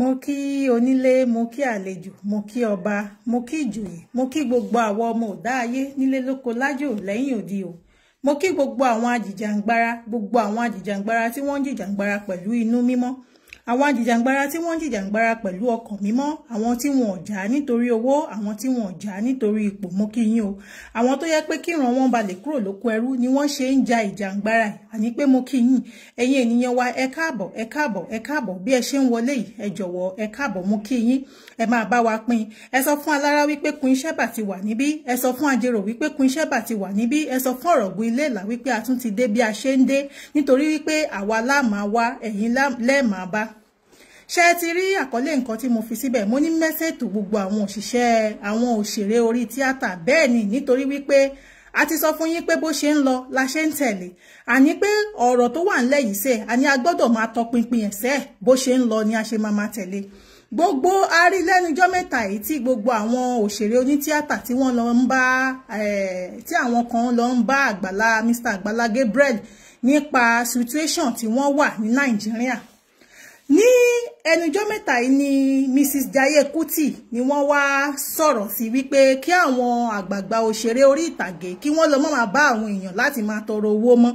mo kí onílé mo kí àlejò mo kí ọba mo kí ìjòyè mo kí gbogbo àwọn ọmọ ọ̀dá ayé nílé lóko lájò lẹ́yìn òdi o mo kí gbogbo àwọn ajìjàǹgbara gbogbo àwọn ajìjàǹgbara tí wọ́n ń jìjàǹgbara pẹ̀lú inú mímọ́ àwọn jìjàǹgbara tí wọ́n jìjàǹgbara pẹ̀lú ọkàn mímọ́ àwọn tí wọn ò jà nítorí owó àwọn tí wọn ò jà nítorí ipò mú kí yín o àwọn tó yẹ pé kíran wọn balẹ̀ kúrò lóko ẹrú ni wọ́n ṣe ń ja ìjàǹgbara ẹ̀ àní pé mo kí yín ẹ̀yin ènìyàn wa ẹ káàbọ̀ ẹ káàbọ̀ ẹ káàbọ̀ bí ẹ ṣe ń wọlé yìí ẹ jọ̀wọ́ ẹ káàbọ̀ mo kí yín ẹ máa bá wa pín ẹ sọ fún alára wípé kun iṣẹ́ bà ti wà níbí ẹ sọ fún àjèrò wípé kun iṣẹ́ bà ti wà níbí ẹ sọ fún ọ̀rọ̀gùn ilé ìlà wípé a tún ti dé bí a ṣe ń dé nítorí wípé àwa láàmà wá ẹ̀yin lẹ́ẹ̀mà bá ṣé ẹ ti rí àkọlé nǹkan tí mo fi síbẹ̀ mo ní mẹ́sẹ̀tò gbogbo àwọn òṣìṣẹ́ àwọn òṣèré orí tíátà bẹ́ẹ̀ ni nítorí wípé a ti sọ fún yín pé bó ṣe ń lọ la ṣe ń tẹ̀lé àní pé ọ̀rọ̀ tó wà ńlẹ̀ yìí sẹ́ àní a gbọ́dọ̀ máa tọpinpin ẹ̀sẹ̀ bó ṣe ń lọ ni a ṣe máa máa tẹ̀lé gbogbo arí lẹ́nujọ́ mẹ́ta yìí tí gbogbo àwọn òṣèré onítíátà tí wọ́n lọ ń bá tí àwọn kan lọ ń bá àgbàlá Mr. àgbàlá Gabriel nípa situation tí wọ́n wà ní Nàìjíríà ní ẹnujọ́ mẹ́ta yìí ni Mrs Jaye Kuti ni wọ́n wá sọ̀rọ̀ sí wípé kí àwọn àgbààgbà òṣèré orí ìtàgé kí wọ́n lọ mọ́ máa bá àwọn èèyàn láti máa tọrọ owó mọ́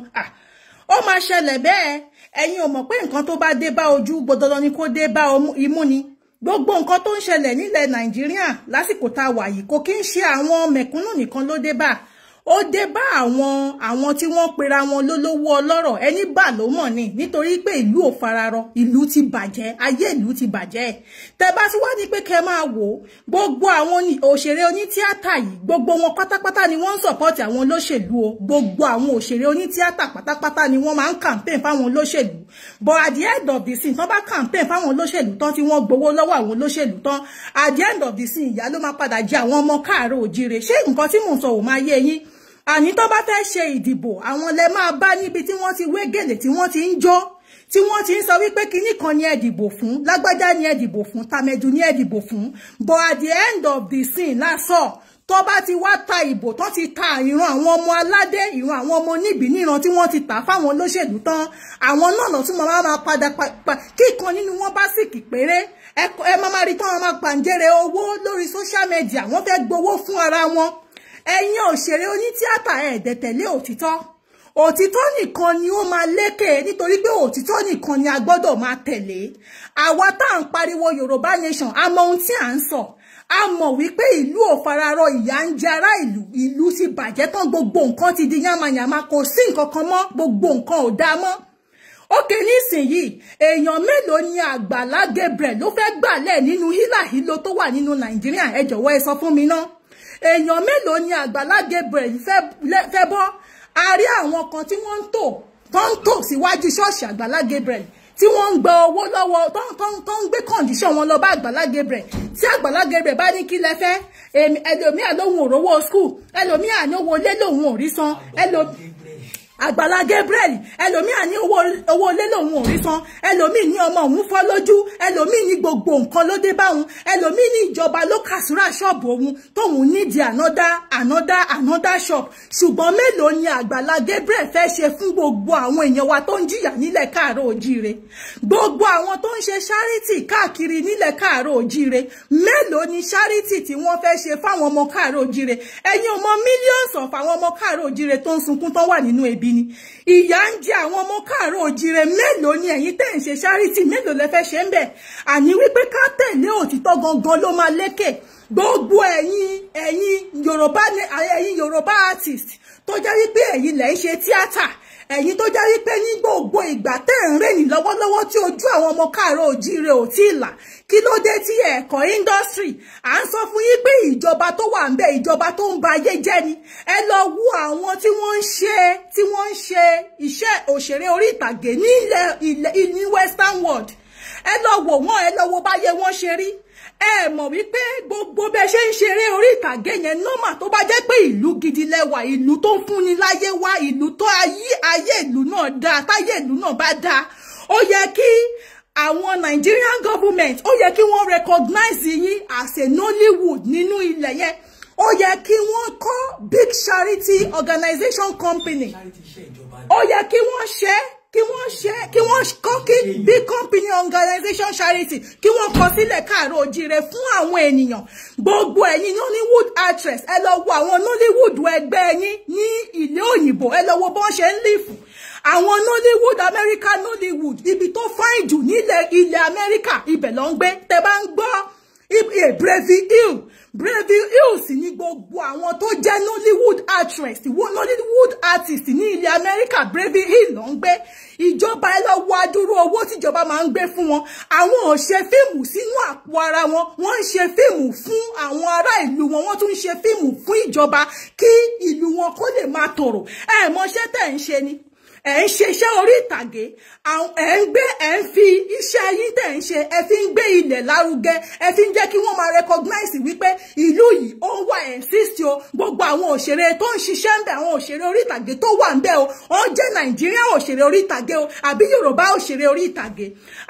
ó máa ṣẹlẹ̀ bẹ́ẹ̀ ẹ̀yin ò mọ̀ pé nǹkan tó bá dé bá ojú gbọdọdọ ni kó dé bá imú ni gbogbo nǹkan tó ń ṣẹlẹ̀ nílẹ̀ Nàìjíríà lásìkò tá a wà yìí kò kí ń ṣe àwọn mẹ̀kúnnù nìkan ló dé bá a ó dé bá àwọn àwọn tí wọ́n pera wọn lólówó ọlọ́rọ̀ ẹni bà ló mọ̀ ni nítorí pé ìlú ò fararọ ìlú ti bàjẹ́ ayé ìlú ti bàjẹ́ tẹ́ bá ti wá ní pé kẹ́ máa wò gbogbo àwọn òṣèré onítíátà yìí gbogbo wọn pátápátá ni wọ́n ń sọ̀pọ́tì àwọn olóṣèlú o gbogbo àwọn òṣèré onítíátà pátápátá ni wọ́n máa ń campaign fáwọn olóṣèlú but at the end of the scene tán bá campaign fáwọn olóṣèlú tán tí wọ́n gbowó lọ́wọ́ àwọn olóṣèlú tán at the end of the scene ìyá ló máa padà jẹ àwọn ọmọ káàárọ̀ òjire ṣé nǹkan tí mò ń sọ ò máa yé yín àní tó bá fẹ́ ṣe ìdìbò àwọn lẹ máa bá níbi tí wọ́n ti wé gèlè tí wọ́n ti ń jó tí wọ́n ti ń sọ wípé kinní kan ni ẹ dìbò fún lágbájá ni ẹ dìbò fún tàmẹ̀dù ni ẹ dìbò fún but at the end of the scene lásọ̀ tó bá ti wá ta ìbò tó ti ta ìran àwọn ọmọ aládé ìran àwọn ọmọ níbí níran tí wọ́n ti tà fáwọn olóṣèlú tán àwọn náà lọ tún máa máa padà pa kíkan nínú wọn bá sì kì péré ẹ máa rí tán wọn máa pàǹjẹrẹ owó lórí social media wọ́n fẹ́ gbowó fún ara wọn ẹ̀yin òṣèré onítìátà ẹ̀ẹ́dẹ̀ tẹ̀lé òtítọ́ òtítọ́ nìkan ni ó máa lékè nítorí pé òtítọ́ nìkan ni a gbọ́dọ̀ máa tẹ̀lé àwa tá à ń pariwo Yorùbá nation a mọ ohun tí à ń sọ a mọ̀ wípé ìlú ò fararọ ìyà ń jẹ ará ìlú ìlú ti bàjẹ́ tán gbogbo nǹkan ti di yánmayànmá kò sí nǹkan kan mọ́ gbogbo nǹkan ò dáa mọ́ ókè nísìnyìí èèyàn mélòó ni Àgbàlá Gabriel ló fẹ́ gbàlẹ̀ nínú hílàhílo tó wà nínú Nàìjíríà ẹ jọ̀wọ́ ẹ sọ fún mi náà èèyàn mélòó ni Àgbàlá Gabriel fẹ́ bọ́ a rí àwọn kan tí wọ́n ń tò tó ń tò síwájú ṣọ́ọ̀ṣì Àgbàlá Gabriel tí wọ́n ń gba owó lọ́wọ́ tó ń gbé kọ̀ǹdíṣàn wọn lọ bá Àgbàlá Gabriel tí Àgbàlá Gabriel bá ní kí lẹ fẹ́ ẹlòmíà lòun ò rówó skul ẹlòmíà ní owó lé lòun ò rí san ẹlòmíà àgbàlá Gabriel ẹlòmíà ní owó ilé lòun ò rí san ẹlòmíì ní ọmọ òun fọ́ lójú ẹlòmíì ní gbogbo nǹkan ló dé báwọn ẹlòmíì ní ìjọba ló kàsúrà ṣọ́ọ̀bù òun tóun nídìí ànádá ànádá ànádá ṣọ́ọ̀bù ṣùgbọ́n mélòó ni àgbàlá Gabriel fẹ́ ṣe fún gbogbo àwọn èèyàn wa tó ń jìyà nílẹ̀ káàárọ̀ òjíire gbogbo àwọn tó ń ṣe ṣáríìtì káàkiri nílẹ̀ káàárọ̀ òjíire mélòó ni ṣáríìtì tí wọ́n fẹ́ ṣe fáwọn ọmọ káàárọ̀ òjíire ẹ̀yin ò mọ millions of àwọn ọmọ káàárọ̀ òjíire tó ń sunkún tó wà nínú ebi gidi ni ìyà ń jẹ àwọn ọmọ káàárọ̀ òjìrè mélòó ni ẹ̀yin tẹ́ ń ṣe ṣáríìtì mélòó lẹ fẹ́ ṣe ń bẹ̀ àní wípé ká tẹ̀lé òtítọ́ gangan ló máa lékè gbogbo ẹ̀yin ẹ̀yin yorùbá ẹ̀yin yorùbá artist tó jẹ́ wípé ẹ̀yin lẹ ń ṣe tíátà ẹ̀yin tó jẹ́ wípé ní gbogbo ìgbà tẹ́ ń rẹ́yìn lọ́wọ́lọ́wọ́ tí ojú àwọn ọmọ káàárọ̀ òjíire ò tí ì là kí ló dé tí ẹ̀kọ́ indọ́sírì à ń sọ fún yín pé ìjọba tó wà ń bẹ ìjọba tó ń ba ayé jẹ́ ni ẹ lọ wo àwọn tí wọ́n ń ṣe tí wọ́n ń ṣe iṣẹ́ òṣèré orí ìtàgé ní ilẹ̀ ní western world ẹ lọ wò wọ́n ẹ lọ wo báyé wọ́n ṣe rí ẹ mọ̀ wípé gbogbo bẹ́ẹ̀ ṣe ń ṣeré orí ìtàgé yẹn nọ́mà tó bá jẹ́ pé ìlú gidi lẹ́wà ìlú tó ń fúnni láyé wá ìlú tó ayé ayé ìlú náà dáa táyé ìlú náà bá dáa ó yẹ kí àwọn Nigerian government ó yẹ kí wọ́n recognize yín as a Nollywood nínú ilẹ̀ yẹn ó yẹ kí wọ́n kọ́ big charity organization company ó yẹ kí wọ́n ṣe é kí wọ́n ṣe kí wọ́n kọ́kí Become Pinion Organization Charity kí wọ́n kọ sílẹ̀ káàró òjìrè fún àwọn ènìyàn gbogbo ẹ̀yin Nollywood actress ẹ lọ wo àwọn Nollywood ẹgbẹ́ yín ní ilé òyìnbó ẹ lọ wo bọ́n ṣe ń lífù àwọn Nollywood America Nollywood ibi tó fáìn jù nílẹ̀ ilẹ̀ Amẹ́ríkà ibẹ̀ ló ń gbé tẹ bá ń gbọ́ Brevy Hill Brevy Hill sì ni gbogbo àwọn tó jẹ́ Nollywood actress wọ́n Nollywood artist ní ilẹ̀ Amẹ́ríkà Brevy Hill ló ń gbé ìjọba ẹ lọ wo adúrú owó tíjọba máa ń gbé fún wọn àwọn ò ṣe fíìmù sínú àpò ara wọn wọ́n ń ṣe fíìmù fún àwọn ará ìlú wọn wọ́n tún ń ṣe fíìmù fún ìjọba kí ìlú wọn kó lè máa tòrò ẹ mọṣẹ́ tẹ̀ ń ṣe ni ẹ̀ ń ṣe iṣẹ́ orí ìtàgé ẹ̀ ń gbé ẹ̀ ń fi iṣẹ́ ayé tẹ̀ ń ṣe ẹ̀ fi ń gbé ilẹ̀ lárugẹ ẹ̀ fi ń jẹ́ kí wọ́n máa recognize wípé ìlú yìí ó wà insist o gbogbo àwọn òṣèré tó ń ṣiṣẹ́ ń bẹ̀ àwọn òṣèré orí ìtàgé tó wà ń bẹ̀ o ó ń jẹ́ nàìjíríà òṣèré orí ìtàgé o àbí yorùbá òṣèré orí ìtàgé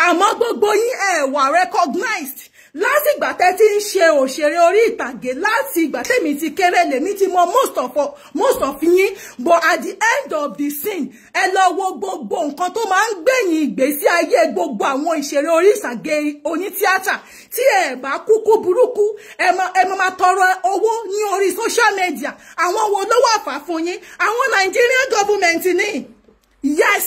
àmọ́ gbogbo yín ẹ̀ wà recognized lásìgbà tẹ́ ti ń ṣe òṣèré orí ìtàgé láti ìgbà tẹ́mi ti kéré lèmi ti mọ most of most of yín but at the end of the scene ẹ lọ wo gbogbo nǹkan tó máa ń gbẹ̀yìn ìgbésí ayé gbogbo àwọn ìṣeré orí ìtàgé onítíátà tí ẹ bá kúkú burúkú ẹ máa máa tọrọ owó ní orí social media àwọn wo ló wà fà fún yín àwọn Nigerian government ní yes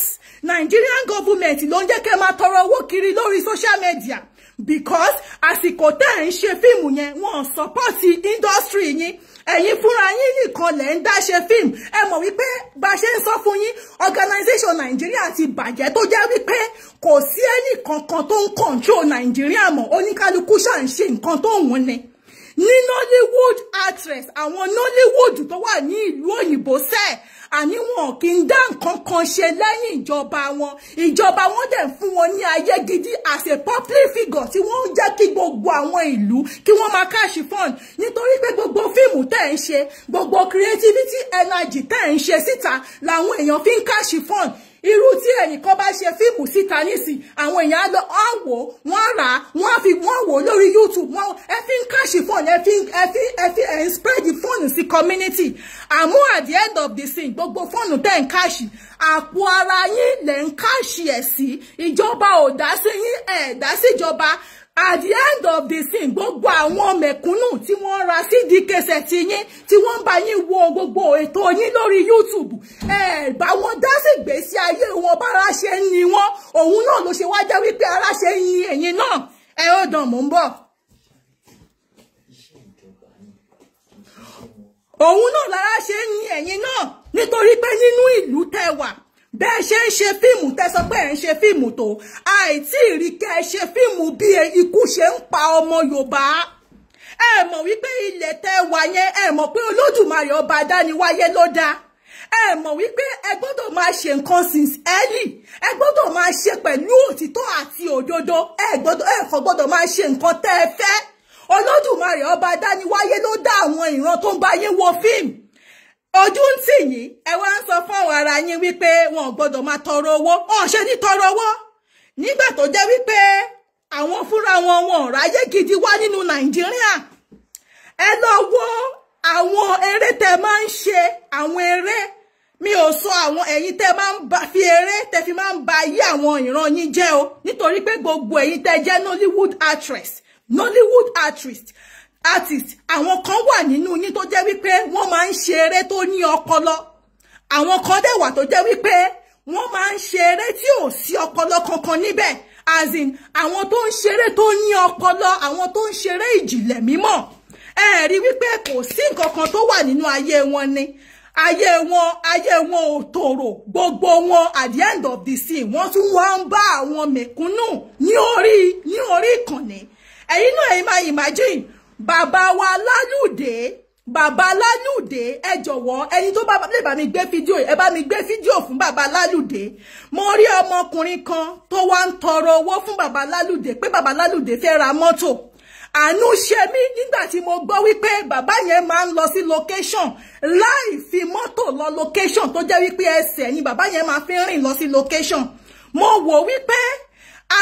Nigerian government ló ń jẹ́ kẹ́ máa tọrọ owó kiri lórí social media because àsìkò tẹ́ ẹ̀ ń ṣe fíìmù yẹn wọ́n support industry yín ẹ̀yin fúnra yín nìkan lẹ̀ ń dá ṣe fíìmù ẹ mọ̀ wípé bá a ṣe ń sọ fún yín organisation Nigeria ti bàjẹ́ tó jẹ́ wípé kò sí ẹnì tó ń control Nigeria mọ́ oníkálukú ṣà ń ṣe nǹkan tó wùn ni ní nollywood actress àwọn nollywood tó wà ní ìlú òyìnbó sẹ́ẹ̀ àní wọn kì í dá nǹkan kan ṣe lẹ́yìn ìjọba wọn ìjọba wọn dẹ̀ fún wọn ní ayé gidi as a public figure tí wọ́n ń jẹ́ kí gbogbo àwọn ìlú kí wọ́n máa cash fund nítorí pé gbogbo fíìmù tẹ̀ ń ṣe gbogbo creativity energy tẹ̀ ń ṣe síta làwọn èèyàn fi ń cash fund irú tí ẹnìkan bá ṣe fíìmù síta nísìn àwọn èèyàn á lọ ọ wò wọ́n rà á wọ́n fi wọ́n wò lórí youtube wọ́n ẹ fi ń káṣì fóònù ẹ fi ẹ fi ẹ fi ẹ ń spread fóònù sí community àmú at the end of the scene gbogbo fóònù tẹ́ ń káṣì àpò ara yín lẹ́ ń káṣì ẹ̀ sí ìjọba ò dá sí yín ẹ̀ dá síjọba at the end of the scene gbogbo àwọn mẹ̀kúnnù tí wọ́n ra cd cassette yín tí wọ́n ń bá yín wo gbogbo ètò yín lórí youtube ẹ bá wọn dá sí ìgbésí ayé wọn bára ṣe ni wọn òun náà ló ṣe wá jẹ́ wípé ara ṣe ń yin ẹ̀yin náà ẹ ó dàn mò ń bọ̀. òun náà lára ṣe ń yin ẹ̀yin náà nítorí pé nínú ìlú tẹ́ bẹ́ẹ̀ ṣe ń ṣe fíìmù tẹ́ sọ pé ẹ̀ ń ṣe fíìmù tó àìtí ìrí ṣe fíìmù bí ikú ṣe ń pa ọmọ Yorùbá ẹ mọ̀ wípé ilẹ̀ tẹ́ wà yẹn ẹ mọ̀ pé Olódùmarè ọba dániwáyé ló dá ẹ mọ̀ wípé ẹ gbọ́dọ̀ máa ṣe nǹkan since early ẹ gbọ́dọ̀ máa ṣe pẹ̀lú òtítọ́ àti òdodo ẹ gbọ́dọ̀ ẹ kò gbọ́dọ̀ máa ṣe nǹkan tẹ́ ẹ fẹ́ Olódùmarè ọba dániwáyé ló dá àwọn ìran tó ń bá yín fíìmù ojú ń tì yín ẹ wá ń sọ fún àwọn ara yín wípé wọn ò gbọdọ̀ máa tọrọ owó wọn ò ṣe ní tọrọ owó nígbà tó jẹ́ wípé àwọn fúnra wọn wọn ò ráyé gidi wá nínú nàìjíríà ẹ lọ wo àwọn eré tẹ máa ń ṣe àwọn eré mi ò sọ àwọn ẹ̀yin tẹ máa ń fi eré tẹ fi máa ń ba ayé àwọn ìran yín jẹ́ o nítorí pé gbogbo ẹ̀yin tẹ jẹ́ nollywood actress nollywood actress artist àwọn kan wà nínú yín tó jẹ́ wípé wọ́n máa ń ṣe eré tó ní ọpọlọ àwọn kan dẹ̀ wà tó jẹ́ wípé wọ́n máa ń ṣe eré tí ò sí ọpọlọ kankan níbẹ̀ as in àwọn tó ń ṣeré tó ní ọpọlọ àwọn tó ń ṣeré ìjìnlẹ̀ mímọ́ ẹ rí wípé kò sí nǹkan kan tó wà nínú ayé wọn ni ayé wọn ayé wọn ò tòrò gbogbo wọn at the end of the scene wọ́n tún wá ń bá àwọn mẹ̀kúnnù ní orí ní orí ìkànnì ẹ̀yin náà ẹ máa imagine bàbá wa Lálùdé bàbá Lálùdé ẹ jọ̀wọ́ ẹni tó bá lè bá mi gbé fídíò ẹ bá mi gbé fídíò fún bàbá Lálùdé mo rí ọmọkùnrin kan tó wá ń tọrọ owó fún bàbá Lálùdé pé bàbá Lálùdé fẹ́ ra mọ́tò àánú ṣe mí nígbà tí mo gbọ́ wípé bàbá yẹn máa ń lọ sí location láì fi mọ́tò lọ location tó jẹ́ wípé ẹsẹ̀ ni bàbá yẹn máa fi rìn lọ sí location mo wò wípé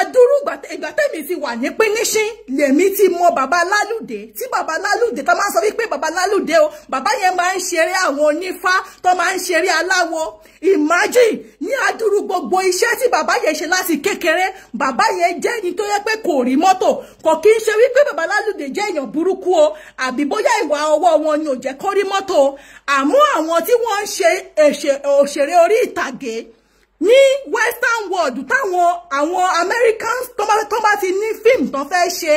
adúrú ìgbà tẹ́mi ti wà ní píníṣín lèmi ti mọ bàbá lálùdé tí bàbá lálùdé tó máa ń sọ wípé bàbá lálùdé o bàbá yẹn máa ń ṣeré àwọn onífá tó máa ń ṣeré aláwo imagine ní adúrú gbogbo iṣẹ́ tí bàbá yẹn ṣe láti kékeré bàbá yẹn jẹ́ ẹni tó yẹ pé kò rí mọ́tò kò kí n ṣe wípé bàbá lálùdé jẹ́ èèyàn burúkú o àbí bóyá ìwà ọwọ́ wọn ni ò jẹ́ kó rí mọ́tò àmọ́ àwọn tí wọ́n ń ṣe òṣèré orí ìtàgé ní western world táwọn àwọn americans tó bá ti ní fíìmù tó fẹ́ ṣe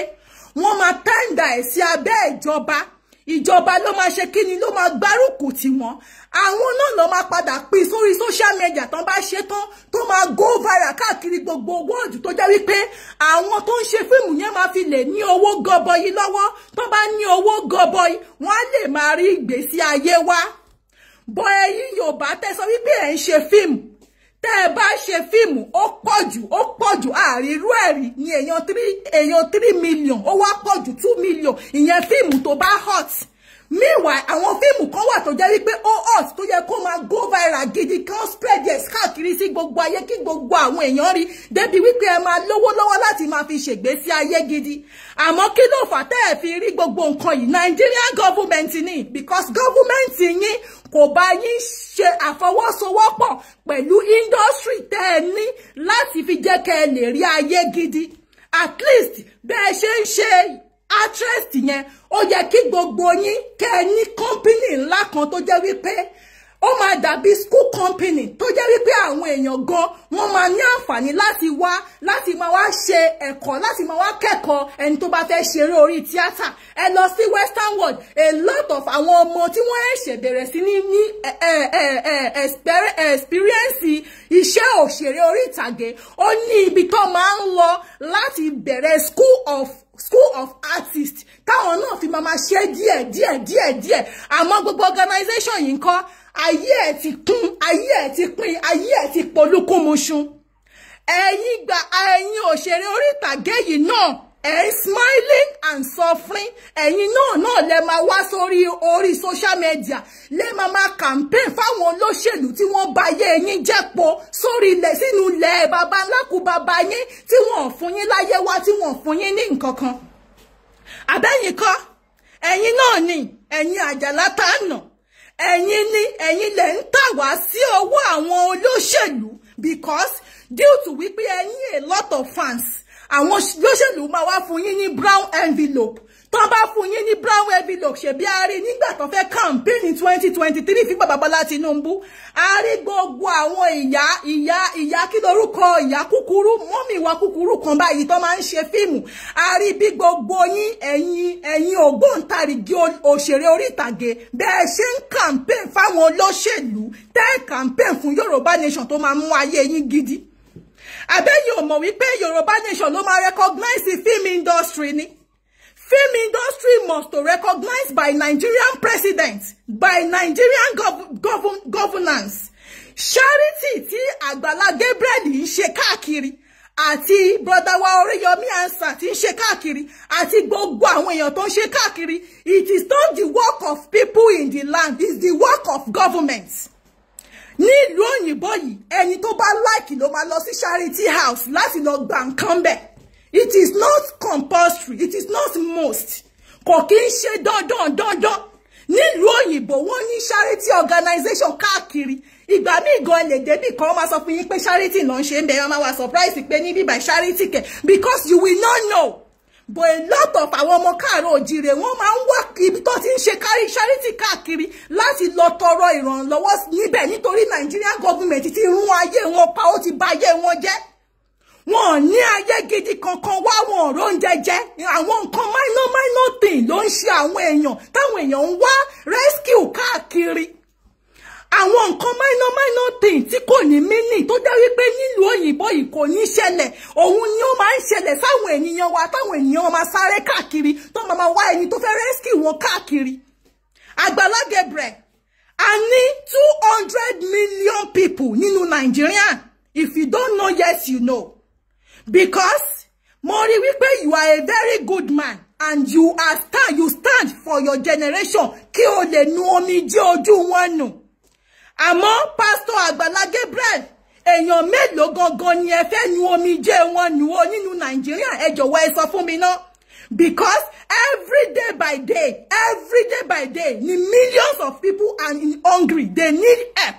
wọ́n máa tẹ́ǹdà ẹ̀ sí abẹ́ ìjọba ìjọba ló máa ṣe kí ni ló máa gbárùkù tì wọ́n àwọn náà ló máa padà pín sórí social media tán bá ṣe tán tó máa go viral káàkiri gbogbo wọ́ọ̀dù tó jẹ́ wípé àwọn tó ń ṣe fíìmù yẹn máa fi lè ní owó gọbọyì lọ́wọ́ tó bá ní owó gọbọyì wọ́n á lè máa rí ìgbésí ayé wa bọ ẹ̀yin Yorùbá tẹ́ sọ wípé ẹ̀ ń ṣe fíìmù tẹ́ ẹ bá ṣe fíìmù ó pọ̀ jù ó pọ̀ jù ààrí irú ẹ̀rí ni èèyàn three million ó wá pọ̀ jù two million ìyẹn fíìmù tó bá hot meanwhile àwọn fíìmù kan wà tó jẹ́ wípé ó hot tó yẹ kó máa go viral gidi kan spread yẹ káàkiri sí gbogbo ayé kí gbogbo àwọn èèyàn rí débi wípé ẹ máa lówó lọ́wọ́ láti máa fi ṣègbésí ayé gidi àmọ́ kí ló fà tẹ́ ẹ̀ fi rí gbogbo nǹkan yìí Nigerian government ni because government yín kò bá yín ṣe àfọwọ́sowọ́pọ̀ pẹ̀lú industry tẹ́ ẹ ní láti fi jẹ́ kẹ́ ẹ lè rí ayé gidi at least bẹ́ẹ̀ ṣe ń ṣe actress yẹn ó yẹ kí gbogbo yín kẹ́ ẹ ní company ńlá kan tó jẹ́ wípé ó máa dàbí school company tó jẹ́ wípé àwọn èèyàn gan wọ́n máa ní àǹfààní láti wá láti máa wá ṣe ẹ̀kọ́ láti máa wá kẹ́kọ̀ọ́ ẹni tó bá fẹ́ ṣeré orí tíátà ẹ lọ sí western world a lot of àwọn ọmọ tí wọ́n ṣẹ̀ bẹ̀rẹ̀ sí ní ní experience iṣẹ́ òṣèré orí ìtàgé ó ní ibi tó máa ń lọ láti bẹ̀rẹ̀ school of school of artists táwọn náà fi máa ṣe díẹ̀ díẹ̀ díẹ̀ díẹ̀ àmọ́ gbogbo organization yìí ń kọ́ ayé ẹ̀ ti kún ayé ẹ̀ ti pín ayé ẹ̀ ti polúkúmuṣun ẹ̀yin gba ẹ̀yin òṣèré orí ìtàgé yìí náà ẹ̀ ń smiling and suffering ẹ̀yin náà náà lẹ máa wá sórí orí social media lẹ máa máa campaign fáwọn olóṣèlú tí wọ́n bá yé ẹ̀yin jẹ́po sórí ilẹ̀ sínú ilẹ̀ baba ńláku baba yín tí wọ́n fún yín láyé wá tí wọ́n fún yín ní nǹkan kan àbẹ́yìn kọ́ ẹ̀yin náà ni ẹ̀yin àjàlá tá a nà ẹ̀yin ni ẹ̀yin lẹ̀ ń tà wá sí ọwọ́ àwọn olóṣèlú because due to wípé ẹ̀yin a lot of fans àwọn lóṣèlú máa wá fún yín ní brown envelope tó bá fún yín ní brown envelope ṣebí a rí nígbà tó fẹ́ campaign twenty twenty three fún bàbá Bọ́lá Tinubu a rí gbogbo àwọn ìyá ìyá ìyá kí lorúkọ ìyá kúkúrú mọ́mì ìwà kúkúrú kan báyìí tó máa ń ṣe fíìmù a rí bí gbogbo yín ẹ̀yin ẹ̀yin ògbóǹtarìgì òṣèré orí ìtàgé bẹ́ẹ̀ ṣe ń campaign fáwọn olóṣèlú tẹ́ campaign fún Yorùbá nation tó máa mú ayé yín gidi àbẹ́yìn ò mọ̀ wípé Yorùbá nation ló máa recognize the film industry ni film industry must to recognize by Nigerian president by Nigerian gov gov governance charity tí Àgbàlá Gabriel ń ṣe káàkiri àti brother wa Oríyọmí ansa tí ń ṣe káàkiri àti gbogbo àwọn èèyàn tó ń ṣe káàkiri it is not the work of people in the land It is the work of government nílùú òyìnbó yìí ẹni tó bá láìkì ló máa lọ sí charity house láti lọ gba nǹkan bẹ̀ it is not compulsory it is not most kò kí ń ṣe dandan dandan nílùú òyìnbó wọ́n ní charity organization káàkiri ìgbà míì gan lè débì kan máa sọ fún yín pé charity ló ń ṣe ń bẹ wọ́n máa wà surprise pé níbí by charity care because you will not know but a lot of àwọn ọmọ káàárọ̀ òjìrè wọ́n máa ń wá ibi tó ti ń ṣe kárí charity káàkiri láti lọ tọrọ ìrànlọ́wọ́ níbẹ̀ nítorí Nigerian government ti rún ayé wọn pa ó ti bà ayé wọn jẹ́ wọn ní ayé gidi kankan wá wọn ò róúnjẹ jẹ àwọn nǹkan minor minor thing ló ń ṣe àwọn èèyàn táwọn èèyàn ń wá rescue káàkiri àwọn nǹkan minor minor thing tí kò ní mínì tó jẹ́ wípé nílùú òyìnbó yìí kò ní ṣẹlẹ̀ òun ni ó máa ń ṣẹlẹ̀ sáwọn ènìyàn wa táwọn ènìyàn máa sáré káàkiri tó máa máa wá ẹni tó fẹ́ rescue wọn káàkiri Àgbàlá a ní two hundred million people nínú Nàìjíríà if you don't know yes you know because mo rí wípé you are a very good man and you are stand you stand for your generation kí o lè nu omijé ojú wọn nù. No àmọ́ pásítọ̀ Àgbàlá Gabriel èèyàn mélòó gangan ni ẹ fẹ́ nu omijé wọn nu o nínú nàìjíríà ẹ jọ̀wọ́ ẹ sọ fún mi náà because every day by day every day by day ni millions of people are in hungry they need help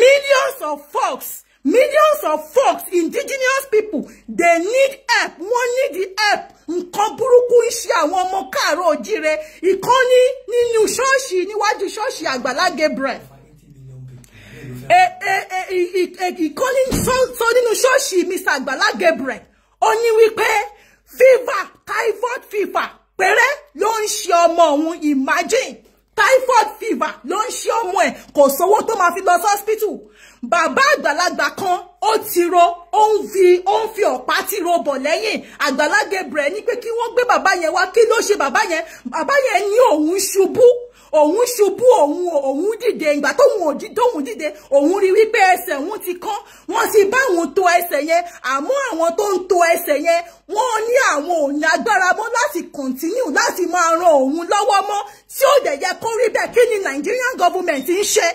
millions of folks millions of folks indigenous people they need help wọ́n need the help nǹkan burúkú iṣẹ́ àwọn ọmọ káàárọ̀ òjíire ìkànnì nínú ṣọ́ọ̀ṣì níwájú ṣọ́ọ̀ṣì Àgbàlá Gabriel ìkọ́lé eh, eh, eh, sọ nínú ṣọ́ọ̀ṣì Mr. Àgbàlá Gabriel ó ní wípé fever typhoid fever péré ló ń ṣe ọmọ òun imagine typhoid fever ló ń ṣe ọmọ ẹ̀ kò sówó tó máa fi lọ hospital bàbá àgbàlagbà kan ó ti ro ó ń fi ó ń fi ọ̀pá ti ro bọ̀ lẹ́yìn Àgbàlá Gabriel ní pé kí wọ́n gbé bàbá yẹn wá kí ló ṣe bàbá yẹn bàbá yẹn ní òun ṣubú òun ṣubú òun òun dìde ìgbà tóun dìde òun rí wípé ẹsẹ̀ òun ti kán wọ́n sì bá òun tò ẹsẹ̀ yẹn àmọ́ àwọn tó ń tò ẹsẹ̀ yẹn wọ́n ní àwọn ò ní agbára mọ́ láti continue láti máa ran òun lọ́wọ́ mọ́ tí ó dẹ̀ yẹ kó rí bẹ́ẹ̀ kí ni Nigerian government ń ṣe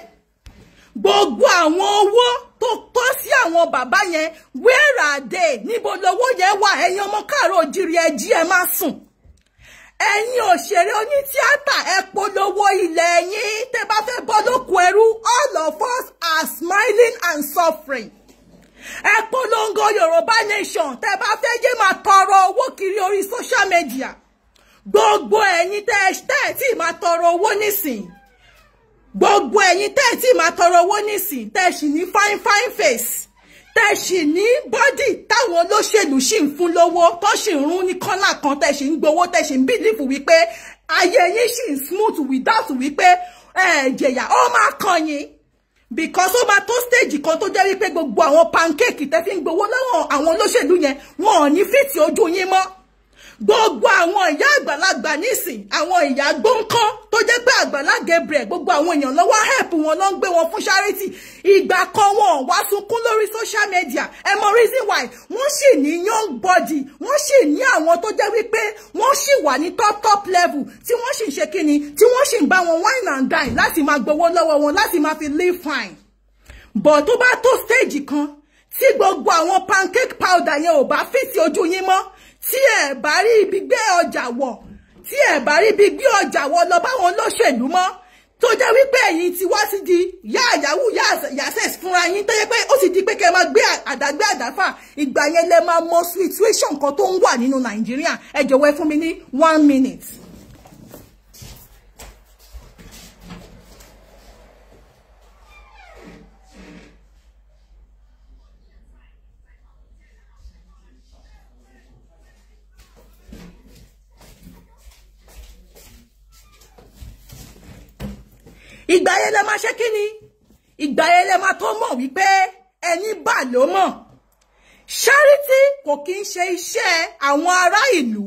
gbogbo àwọn owó tó tọ́ sí àwọn bàbá yẹn where are they níbo lowó yẹn wà ẹ̀yin ọmọ káàárọ̀ òjìrì ẹ jí ẹ má sùn ẹ̀yin òṣèré oní tíátà ẹ polówó ilẹ̀ yín tẹ́ bá fẹ́ bọ́ lóko ẹrú all of us are smiling and suffering ẹ polongo yorùbá nation tẹ́ bá fẹ́ yé máa tọrọ owó kiri orí social media gbogbo ẹ̀yin tẹ́ ẹ tí máa tọrọ owó nísìn gbogbo ẹ̀yin tẹ́ ẹ tí máa tọrọ owó nísìn tẹ́ sì ní fine fine face tẹ̀sì ní bọ́dì táwọn olóṣèlú sì ń fún lówó tó sì ń rún ní kọ́là kan tẹ̀sì ń gbowó tẹ̀sì ń bìlífù wípé ayé yín sì ń smooth without wípé ẹ̀jẹ̀yà ó máa kàn yín because ó máa tó stage kan tó jẹ́ wípé gbogbo àwọn pancake tẹ́ fi ń gbowó lọ́wọ́ àwọn olóṣèlú yẹn wọn ò ní fìtì ojú yín mọ́ gbogbo àwọn ìyá àgbàlagbà nísìn àwọn ìyá gbóńkọ́ tó jẹ́ pé Àgbàlá Gabriel gbogbo àwọn èèyàn lọ́wọ́ help wọn ló ń gbé wọn fún charity ìgbà kan wọn wá sunkún lórí social media ẹ mọ reason why wọ́n sì ní young body wọ́n sì ní àwọn tó jẹ́ wípé wọ́n sì wà ní top top level tí wọ́n sì ń ṣe kíni tí wọ́n sì ń bá wọn wine and dine láti máa gbowó lọ́wọ́ wọn láti máa fi live fine but tó bá tó stage kan tí gbogbo àwọn pancake powder yẹn ò bá fìtì ojú yín mọ́ tí ẹ bá rí ibi gbé ọjà wọ̀ tí ẹ bá rí ibi gbé ọjà wọ̀ lọ báwọn olóṣèlú mọ́ tó jẹ́ wípé ẹ̀yin ti wá sí di yá àyáwó yàsẹ̀s fúnra yín tó yẹ pé ó sì di pé kẹ́ máa gbé àdágbé àdáfà ìgbà yẹn lẹ máa mọ situation kan tó ń wà nínú nàìjíríà ẹ jọ̀wọ́ ẹ fún mi ní one minute. ìgbà yẹn lẹ máa ṣe kí ni ìgbà yẹn lẹ máa tó mọ̀ wípé ẹni bà ló mọ̀ ṣáríìtì kò kí ń ṣe iṣẹ́ àwọn ará ìlú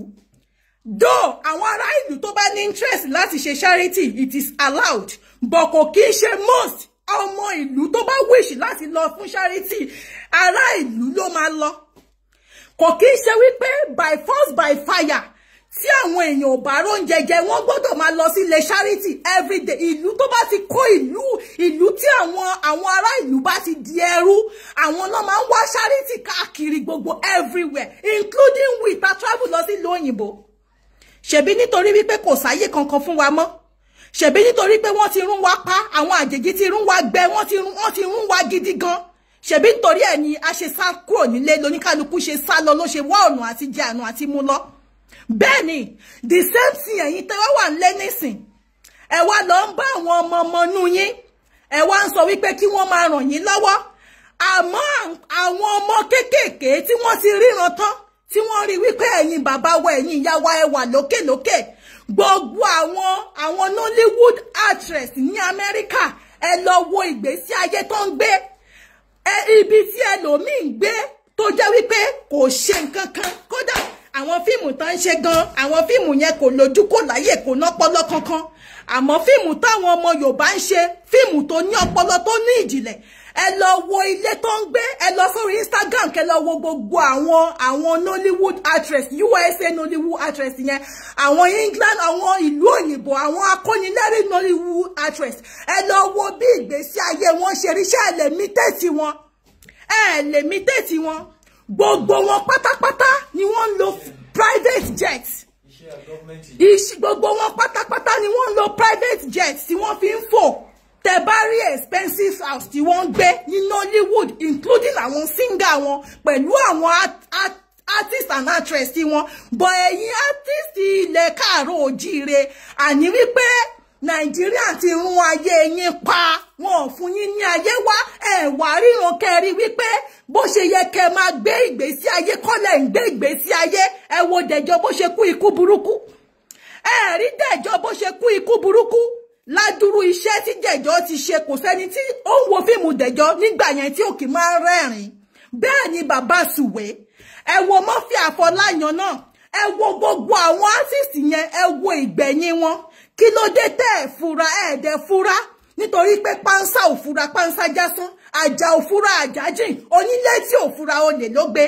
though àwọn ará ìlú tó bá ní interest láti ṣe ṣáríìtì it is allowed but kò kí ń ṣe most ọmọ ìlú tó bá wish láti lọ fún ṣáríìtì ará ìlú ló máa lọ kò kí ń ṣe wípé by force by fire tí àwọn èèyàn ò bá róúnjẹ jẹ wọ́n gbọ́dọ̀ máa lọ sí ilé charity everyday ìlú tó bá ti kó ìlú ìlú tí àwọn àwọn ará ìlú bá ti di ẹrú àwọn ló máa ń wá charity káàkiri gbogbo everywhere including with ta travel lọ sí ìlú òyìnbó ṣèbí nítorí wípé kò sáyé kankan fún wa mọ́ ṣèbí nítorí pé wọ́n ti rún wa pa àwọn àjèjì ti rún wa gbẹ wọ́n ti rún wọ́n ti rún wa gidi gan ṣèbí nítorí ẹ̀ ni a ṣe sá kúrò nílé lóníkálukú ṣe sá lọ ló ṣe wá ọ̀nà àti jẹ àná àti mú lọ Benny, the same thing ẹ̀yin tẹ́ wá wà nílé nísìn ẹ wá lọ ń bá àwọn ọmọ ọmọ nú yín ẹ wá ń sọ wípé kí wọ́n máa ràn yín lọ́wọ́ àmọ́ àwọn ọmọ kéékèèké tí wọ́n ti ríran tán tí wọ́n rí wípé ẹ̀yin bàbá wa ẹ̀yin ìyá wa ẹ wà lókèlókè gbogbo àwọn àwọn Nollywood actress ní Amẹ́ríkà ẹ lọ wo ìgbésí ayé tó ń gbé ibi tí ẹlòmíì ń gbé tó jẹ́ wípé kò ṣe nǹkan kan kódà àwọn fíìmù tán ń ṣe gan àwọn fíìmù yẹn kò lójú kò láyè kò lọ́pọlọ kankan àmọ́ fíìmù táwọn ọmọ Yorùbá ń ṣe fíìmù tó ní ọpọlọ tó ní ìjìnlẹ̀ ẹ lọ wo ilé tó ń gbé ẹ lọ sórí Instagram kẹ lọ wo gbogbo àwọn àwọn Nollywood actress USA Nollywood actress yẹn àwọn England àwọn ìlú òyìnbó àwọn akónilẹ́rìí Nollywood actress ẹ lọ wo bí ìgbésí ayé wọn ṣe ríṣẹ́ ẹ lè mí tẹ̀sí wọn ẹ wọn gbogbo wọn pátápátá ni wọ́n ń lo private jet gbogbo wọn pátápátá ni wọ́n ń lo private jet tí wọ́n fi ń fò tẹ́ expenses. rí expensive house tí wọ́n ń gbé ní Nollywood including àwọn singer wọn pẹ̀lú àwọn art artist and actress tí wọ́n bọ̀ ẹ̀yin artist ilẹ̀ káàró òjíire àní wípé nàìjíríà ti run ayé yín pa wọn ò fún yín ní ayé wá ẹ wá ríran kẹrí wípé bó ṣe yẹ kẹ máa gbé ìgbésí ayé kọlẹ ń gbé ìgbésí ayé ẹ wo dẹjọ bó ṣe kú ikú burúkú ẹ rí dẹjọ bó ṣe kú ikú burúkú ládùúrú iṣẹ́ tí dẹjọ ti ṣe kò sẹ́ni tí ó ń wo fíìmù dẹjọ nígbà yẹn tí òkè máa ń rẹ́rìn bẹ́ẹ̀ ni bàbá sùwé ẹ wo mọ́fì àfọláyàn náà ẹ wo gbogbo àwọn ásìsì yẹn ẹ wo ìgbẹ̀yìn wọn kí ló dé tẹ́ ẹ̀ fura ẹ̀ẹ́dẹ̀ fura nítorí pé pánsá òfura pánsá jásán àjà òfura àjájìn onílé tí òfura olè ló gbé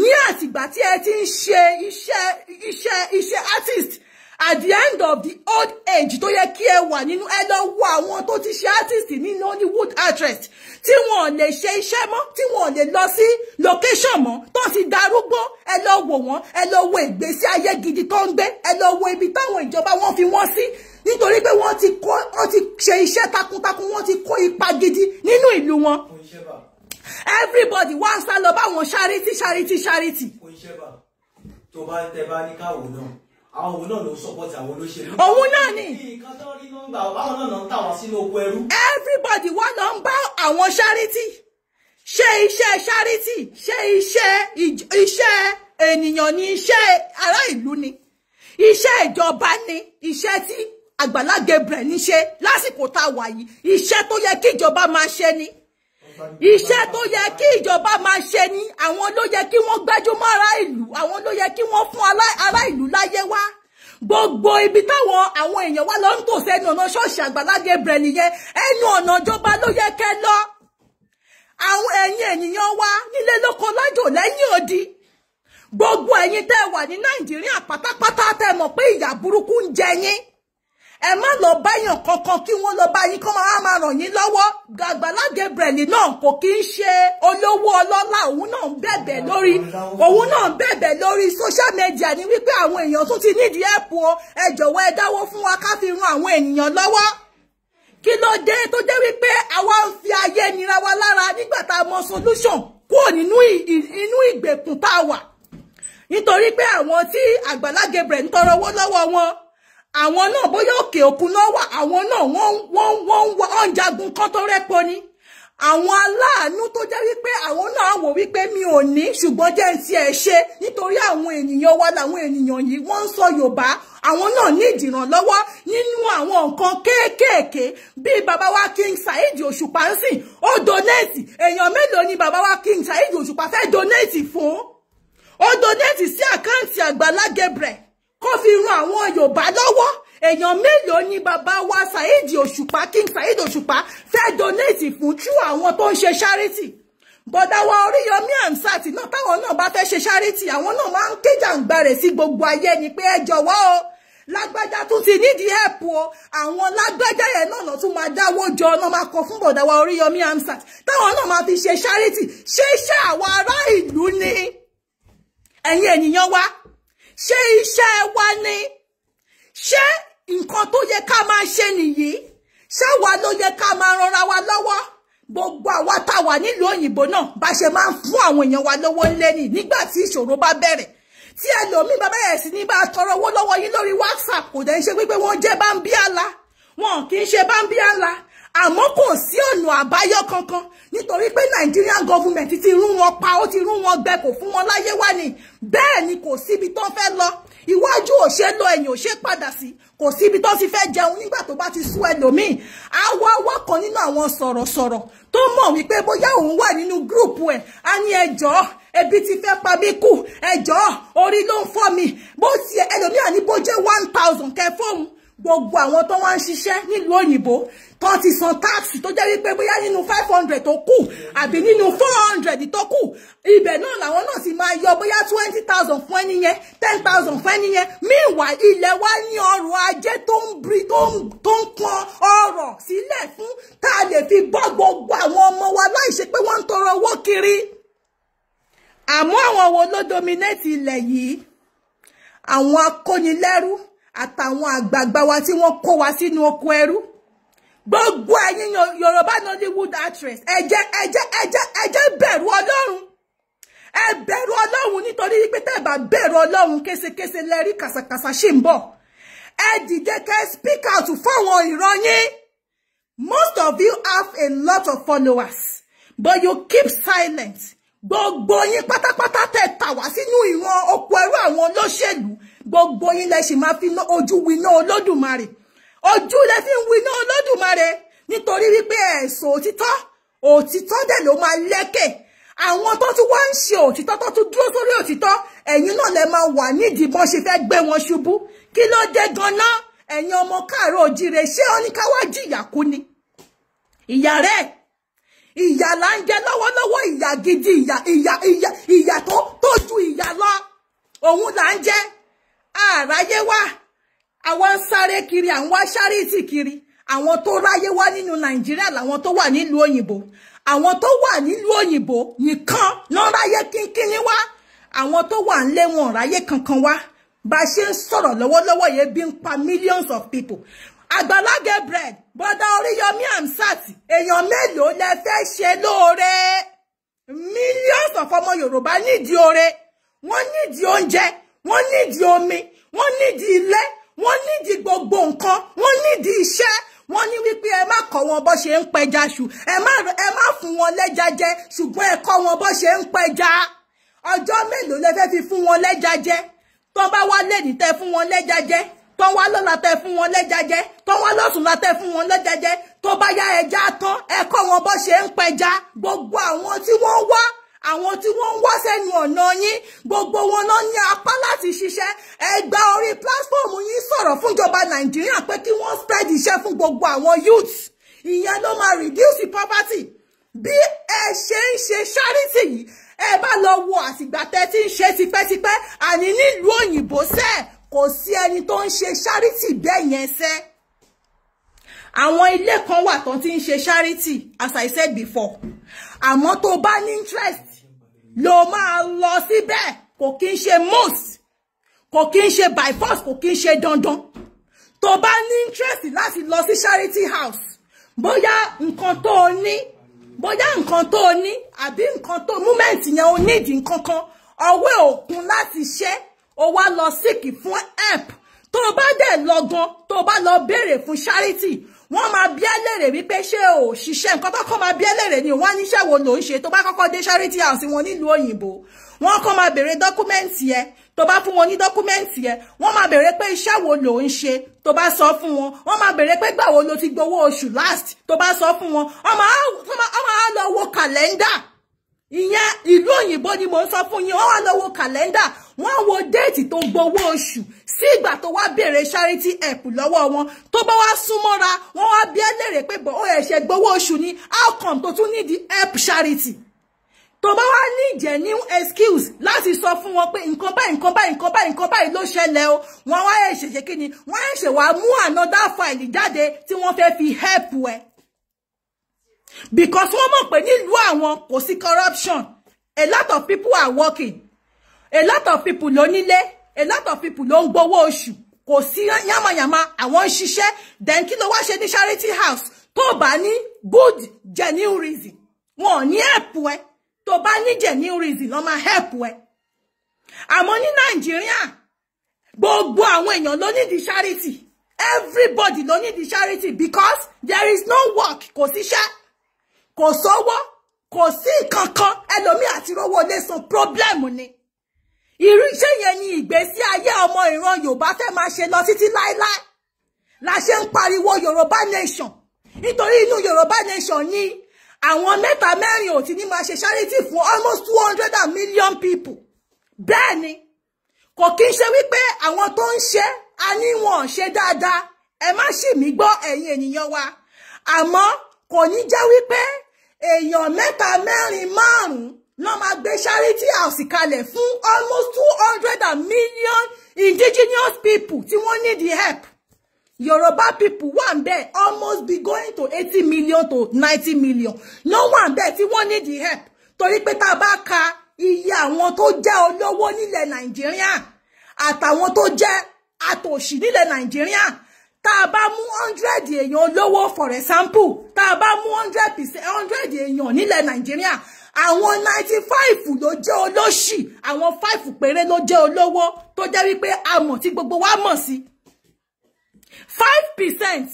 ní àtìgbà tí ẹ ti ń ṣe iṣẹ́ iṣẹ́ iṣẹ́ artist at the end of the old age tó yẹ kí ẹ wà nínú ẹ lọ wo àwọn tó ti ṣe artist ní Nollywood actress tí wọn lè ṣe iṣẹ́ mọ́ tí wọn lè lọ sí location mọ́ tó ti darúgbó ẹ lọ wò wọ́n ẹ lọ wo ìgbésí ayé gidi tó ń gbé ẹ lọ wo ibi táwọn ìjọba wọn fi wọ́n sí nítorí pé wọ́n ti kó wọ́n ti ṣe iṣẹ́ takuntakun wọ́n ti kó ipa gidi nínú ìlú wọn everybody wá sá lọ báwọn charity charity charity. tó bá tẹ bá ní káwọ náà àwọn náà ló ń àwọn olóṣèlú. òun náà ni. àwọn náà ń tà wá sínú oko ẹrú. everybody wọ́n náà ń bá àwọn ṣáríìtì ṣe iṣẹ́ ṣáríìtì ṣe iṣẹ́ iṣẹ́ ènìyàn ni iṣẹ́ ará ìlú ni iṣẹ́ ìjọba ni iṣẹ́ tí Àgbàlá Gabriel ní ṣe lásìkò tá a wà yìí iṣẹ́ tó yẹ kí ìjọba máa ṣe ni iṣẹ́ tó yẹ kí ìjọba máa ṣe ni àwọn ló yẹ kí wọ́n gbájúmọ́ ará ìlú àwọn ló yẹ kí wọ́n fún ará ìlú láyé wá gbogbo ibi táwọn àwọn èèyàn wá lọ ń tò sẹ́nu ọ̀nà ṣọ́ọ̀ṣì Àgbàlá Gabriel nìyẹn ẹnu ọ̀nà ìjọba ló yẹ kẹ́ lọ àwọn ẹ̀yin ènìyàn wa nílé lóko lájò lẹ́yìn odi gbogbo ẹ̀yin tẹ́ wà ní Nàìjíríà pátápátá tẹ́ mọ̀ pé ìyà burúkú ń jẹ yín ẹ má lọ báyàn kankan kí wọ́n lọ bá yín kọ́ máa máa ràn yín lọ́wọ́ Àgbàlá Gabriel náà kò kí ń ṣe olówó ọlọ́lá òun náà ń lórí òun náà ń lórí social media ni wípé àwọn èèyàn tún ti nídìí ẹ̀pù o ẹ jọ̀wọ́ ẹ dáwó fún wa ká fi ran àwọn ènìyàn lọ́wọ́ kí ló dé tó dé wípé àwa ń fi ayé nira wa lára nígbà tá a mọ solution kúrò nínú inú ìgbèkùn tá a wà nítorí pé àwọn tí Àgbàlá Gabriel ń tọrọ owó lọ́wọ́ wọn àwọn náà bóyá òkè òkun náà wà àwọn náà wọ́n ń wá ọ̀njagun kan tó rẹ́pọ̀ ni àwọn aláàánú tó jẹ́ wípé àwọn náà wò wípé mi ò ní ṣùgbọ́n jẹ́ ń tiẹ̀ ṣe nítorí àwọn ènìyàn wa làwọn ènìyàn yìí wọ́n ń sọ Yorùbá àwọn náà ní ìdìrànlọ́wọ́ nínú àwọn nǹkan kéékèèké bíi bàbá wa King Saheed Òṣùpá ń sìn ó donate èèyàn mélòó ni bàbá wa King Saheed Òṣùpá fẹ́ donate fún ó donate sí àkáǹtì Àgbàlá Gabriel kó fi ran àwọn Yorùbá lọ́wọ́ èèyàn mélòó ni bàbá wa Saheed Òṣùpá King Saheed Òṣùpá fẹ́ donate fún tú àwọn tó ń ṣe charity bọ̀dá wa Oríyọmí Hamzat náà táwọn náà bá fẹ́ ṣe charity àwọn náà máa ń kéjàǹgbàrè sí gbogbo ayé ni pé ẹ jọ̀wọ́ o lágbájá tún ti nídìí ẹ̀pù o àwọn lágbájá yẹn náà lọ́tún máa dáwọ́ jọ náà máa kọ fún bọ̀dá wa Oríyọmí Hamzat táwọn náà máa fi ṣe charity ṣe iṣẹ́ àwọn ará ìlú ni ẹ̀yin ènìyàn wa ṣé iṣẹ́ wa ni ṣé nǹkan tó yẹ ká máa ṣe nìyí ṣáwa ló yẹ ká máa ranra wa lọ́wọ́ gbogbo àwa tá a wà nílùú òyìnbó náà bá ṣe máa ń fún àwọn èèyàn wa lówó lẹ́ni nígbà tí ìṣòro bá bẹ̀rẹ̀ tí ẹlòmíín bá bẹ̀rẹ̀ sí ní bá tọrọ owó lọ́wọ́ yín lórí WhatsApp kò dẹ̀ ń ṣe wípé wọ́n jẹ́ bámbíàlà wọn kì í ṣe bámbíàlà àmọ́ kò sí ọ̀nà àbáyọ kankan nítorí pé Nigerian government ti rún wọn pa ó ti rún wọn gbẹ kò fún wọn láyé wá ni bẹ́ẹ̀ ni kò síbi tó ń fẹ́ lọ iwájú ò ṣe lọ ẹ̀yìn ò ṣe padà sí kò síbi tó ti fẹ́ jẹun nígbà tó bá ti sú ẹlòmíì awọ awọ kan nínú àwọn sọ̀rọ̀sọ̀rọ̀ tó mọ̀ wípé bóyá òun wà nínú gúrùpù ẹ̀ á ní ẹjọ́ ebi ti fẹ́ pa mí kù ẹjọ́ orí ló ń fọ́ mi bó tiẹ̀ ẹlòmíà ní jẹ́ one thousand kẹ fóun gbogbo àwọn tó wá ń ṣiṣẹ́ nílùú òyìnbó tó ti san táàsì tó jẹ́ wípé bóyá nínú five hundred tó kù àbí nínú four hundred tó kù ibẹ̀ náà làwọn náà ti máa yọ bóyá twenty thousand fún ẹni yẹn ten thousand fún ẹni yẹn meanwhile ilẹ̀ wa ní ọrọ̀ ajé tó ń bri tó ń pọn ọrọ̀ sílẹ̀ fún tá a lè fi bọ́ gbogbo àwọn ọmọ wa láì ṣe pé wọ́n ń tọrọ owó kiri àmọ́ àwọn wo ló dominate ilẹ̀ yìí àwọn akónilẹ́rú àtàwọn àgbààgbà wa tí wọ́n kó wa sínú oko ẹrú gbogbo ẹ̀yin yorùbá nollywood actress ẹ jẹ́ ẹ jẹ́ ẹ jẹ́ ẹ jẹ́ bẹ̀rù ọlọ́run ẹ bẹ̀rù ọlọ́run nítorí pé tẹ́ bá bẹ̀rù ọlọ́run késekése lẹ́rí kàsàkàsà ṣì ń bọ̀ ẹ dìde kẹ́ speak out fáwọn ìran yín most of you have a lot of followers but you keep silent gbogbo yín pátápátá tẹ́ tà wá sínú ìran oko ẹrú àwọn olóṣèlú gbogbo yín lẹ ṣì máa fi ojú winá olódùmarè ojú lẹ fi ń winá olódùmarè nítorí wípé ẹ̀sùn òtítọ́ òtítọ́ dẹ̀ ló máa lékè àwọn tó tún wá ń ṣe òtítọ́ tó tún dúró sórí òtítọ́ ẹ̀yin náà lẹ máa wà nídìí bọ́n ṣe fẹ́ gbé wọn ṣubú kí ló dé ganan ẹ̀yin ọmọ káàárọ̀ òjìrè ṣé ó ní ká wá jìyà kú ni ìyà rẹ̀ ìyà là ń jẹ lọ́wọ́lọ́wọ́ ìyà gidi ìyà ìyà ìyà ìyà tó tó ju ìyà lọ òun là ń jẹ àráyé wá àwa ń sáré kiri à ń wá ṣáríìtì kiri àwọn tó ráyé wá nínú nàìjíríà làwọn tó wà nílùú òyìnbó àwọn tó wà nílùú òyìnbó nìkan ló ń ráyé kínkínní wá àwọn tó wà ń lé wọn ráyé kankan wá bá a ṣe ń sọ̀rọ̀ lọ́wọ́lọ́wọ́ yẹn bí ń pa millions of people Agbala Gabriel bọ́dá Oríyọmí Hamzat èèyàn mélòó lẹ fẹ́ ṣe lóore millions of ọmọ Yorùbá nídìí oore wọ́n nídìí oúnjẹ wọ́n nídìí omi wọ́n nídìí ilé wọ́n nídìí gbogbo nǹkan wọ́n nídìí iṣẹ́ wọ́n ní wípé ẹ má kọ́ wọn bó ṣe ń pẹja ṣù ẹ má ẹ má fún wọn lẹ́ja jẹ ṣùgbọ́n ẹ kọ́ wọn bó ṣe ń pẹja ọjọ́ mélòó lẹ fẹ́ fi fún wọn lẹ́ja jẹ tó bá wá lè ní tẹ fún wọn lẹ́ja jẹ tó wá lọ́la tẹ fún wọn lẹ́ja jẹ tó wá lọ́sùn la tẹ fún wọn lẹ́ja jẹ tó bá yá ẹja tán ẹ kọ́ wọn bó ṣe ń pẹja gbogbo àwọn tí wọ́n wá àwọn tí wọ́n ń wá sẹ́nu ọ̀nà yín gbogbo wọn náà ní apá láti ṣiṣẹ́ ẹ gba orí pílásífọ́ọ̀mù yín sọ̀rọ̀ fúnjọba nàìjíríà pé kí wọ́n spread iṣẹ́ fún gbogbo àwọn youths ìyẹn ló máa reduce poverty bí ẹ ṣe ń ṣe charity yìí ẹ bá lọ wo àtìgbà tẹ ti ń ṣe tipẹ́tipẹ́ àní nílùú òyìnbó sẹ́ẹ̀ kò sí ẹni tó ń ṣe charity bẹ́ẹ̀ yẹn sẹ́ẹ̀ àwọn ilé kan wà tán tí ń ṣe charity as i said before àmọ́ tó bá ní interest ló máa lọ síbẹ̀ kò kí ń ṣe most kò kí ń by force kò kí ń ṣe dandan tó bá ní interest láti lọ sí charity house Boya nǹkan tó ni boya bóyá nǹkan ni o ní àbí nǹkan tó moment yẹn o need nǹkan kan ọwọ́ òkun láti ṣe o wá lọ seek fún help tó o bá dẹ̀ lọ gan tó o bá charity wọ́n máa bi ẹ́ léèrè wípé ṣé o ṣiṣẹ́ nǹkan tó kọ́ máa bi ẹ́ léèrè ni wọ́n níṣẹ́ wo ló ń ṣe tó bá kọ́kọ́ dé charity house wọn nílùú òyìnbó wọ́n kọ́ máa bèrè dọ́kúmẹ́ǹtì ẹ tó bá fún wọn ní dọ́kúmẹ́ǹtì ẹ wọ́n máa bèrè pé iṣẹ́ wo ló ń ṣe tó bá sọ fún wọn wọ́n máa bèrè pé gbà wo ló ti gbowó oṣù last tó bá sọ fún wọn wọ́n máa lọ wo kàlẹ́ńdà ìyẹn ìlú òyìnbó ni mò ń sọ fún yín wọ́n wá lọ wo kàlẹ́ndà wọ́n wo déètì tó gbowó oṣù sí ìgbà tó wá béèrè charity help lọ́wọ́ wọn tó bá wá súnmọ́ra wọ́n wá bi ẹ́ léèrè pé bọ́ ó ẹ̀ṣẹ̀ gbowó oṣù ni how come tó tún need help charity tó bá wá ní ìjẹ́ new excuse láti sọ fún wọn pé nǹkan báyìí nǹkan báyìí nǹkan báyìí nǹkan báyìí ló ṣẹlẹ̀ o wọ́n wá ẹ̀ṣẹ̀ ṣe kí ni wọ́n ẹ̀ṣẹ̀ wá mú another file jáde tí wọ́n fẹ́ fi help ẹ because wọ́n mọ̀ pé nílùú àwọn kò sí corruption a lot of people are working a lot of people ló nílé a lot of people ló ń gbowó oṣù kò sí yánmọ̀yánmọ́ àwọn ń ṣiṣẹ́ then kí ló wá ṣe ní charity house tó bá ní good genuine reason wọn ò ní help ẹ tó bá ní genuine reason ló máa help ẹ àmọ́ ní nàìjíríà gbogbo àwọn èèyàn ló ní di charity everybody ló ní di charity because there is no work kò síṣẹ́ kò sówó kò sí kankan ẹlòmíì àti rówó lè san problem ni irú iṣẹ́ yẹn ni ìgbésí ayé ọmọ ìran Yorùbá fẹ́ máa ṣe lọ títí láéláé la ṣe ń pariwo Yorùbá nation nítorí inú Yorùbá nation ni àwọn mẹ́ta mẹ́rin ò ti ní máa ṣe charity fún almost two hundred million people bẹ́ẹ̀ ni kò kí n ṣe wípé àwọn tó ń ṣe a ní wọn ṣe dáadáa ẹ má ṣì mí gbọ́ ẹ̀yin ènìyàn wa àmọ́ kò ní jẹ́ wípé èèyàn mẹ́ta mẹ́rin márùn-ún ló máa gbé charity house kalẹ̀ fún almost two hundred million indigenous people tí wọ́n need the help Yorùbá people wà ń bẹ̀ almost be going to eighty million to ninety million ló wà ń bẹ̀ tí wọ́n need help torí pé tá a bá ka iye àwọn tó jẹ́ olówó nílẹ̀ Nàìjíríà àtàwọn tó jẹ́ àtòṣì nílẹ̀ Nàìjíríà tá a bá mú hundred èèyàn olówó for example tá a bá mú hundred percent hundred èèyàn nílẹ̀ nàìjíríà àwọn ninety five ló jẹ́ olóṣì àwọn five péré ló jẹ́ olówó tó jẹ́ wípé a mọ̀ tí gbogbo wa mọ̀ sí five percent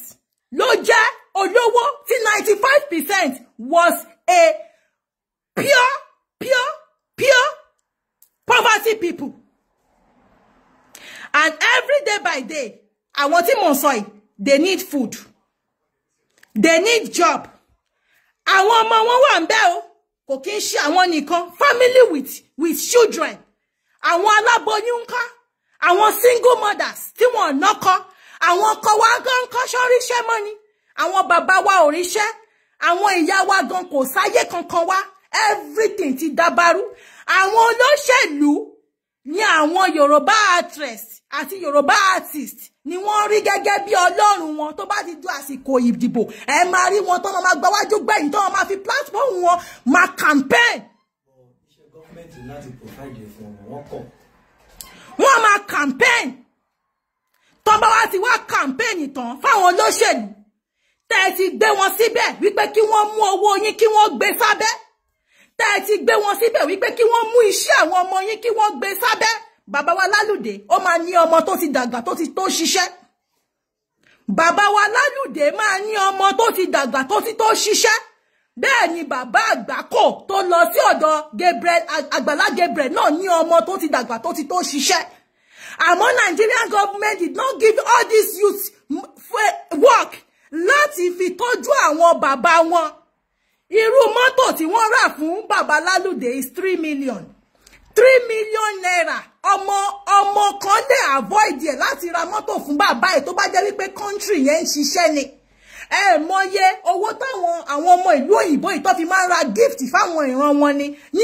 ló jẹ́ olówó tí ninety five percent was a pure pure pure poverty people and every day by day àwọn tí mò ń sọ yìí they need food they need job àwọn ọmọ wọn wà ń bẹ̀ o kò kí ń ṣe àwọn nìkan family with with children àwọn aláboyún ń kọ́ àwọn single mothers tí wọ́n nọ́kọ́ àwọn ọkọ wa gan kọ́ṣọ́ ríṣẹ́ mọ́ ni àwọn bàbá wa ò ríṣẹ́ àwọn ìyá wa gan kò sáyé kankan wá everything ti dábàrú àwọn olóṣèlú ni àwọn Yorùbá actress àti Yorùbá artist ni wọ́n rí gẹ́gẹ́ bí ọlọ́run wọn tó bá ti ju àsìkò ìdìbò ẹ máa rí wọn tó máa gba wájú gbẹ̀yìn tó máa fi platform wọn máa campaign. iṣẹ́ gọ́ọ̀mẹ̀ntì láti provide fún wọn kọ̀. wọ́n máa campaign tó wa wá ti wá campaign tán fáwọn olóṣèlú tẹ́ ẹ ti gbé wọn síbẹ̀ wípé kí wọ́n mú owó yín kí wọ́n gbé sábẹ́ tẹ́ ẹ ti gbé wọn síbẹ̀ wípé kí wọn mú iṣẹ́ àwọn ọmọ yín kí wọn gbé sábẹ́ Baba wa lálùdé ó máa ní ọmọ tó ti dàgbà tó ti tó ṣiṣẹ́ bàbá wa lálùdé máa ní ọmọ tó ti dàgbà tó ti tó ṣiṣẹ́ bẹ́ẹ̀ ni bàbá àgbákò tó lọ sí ọ̀dọ̀ Gabriel àgbàlá Gabriel náà ní ọmọ tó ti dàgbà tó ti tó ṣiṣẹ́ àmọ́ Nigerian government did not give all these youth work láti fi tọ́jú àwọn bàbá wọn irú mọ́tò tí wọ́n rà fún bàbá lálùdé is three million three million naira ọmọ ọmọ kan lè avoid ẹ̀ láti ra mọ́tò fún bàbá ẹ̀ tó bá jẹ́ wípé country yẹn ń ṣiṣẹ́ ni ẹ mọye owó táwọn àwọn ọmọ ìlú òyìnbó yìí tó fi máa ń ra gift fáwọn ìran wọn ni ní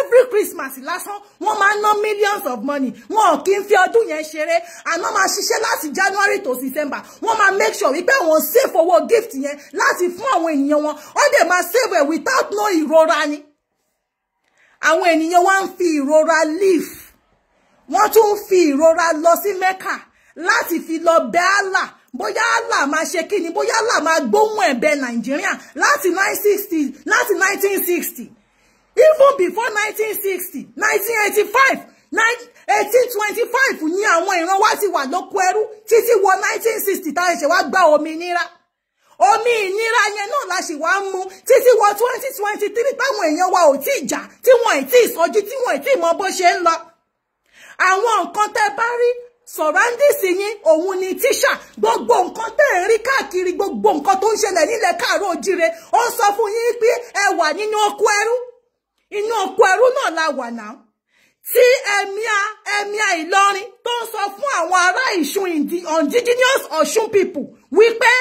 every Christmas lásán wọ́n máa ń ná millions of money wọn ò kí ń fi ọdún yẹn ṣeré àná máa ṣiṣẹ́ láti January to December wọ́n máa make sure wípé àwọn save owó gift yẹn láti fún àwọn ènìyàn wọn ó dẹ̀ máa save ẹ̀ without no ìrora ni àwọn ènìyàn wa ń fi ìrora live wọ́n tún fi ìrora lọ sí mẹ́kà láti fi lọ bẹ Allah bóyá Allah máa ṣe kí ni bóyá Allah máa gbóhùn ẹ̀bẹ̀ nàìjíríà láti 1960 láti 1960 even before 1960 1985 1825 ni àwọn ìran wa ti wà lóko ẹrú títí wọ 1960 tá a ṣe wá gba òmìnira omi ìnira yẹn náà la ṣì wá ń mu títí wọ 2023 táwọn èèyàn wa ò tí ì jà tí wọn ì tí ì sọjú tí wọn ì tí ì mọ bó ṣe ń lọ àwọn nǹkan tẹ́ bá rí surroundings yín òun ni tíṣà gbogbo nǹkan tẹ́ ẹ̀ ń rí káàkiri gbogbo nǹkan tó ń ṣẹlẹ̀ nílẹ̀ káàárọ̀ òjire ó sọ fún yín pé ẹ wà nínú ọkọ ẹrú inú ọkọ ẹrú náà la wà náà tí ẹ̀míà ẹ̀míà Ìlọrin tó ń sọ fún àwọn ará Ìṣun indigenous Ọ̀ṣun people wípé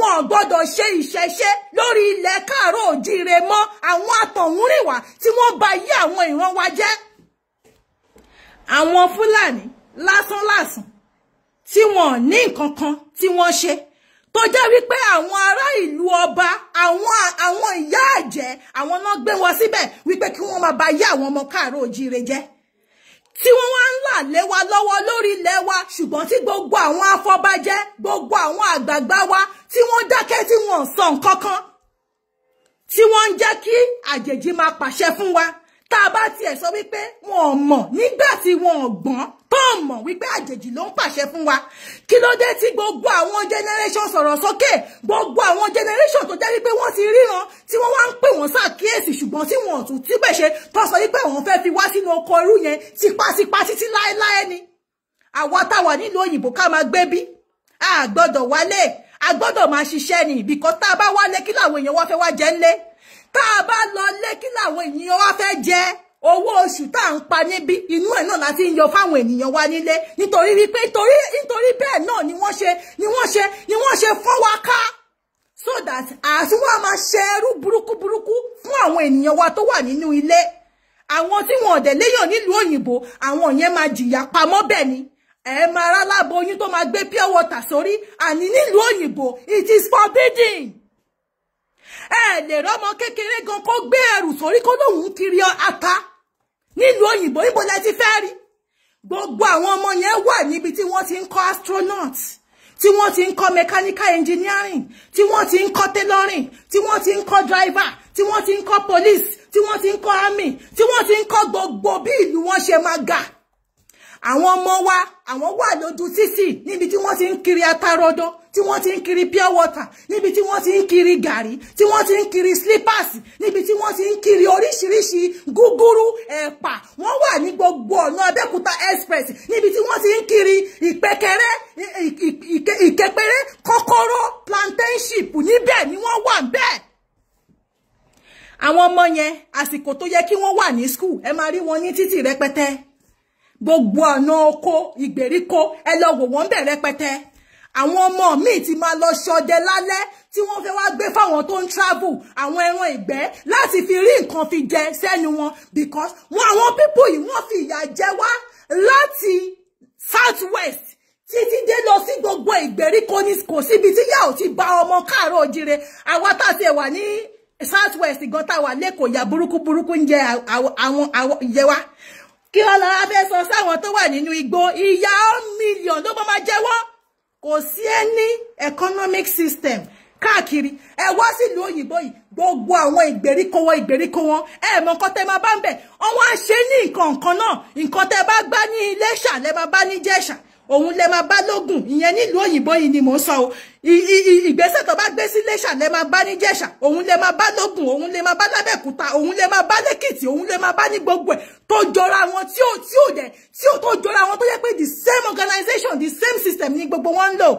wọn gbọ́dọ̀ ṣe ìṣẹ̀ṣe lórí ilẹ̀ káàárọ̀ òjire mọ́ àwọn àtọ̀húnrìnwá tí wọ́n bà yí àwọn ìran wa jẹ́ àwọn fúlàní lásánlàsàn tí wọn ní nǹkan kan tí wọ́n ṣe tó jẹ́ wípé àwọn ará ìlú ọba àwọn àwọn ìyá àjẹ́ àwọn náà gbé wọn síbẹ̀ wípé kí wọ́n máa ba yé àwọn ọmọ káàárọ̀ òjíire jẹ́ tí wọ́n wá ń là lé wa lọ́wọ́ lórí ilẹ̀ wa ṣùgbọ́n tí gbogbo àwọn afọbajẹ gbogbo àwọn àgbààgbà wa tí wọ́n dákẹ́ tí wọ́n sọ nǹkan kan tí wọ́n ń jẹ́ kí àjèjì máa pàṣẹ fún wa tá a bá tiẹ̀ sọ wípé wọn ò mọ̀ nígbà tí wọn ò gbọ́n tó mọ̀ wípé àjèjì ló ń pàṣẹ fún wa kí ló dé tí gbogbo àwọn generation sọ̀rọ̀ sókè gbogbo àwọn generation tó jẹ́ wípé wọ́n ti ríran tí wọ́n wá ń pè wọ́n ṣàkíyèsí ṣùgbọ́n tí wọn ò tún tíbẹ̀ ṣe tó sọ wípé àwọn fẹ́ fi wá sínú ọkọ̀ irú yẹn tipátipá títí láéláé ni àwa táwa nílùú òyìnbó ká máa gbé bí a gbọ́dọ̀ wálé a gbọ́dọ̀ máa ṣiṣẹ́ ni bìkọ́ tá a bá wálé kí làwọn èèyàn wá fẹ́ wá jẹ́ ńlé tá a bá lọ lé kí làwọn ènìyàn wá fẹ́ jẹ owó oṣù tá à ń pa níbí inú ẹ̀ náà láti ń yọ fáwọn ènìyàn wa nílé nítorí wípé nítorí nítorí bẹ́ẹ̀ náà ni wọ́n ṣe ni wọ́n ṣe ni wọ́n ṣe fọ́n wa ká so that àti wọ́n á máa ṣe ẹrú burúkú burúkú fún àwọn ènìyàn wa tó wà nínú ilé àwọn tí wọn ọ̀dẹ̀ léyàn nílùú òyìnbó àwọn yẹn máa jìyà pamọ́ bẹ́ẹ̀ ni ẹ máa ráláboyún tó máa gbé pure water sórí àní nílùú òyìnbó it is forbidden ẹ lè rọmọ kékeré gan kó gbé ẹrù sórí kó lóun kiri ata nílùú òyìnbó níbo lẹ ti fẹ́ rí gbogbo àwọn ọmọ yẹn wà níbi tí wọ́n ti ń kọ́ astronaut tí wọ́n ti ń kọ́ mechanical engineering tí wọ́n ti ń kọ́ tailoring tí wọ́n ti ń kọ́ driver tí wọ́n ti ń kọ́ police tí wọ́n ti ń kọ́ army tí wọ́n ti ń kọ́ gbogbo bí ìlú wọn ṣe máa ga àwọn ọmọ wa àwọn wà lójú títì níbi tí wọ́n ti ń kiri atarodo tí wọ́n ti ń kiri pure water níbi tí wọ́n ti ń kiri gàrí tí wọ́n ti ń kiri slippers níbi tí wọ́n ti ń kiri oríṣiríṣi gúgúrú ẹ̀pà wọ́n wà ní gbogbo ọ̀nà Abẹ́òkúta express níbi tí wọ́n ti ń kiri ìpẹ́kẹrẹ ìkẹpẹrẹ kọ́kọ́rọ́ plantainship níbẹ̀ ni wọ́n wà bẹ́ẹ̀ àwọn ọmọ yẹn àsìkò tó yẹ kí wọ́n wà ní school ẹ máa rí wọn ní títì rẹpẹtẹ gbogbo ọ̀nà oko ìgbèríko ẹ lọ wò wọ́n bẹ̀ rẹpẹtẹ àwọn ọmọ míì ti máa lọ ṣọdẹ lálẹ́ tí wọ́n fẹ́ wá gbé fáwọn tó ń travel àwọn ẹran ìgbẹ́ láti fi rí nǹkan fi jẹ sẹ́nu wọn because wọn àwọn people yìí wọ́n fi ìyà jẹ wá láti south west títí dé lọ sí gbogbo ìgbèríko ní kò síbi tí yà ò ti bá ọmọ káàárọ̀ òjire àwa tá a ti wà ní south west gan tá a wà lẹ́kọ̀ọ́ ìyà burúkú burúkú ń jẹ àwọn ìyẹ wa kí ọlọ́wà fẹ́ sọ sáwọn tó wà nínú igbó ìyà mílíọ̀n ló bá máa jẹ́wọ́ kò sí ẹni economic system káàkiri ẹ wá sílùú òyìnbó yìí gbogbo àwọn ìgbèríko wọn ìgbèríko wọn ẹ mọ nǹkan tẹ máa bá ń bẹ ọwọ́ àṣẹ ní nǹkan kan náà nǹkan tẹ bá gbá ní Iléṣà lẹ máa bá ní Jẹ̀ṣà òun lẹ máa bá lógùn ìyẹn nílùú òyìnbó yìí ni mò ń sọ o ìgbésẹ̀ tó bá gbé sí Iléṣà lẹ máa bá níjẹ̀ṣà òun lẹ máa bá lógùn òun lẹ máa bá lábẹ́kúta òun lẹ máa bá lẹ́kìtì òun lẹ máa bá ní gbogbo ẹ̀ tó jọra wọn tí ò tí ò dẹ̀ tí ò tó jọra wọn tó yẹ pé the same organization the same system ni gbogbo wọn ń lò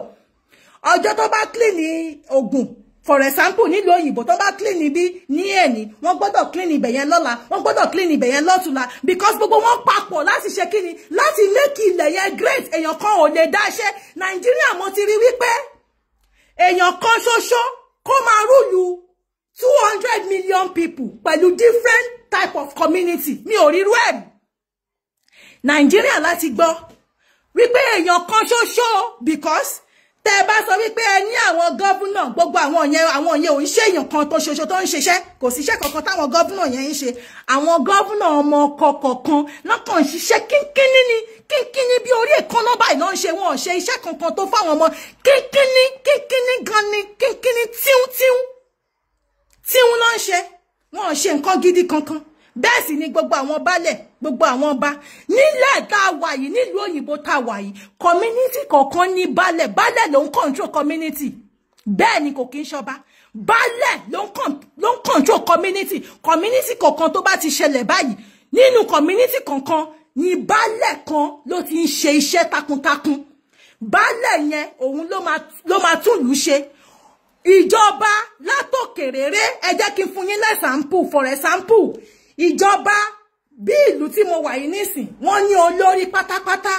ọjọ́ tó bá clean ní Ògùn for example nílùú òyìnbó tó bá clean ibi ní ẹ̀ní wọ́n gbọ́dọ̀ clean ibẹ̀ yẹn lọ́la wọ́n gbọ́dọ̀ clean ibẹ̀ yẹn lọ́tùla because gbogbo wọn papọ̀ láti ṣe kíni láti lékì ilẹ̀ yẹn great èèyàn kan ò lè dá iṣẹ́ nàìjíríà mo ti rí wípé èèyàn kan ṣoṣo kó máa rúlu two hundred million people pẹ̀lú different type of community mi ò rírú ẹ̀ nàìjíríà láti gbọ́ wípé èèyàn kan ṣoṣo because tẹ́ ẹ bá sọ wípé ẹ ní àwọn gọ́vùnà gbogbo àwọn yẹn àwọn yẹn ò ń ṣe èèyàn kan tó ṣoṣo tó ń ṣiṣẹ́ kò síṣẹ́ kankan táwọn gọ́vùnà yẹn ń ṣe àwọn gọ́vùnà ọmọ kọ̀ọ̀kan lọ́kàn ṣiṣẹ́ kínkínní ni kínkínní bí orí èkánná báyìí ló ń ṣe wọn ò ṣe iṣẹ́ kankan tó fáwọn ọmọ kínkínní kínkínní gan ni kínkínní tíún tíún tíún ló ń ṣe wọn ò ṣe nǹkan gidi kankan bẹ́ẹ̀ sì ni gbogbo àwọn baálẹ̀ gbogbo àwọn ọba nílẹ̀ tá a wà yìí nílùú òyìnbó tá a wà yìí community kọ̀ọ̀kan ní baálẹ̀ baálẹ̀ ló ń control community bẹ́ẹ̀ ni kò kí ń ṣọba baálẹ̀ ló ń control community community kọ̀ọ̀kan tó bá ti ṣẹlẹ̀ báyìí nínú community kọ̀ọ̀kan ni baálẹ̀ kan ló ti ń ṣe iṣẹ́ takuntakun baálẹ̀ yẹn òun ló máa tún lù ú ṣe ìjọba látòkèrèrè ẹ jẹ́ kí n fún yín lẹ́sàmpù for example ìjọba bí ìlú tí mo wà yìí nísìn wọ́n ní olórí pátápátá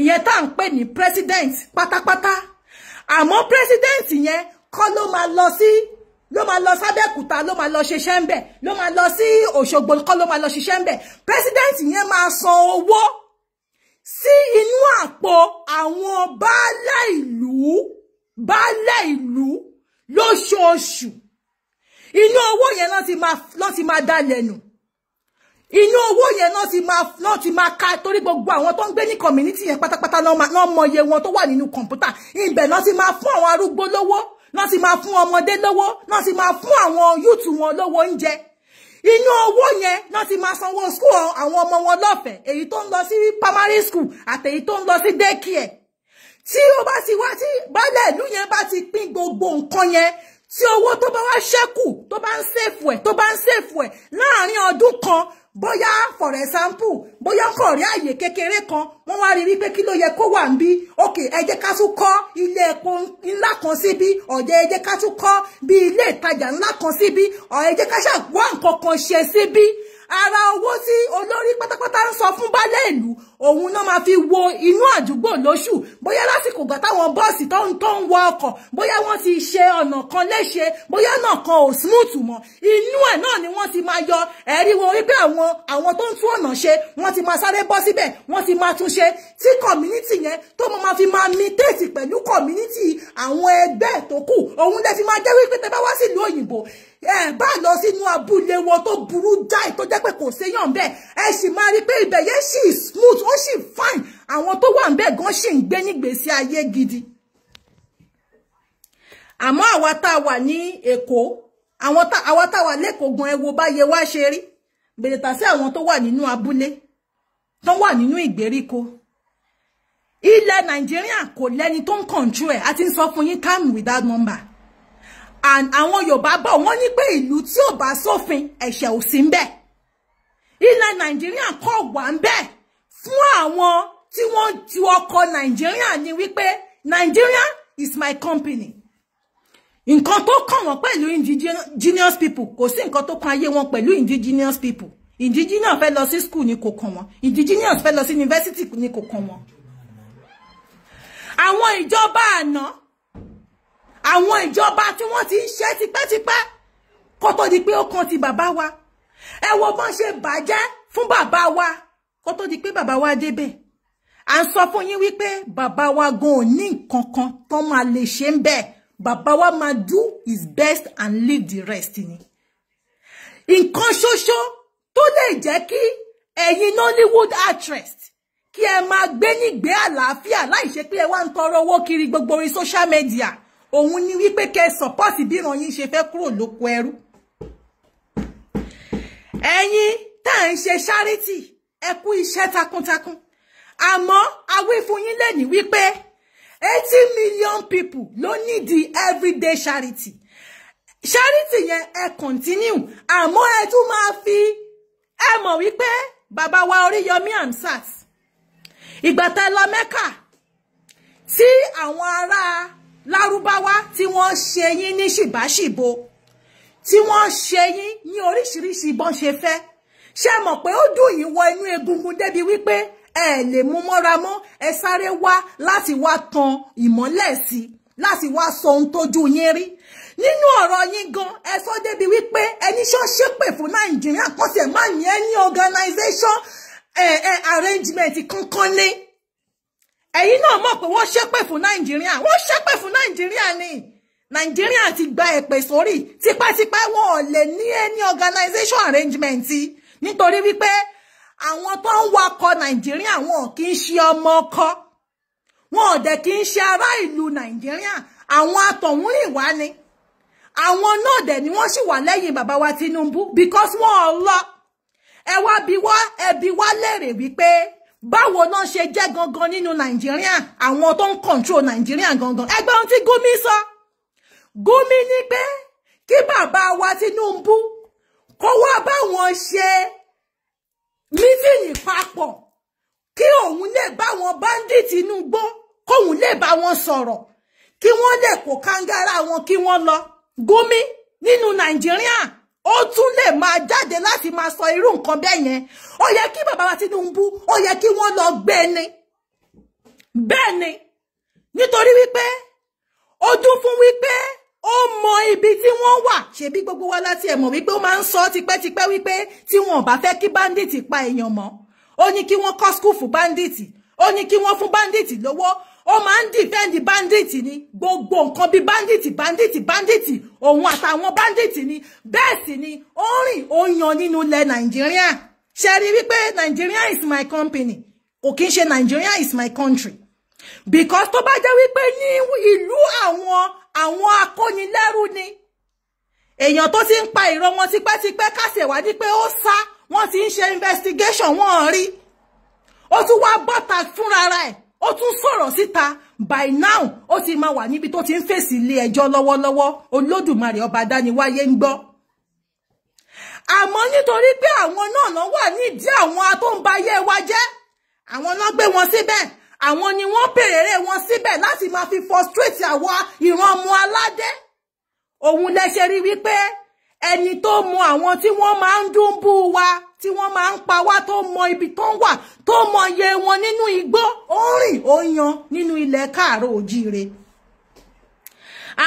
ìyẹn tá à pè ní president pátápátá àmọ́ president yẹn kọ́ ló máa lọ sí ló máa lọ sábẹ́kúta ló máa lọ ṣiṣẹ́ ń bẹ̀ ló máa lọ sí òṣogbo kọ́ ló máa lọ ṣiṣẹ́ ń bẹ̀ president yẹn máa san owó sí inú àpò àwọn baálé ìlú baálé ìlú lóṣooṣù inú owó yẹn lọ́ ti máa dá lẹ́nu inú owó yẹn náà ti máa náà ti máa ka torí gbogbo àwọn tó ń gbé ní community yẹn pátápátá náà mọye wọn tó wà nínú kọ̀ǹpútà ibẹ̀ náà ti máa fún àwọn arúgbó lówó náà ti máa fún ọmọdé lówó náà ti máa fún àwọn yúùtù wọn lówó oúnjẹ inú owó yẹn náà ti máa sanwó school àwọn ọmọ wọn lọ́fẹ̀ẹ́ èyí tó ń lọ sí primary school àtèyí tó ń lọ sí daycare tí ó bá ti wá tí baálẹ̀ ìlú yẹn bá ti pín gbogbo nǹkan yẹn tí owó tó bá wá ṣẹ́kù tó bá ń ṣèfù ẹ̀ tó bá ń ṣèfù ẹ̀ láàrin ọdún kan bóyá for example Boya, kò rí àyè kékeré kan wọ́n wá rí rí pé kí ló yẹ kó wà ń bí ok ẹ jẹ́ ká tún kọ́ ilé epo ńlá kan síbí ọ̀dẹ̀ ẹ jẹ́ ká tún kọ́ bí ilé ìtajà ńlá kan síbí ọ̀dẹ̀ ẹ jẹ́ ká ṣàgbọ́ nǹkan kan ṣe síbí ara owó tí olórí pátápátá ń sọ fún baálẹ̀ ìlú òun náà máa fi wo inú àdúgbò lóṣù bóyá lásìkò gbà táwọn bọ́ọ̀sì tó ń tó ń wọ ọkọ̀ bóyá wọ́n ti ṣe ọ̀nà kan léṣe bóyá náà kan ò smooth mọ́ inú ẹ̀ náà ni wọ́n ti máa yọ ẹ̀rí wo wípé àwọn àwọn tó ń tún ọ̀nà ṣe wọ́n ti máa sáré bọ́ síbẹ̀ wọ́n ti máa tún ṣe tí community yẹn tó máa fi máa mi tèèsì pẹ̀lú community àwọn ẹgbẹ́ tó kù òun lè fi máa jẹ́ wípé tẹ bá wá sílùú òyìnbó ẹ bá lọ sínú abúlé wọn tó burú jáì tó jẹ́ pé kò séyàn bẹ́ẹ̀ ẹ sì máa rí pé ibẹ̀ yẹn sì smooth ó sì fine àwọn tó wà níbẹ̀ gan sì ń gbé nígbèsí ayé gidi àmọ́ àwa tá a wà ní Èkó àwa tá a wà lÉkòó gan ẹ wo báyé wá ṣe rí bèrè tà sí àwọn tó wà nínú abúlé tó wà nínú ìgbèríko ilẹ̀ Nàìjíríà kò lẹ́ni tó ń kọ̀ǹtró ẹ̀ a ń sọ fún yín calm without number and àwọn Yorùbá bọ̀ wọ́n ní pé ìlú tí ò bá sófin ẹ̀ṣẹ̀ ò sí ń bẹ̀ ilẹ̀ Nàìjíríà kọ̀ wà ń bẹ̀ fún àwọn tí wọ́n ju ọkọ̀ Nàìjíríà ní wípé Nàìjíríà is my company nǹkan tó kàn wọ́n pẹ̀lú indigenous people kò sí nǹkan tó kan ayé wọn pẹ̀lú indigenous people indigenous fẹ́ lọ sí school ni kò kàn wọ́n indigenous fẹ́ lọ sí university ni kò kàn wọ́n àwọn ìjọba àná. No? àwọn ìjọba tí wọ́n ti ń ṣe tipẹ́tipẹ́ kó tó di pé ó kan ti bàbá wa ẹ wo bọ́n ṣe bàjẹ́ fún bàbá wa kó tó di pé bàbá wa débẹ̀ à ń sọ fún yín wípé bàbá wa gan ò ní nǹkan kan tó máa lè ṣe ń bẹ́ẹ̀ bàbá wa máa do his best and leave the rest ni nǹkan ṣoṣo tó lè jẹ́ kí ẹ̀yin Nollywood actress kí ẹ máa gbé nígbé àlàáfíà láì ṣe pé ẹ wá ń tọrọ owó kiri gbogbo orí social media òun ni wípé kẹ́ support bí ìran yín ṣe fẹ́ kúrò lóko ẹrú ẹ̀yin tá à ń ṣe charity ẹ kú iṣẹ́ takuntakun àmọ́ awífún yín lè ní wípé eighty million people ló nídìí everyday charity charity yẹn ẹ continue àmọ́ ẹ tún máa fi ẹ mọ̀ wípé bàbá wa Oríyọmí Hamzat ìgbà tá lọ Mẹ́kà tí àwọn ará lárúbáwá tí wọ́n ṣe yín ní ṣìbáṣìbo tí wọ́n ṣe yín ní oríṣiríṣi bọ́n ṣe fẹ́ ṣe mọ̀ pé ó dùn yín wọ inú egungun débi wípé ẹ lè mú mọ́ra mọ́ ẹ sáré wá láti wá tan ìmọ́lẹ̀ sí i láti wá sọ ohun tójú yín rí nínú ọ̀rọ̀ yín gan ẹ sọ débi wípé ẹni ṣọ́ ṣépè fún nàìjíríà kọ́sẹ̀ má yẹn ní organization eh, eh, arrangement kankan ní ẹ̀yin náà mọ̀ pé wọ́n ṣépè fún nàìjíríà wọ́n ṣépè fún nàìjíríà ni nàìjíríà ti gba ẹ̀pẹ̀ sórí tipátipá wọn ò lè ní any organization arrangement nítorí wípé àwọn tó ń wakọ̀ nàìjíríà wọn ò kì í ṣe ọmọ ọkọ wọn ò dẹ̀ kì í ṣe ará ìlú nàìjíríà àwọn atọ̀húnrìnwá ni àwọn náà dẹ̀ ni wọ́n sì wà lẹ́yìn bàbá wa Tinubu because wọn ò lọ ẹ wá bi wá ẹ bi wá léèrè wípé báwo náà ṣe jẹ́ gangan nínú nàìjíríà àwọn tó ń control nàìjíríà gangan ẹgbẹ́ ohun tí Gumi sọ Gumi ní pé kí bàbá wa Tinubu kó wá báwọn ṣe mítìnì papọ̀ kí òun lè báwọn báńdíìtì inú gbó kóun lè bá wọn sọ̀rọ̀ kí wọ́n lè kó kángára wọn kí wọ́n lọ Gumi nínú nàìjíríà O tún lè máa jáde láti máa sọ irú nǹkan bẹ́ẹ̀ yẹn ó yẹ kí bàbá wa Tinubu ó yẹ kí wọ́n lọ gbé ni bẹ́ẹ̀ ni nítorí wípé ó dún fún wípé ó mọ ibi tí wọ́n wà ṣebí gbogbo wa láti ẹ̀ mọ̀ wípé ó máa ń sọ tipẹ́tipẹ́ wípé tí wọn ò bá fẹ́ kí bandit pa èèyàn mọ́ ó ní kí wọ́n kọ́ skul fún bandit ó ní kí wọ́n fún bandit lówó ó máa ń dìfẹ́ǹdì báńdíìtì ni gbogbo nǹkan bíi báńdíìtì báńdíìtì báńdíìtì òun àtàwọn báńdíìtì ni bẹ́ẹ̀ sì ni ó rìn ó yan nínú ilẹ̀ nàìjíríà ṣe rí wípé nàìjíríà is my company ò kí n ṣe nàìjíríà is my country because tó bá jẹ́ wípé ní ìlú àwọn àwọn akónilẹ́rú ni èèyàn tó ti ń pa ìran wọn tipẹ́tipẹ́ kásìwádìí pé ó sá wọ́n ti ń ṣe investigation wọ́n rí ó tún wá bọ́ta fúnra rẹ̀ ó tún sọ̀rọ̀ síta by now ó ti máa wà níbi tó ti ń fèsì ilé ẹjọ́ lọ́wọ́lọ́wọ́ olódùmarè ọba dániwáyé ń gbọ́ àmọ́ nítorí pé àwọn náà lọ wà nídìí àwọn atóǹbayé wa jẹ́ àwọn náà gbé wọn síbẹ̀ àwọn ni wọ́n bèrèrè wọn síbẹ̀ láti máa fi frustrate àwa ìran ọmọ aládé òun lẹ ṣe rí wípé ẹni tó mọ àwọn tí wọ́n máa ń dún bú wa tí wọ́n máa ń pa wá tó mọ ibi tó ń wà tó mọ iye wọn nínú igbó ó rìn ó yan nínú ilẹ̀ káàró òjíire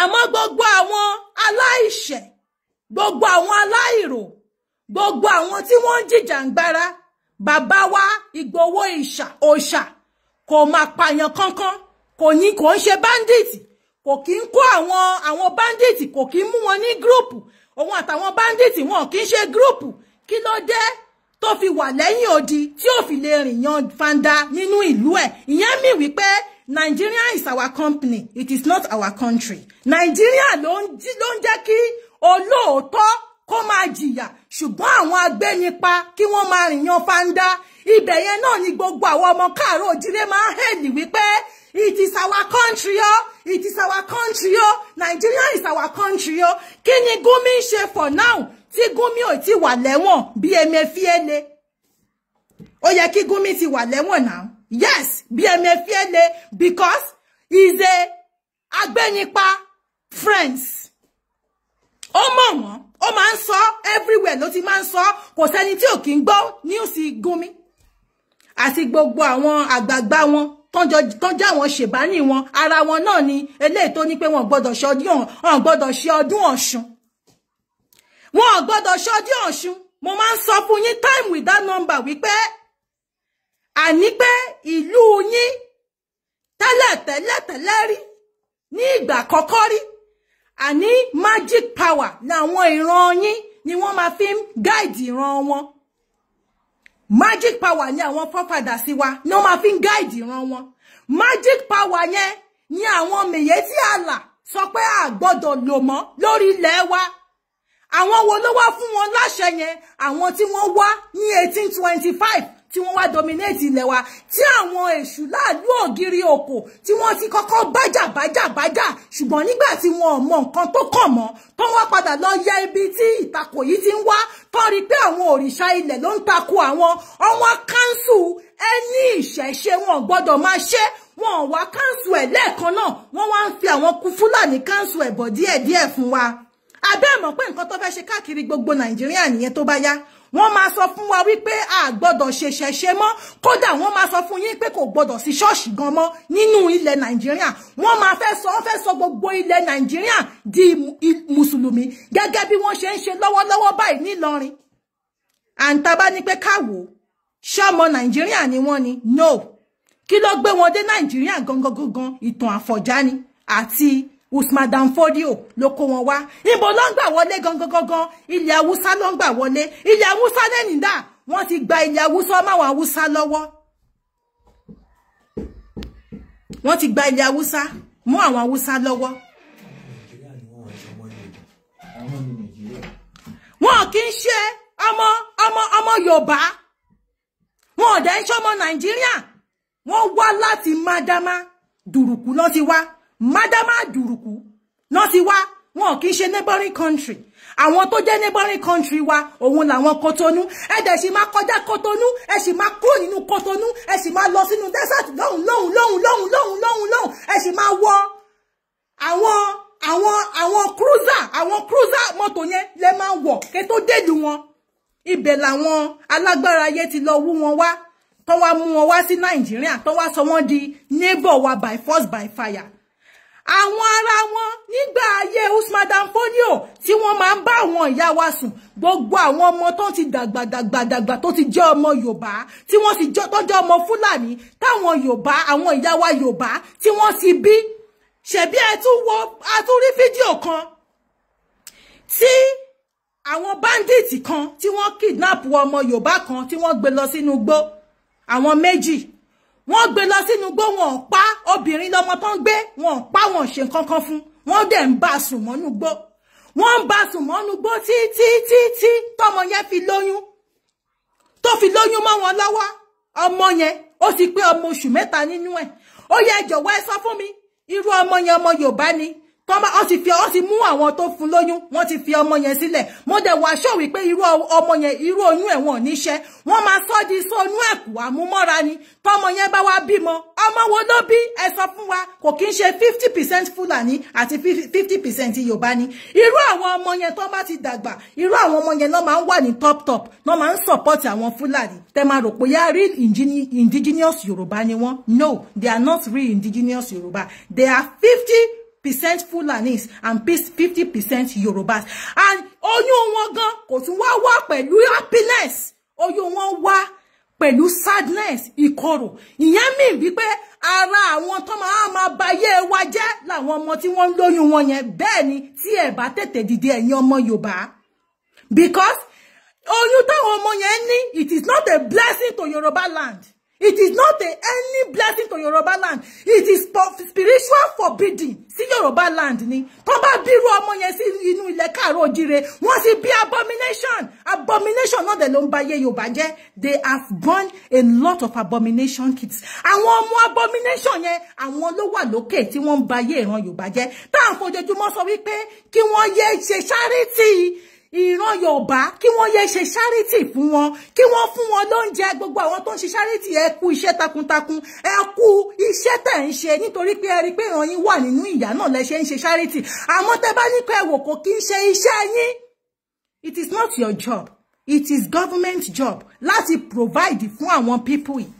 àmọ́ gbogbo àwọn aláìṣẹ̀ gbogbo àwọn aláìrò gbogbo àwọn tí wọ́n ń jìjàǹgbara bàbá wa Ìgbòho ìṣà òṣà kò máa pààyàn kankan kò ní kò ń ṣe báńdíìtì kò kí ń kó àwọn àwọn báńdíìtì kò kí ń mú wọn ní gúrùpù òun àtàwọn báńdíìtì wọn kì í ṣe gúrùpù kí ló dé tó fi wà lẹ́yìn odi tí ò fi lè rìn yan fanda nínú ìlú ẹ̀ ìyẹn mi wípé Nigeria is our company it is not our country Nigeria ló ń jẹ́ kí olóòótọ́ kó máa jìyà ṣùgbọ́n àwọn agbẹ́nipa kí wọ́n máa rìn yan fanda ibẹ̀ yẹn náà ni gbogbo àwọn ọmọ káàárọ̀ òjìrè máa ń hẹ̀lì wípé it is our country o it is our country o Nigeria is our country o kí ni Gumi ṣe for now tí Gumi ò ti wà lẹ́wọ̀n bí Emefiele ó yẹ kí Gumi ti wà lẹ́wọ̀n náà yes bí Emefiele because he's a agbẹnipa friends ó mọ̀ wọ́n ó máa ń everywhere ló ti máa ń sọ kò sẹ́ni tí ò kí ń news Gumi àti gbogbo àwọn àgbààgbà won, tán já wọn ṣèbánì wọn ara won, náà ni eléyìí tó ní pé wọn gbọ́dọ̀ ṣe ọdún ọ̀hún gbọ́dọ̀ ṣe ọdún wọn ò gbọ́dọ̀ ṣojú ọ̀ṣun mo máa ń sọ fún yín time without number wípé àní pé ìlú yín tẹ́lẹ̀ tẹ́lẹ̀ tẹ́lẹ̀ rí ní ìgbà kọ́kọ́ rí àní magic power làwọn ìran yín ni wọ́n máa fi ń guide ìran wọn magic power ni àwọn fọ́fàdà sí wa ni wọ́n máa fi ń guide ìran wọn magic power yẹn ni àwọn mèyétí àlà sọ pé a gbọ́dọ̀ lò mọ́ lórí ilẹ̀ wa àwọn wo ló wá fún wọn láṣẹ yẹn àwọn tí wọ́n wá ní eighteen twenty five tí wọ́n wá dominate ilẹ̀ wa tí àwọn èṣù láàlú ògiri oko. tí wọ́n ti kọ́kọ́ bájà bájà bájà ṣùgbọ́n nígbà tí wọn ò mọ nǹkan tó kàn mọ́ tó wá padà lọ yẹ ibi tí ìtakò yìí ti ń wá tó rí pé àwọn òrìṣà ilẹ̀ ló ń takò àwọn ọwọ́n kánsù ẹni ìṣẹ̀ṣe wọn gbọ́dọ̀ máa ṣe wọn wá kánsù ẹ̀ lẹ́ẹ̀kan náà wọ́n wá ń fi àwọn fúlàní kánsù ẹ̀bọ̀ díẹ̀díẹ̀ fún wa abẹ́ mọ̀ pé nǹkan tó fẹ́ ṣe káàkiri gbogbo nàìjíríà nìyẹn tó bá yá wọ́n máa sọ fún wa wípé a gbọ́dọ̀ ṣe ṣẹ̀ṣẹ̀ mọ́ kódà wọ́n máa sọ fún yín pé kò gbọ́dọ̀ sí ṣọ́ọ̀ṣì gan mọ́ nínú ilẹ̀ nàìjíríà wọ́n máa fẹ́ sọ wọ́n fẹ́ sọ gbogbo ilẹ̀ nàìjíríà di mùsùlùmí gẹ́gẹ́ bí wọ́n ṣe ń ṣe lọ́wọ́lọ́wọ́ báyìí nílọrin àǹtabá ni pé káwo ṣọmọ nàìjíríà ni wọ́n ni no kí ló gbé wọn dé nàìjíríà gangan gangan ìtàn àfọ̀já ni àti Usman Dan Fodio ló kó wọn wá ibo ló ń gbà wọlé gangan gangan ilẹ̀ haúsá ló ń gbà wọlé ilẹ̀ haúsá lẹ́nìdá wọ́n ti gba ilẹ̀ haúsá máwọn haúsá lọ́wọ́ wọ́n ti gba ilẹ̀ haúsá mú àwọn haúsá lọ́wọ́ wọn kì í ṣe ọmọ ọmọ ọmọ yorùbá wọn ò dẹ́ ṣọmọ nàìjíríà wọ́n wá láti mádámá dùrùkú ló ti wá madama Duruku, no si wa wọn kì í neighboring country àwọn tó jẹ́ neighboring country wa òun làwọn Kotonu E dẹ̀ sì máa kọjá Kotonu e si ma kúrò nínú Kotonu e si ma lọ sínú desert lọ́hùn lọ́hùn lọ́hùn lọ́hùn lọ́hùn lọ́hùn lọ́hùn e si ma wo, awon awon awon cruiser awon cruiser mọ́tò yẹn wo. máa wọ̀ kẹ tó dèlù wọn ibẹ̀ làwọn alágbára ayé ti lọ wú wọn wá tó wá mú wọn wá sí Nàìjíríà tó wá sọ wọn di neighbor wa by force by fire àwọn ará wọn nígbà ayé Usman Dan Fodio tí wọ́n máa ń bá àwọn ìyá wa sùn gbogbo àwọn ọmọ tó ti dàgbà dàgbà dàgbà tó ti jẹ́ ọmọ Yorùbá tí wọ́n ti jẹ́ tó jẹ́ ọmọ Fúlàní táwọn Yorùbá àwọn ìyá wa Yorùbá tí wọ́n ti bí ṣebí ẹ tún wo a tún rí fídíò kan tí àwọn báńdíìtì kan tí wọ́n kidnap ọmọ Yorùbá kan tí wọ́n gbé lọ sínú igbó àwọn méjì wọ́n gbé lọ sínú igbó wọn ò pa obìnrin lọ́mọ tó ń gbé wọn ò pa wọn ò ṣe nǹkan kan fún wọ́n dẹ̀ ń bá a sùn mọ́nú igbó wọ́n ń bá a sùn mọ́nú igbó títí títí tọmọ yẹn fi lóyún tó fi lóyún mọ́ wọn lọ́wọ́ ọmọ yẹn ó ti pé ọmọ oṣù mẹ́ta nínú ẹ̀ ó yẹ jọ̀wọ́ ẹ sọ fún mi irú ọmọ yẹn ọmọ Yorùbá ni kọ́má ọ ti fi ọ ti mú àwọn tó fún lóyún wọ́n ti fi ọmọ yẹn sílẹ̀ mo dẹ̀ wá ṣọ́ wípé irú ọmọ yẹn irú oyún ẹ̀wọ̀n níṣẹ́ wọ́n máa sọ́ di sónú ẹ̀kú àmúmọ́ra ni tọ́mọ yẹn bá wá bímọ ọmọ wo ló bí ẹ sọ fún wa kò kí ń ṣe fifty percent Fulani, àti fifty percent Yorùbá ni irú àwọn ọmọ yẹn tó bá ti dàgbà irú àwọn ọmọ yẹn ló máa ń wà ní top top ló máa ń support àwọn Fulani. tẹ máa rò pé yá real indigenous Yorùbá ni wọ́n no they are not real indigenous Yorùbá they are fifty percent Fulanis and fifty percent Yorubas and oyún wọn gan kò tún wá wá pẹ̀lú happiness oyún wọn wá pẹ̀lú sadness ìkorò ìyẹn mì wípé ara àwọn tó máa máa bayé wa jẹ́ làwọn ọmọ tí wọ́n ń lóyún wọn yẹn bẹ́ẹ̀ ni tí ẹ̀ bá tètè dìde ẹ̀yin ọmọ Yorùbá because oyún táwọn ọmọ yẹn ní it is not a blessing to Yorùbá land It is not a, any blessing to Yoruba land. It is spiritual forbidding. Sí Yoruba land ni. Tó bá bírú ọmọ yẹn sí inú ilẹ̀ káàró òjire, wọ́n sì bí abomination. Abomination Not the ló ye ba ayé They have born a lot of abomination kids. Àwọn ọmọ abomination yẹn, àwọn ló wà lókè tí wọ́n ń ba ayé ìran Yorùbá jẹ́. Táà fojoojúmọ́ sọ wípé kí wọ́n yé ṣe charity ìran yorùbá kí wọ́n yẹ ṣe ṣáríìtì fún wọn kí wọ́n fún wọn lóúnjẹ gbogbo àwọn tó ń ṣe ṣáríìtì ẹ kú iṣẹ́ takuntakun ẹ kú iṣẹ́ tẹ̀ ń ṣe nítorí pé ẹ rí i pé ìran yín wà nínú ìyà náà lẹ ṣe ń ṣe ṣáríìtì àmọ́ tẹ bá ní pé ẹ wò kò kí ń ṣe iṣẹ́ yín it is not your job it is government job láti provide fún àwọn people yìí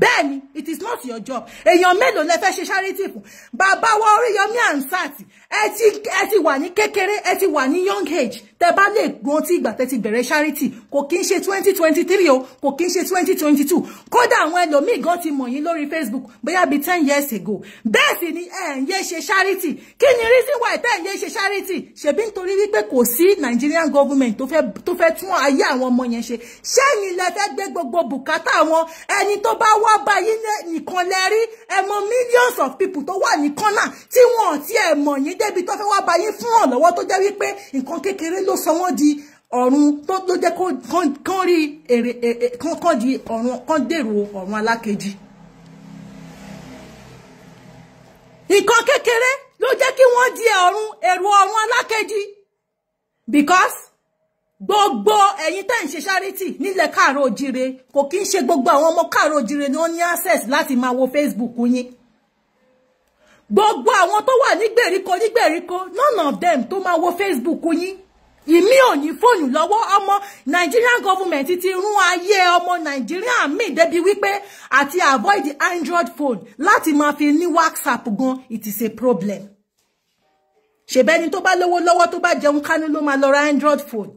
bẹ́ẹ̀ ni it is not your job èèyàn mélòó lẹ fẹ́ ṣe charity fún bàbá wa Oríyọmí Ansat ẹ ti ẹ ti wà ní kékeré ẹ ti wà ní young age tẹ bá lè rántí ìgbà tẹ ti bẹ̀rẹ̀ charity kò kí ń ṣe twenty twenty three o kò kí ń ṣe twenty twenty two gan ti mọ̀ yín lórí facebook bóyá bi ten years ago bẹ́ẹ̀ sì ni ẹ̀ ń yé charity kí ni reason why tẹ́ ń yé ṣe charity ṣebí nítorí wípé kò sí nigerian government tó fẹ́ tó fẹ́ tún ayé àwọn ọmọ yẹn ṣe ṣẹ́yìn lẹ fẹ́ gbé gbogbo bùkátà wọn ẹni tó bá wá báyìí nìkan lẹ rí ẹ mọ̀ millions of people tó wà ní kọ́nà tí wọn ò tiẹ̀ mọ̀ yín fe tó fẹ́ wá báyìí fún ọ̀lọ́wọ́ tó jẹ́ wípé nǹkan kékeré ló sọ wọ́n di ọ̀run tó ló jẹ́ kán rí èrè kán di ọ̀run kán dèrò ọ̀run alákejì nǹkan kékeré ló jẹ́ kí wọ́n di ọ̀run èrò ọ̀run alákejì because gbogbo ẹ̀yin tẹ́ ń ṣe charity nílẹ̀ káàró òjire kò kí ń ṣe gbogbo àwọn ọmọ káàró òjire ni wọ́n ní access láti máa wo Facebook yín gbogbo àwọn tó wà nígbèríko nígbèríko none of them tó máa wo Facebook yín ìmí ò ní fóònù lọ́wọ́ ọmọ Nigerian government ti rún ayé ọmọ Nigerian míì débi wípé àti avoid the Android phone láti máa fi ní WhatsApp gan it is a problem ṣèbẹ́ni tó bá lówó lọ́wọ́ tó bá jẹun kánú ló máa lọ ra Android phone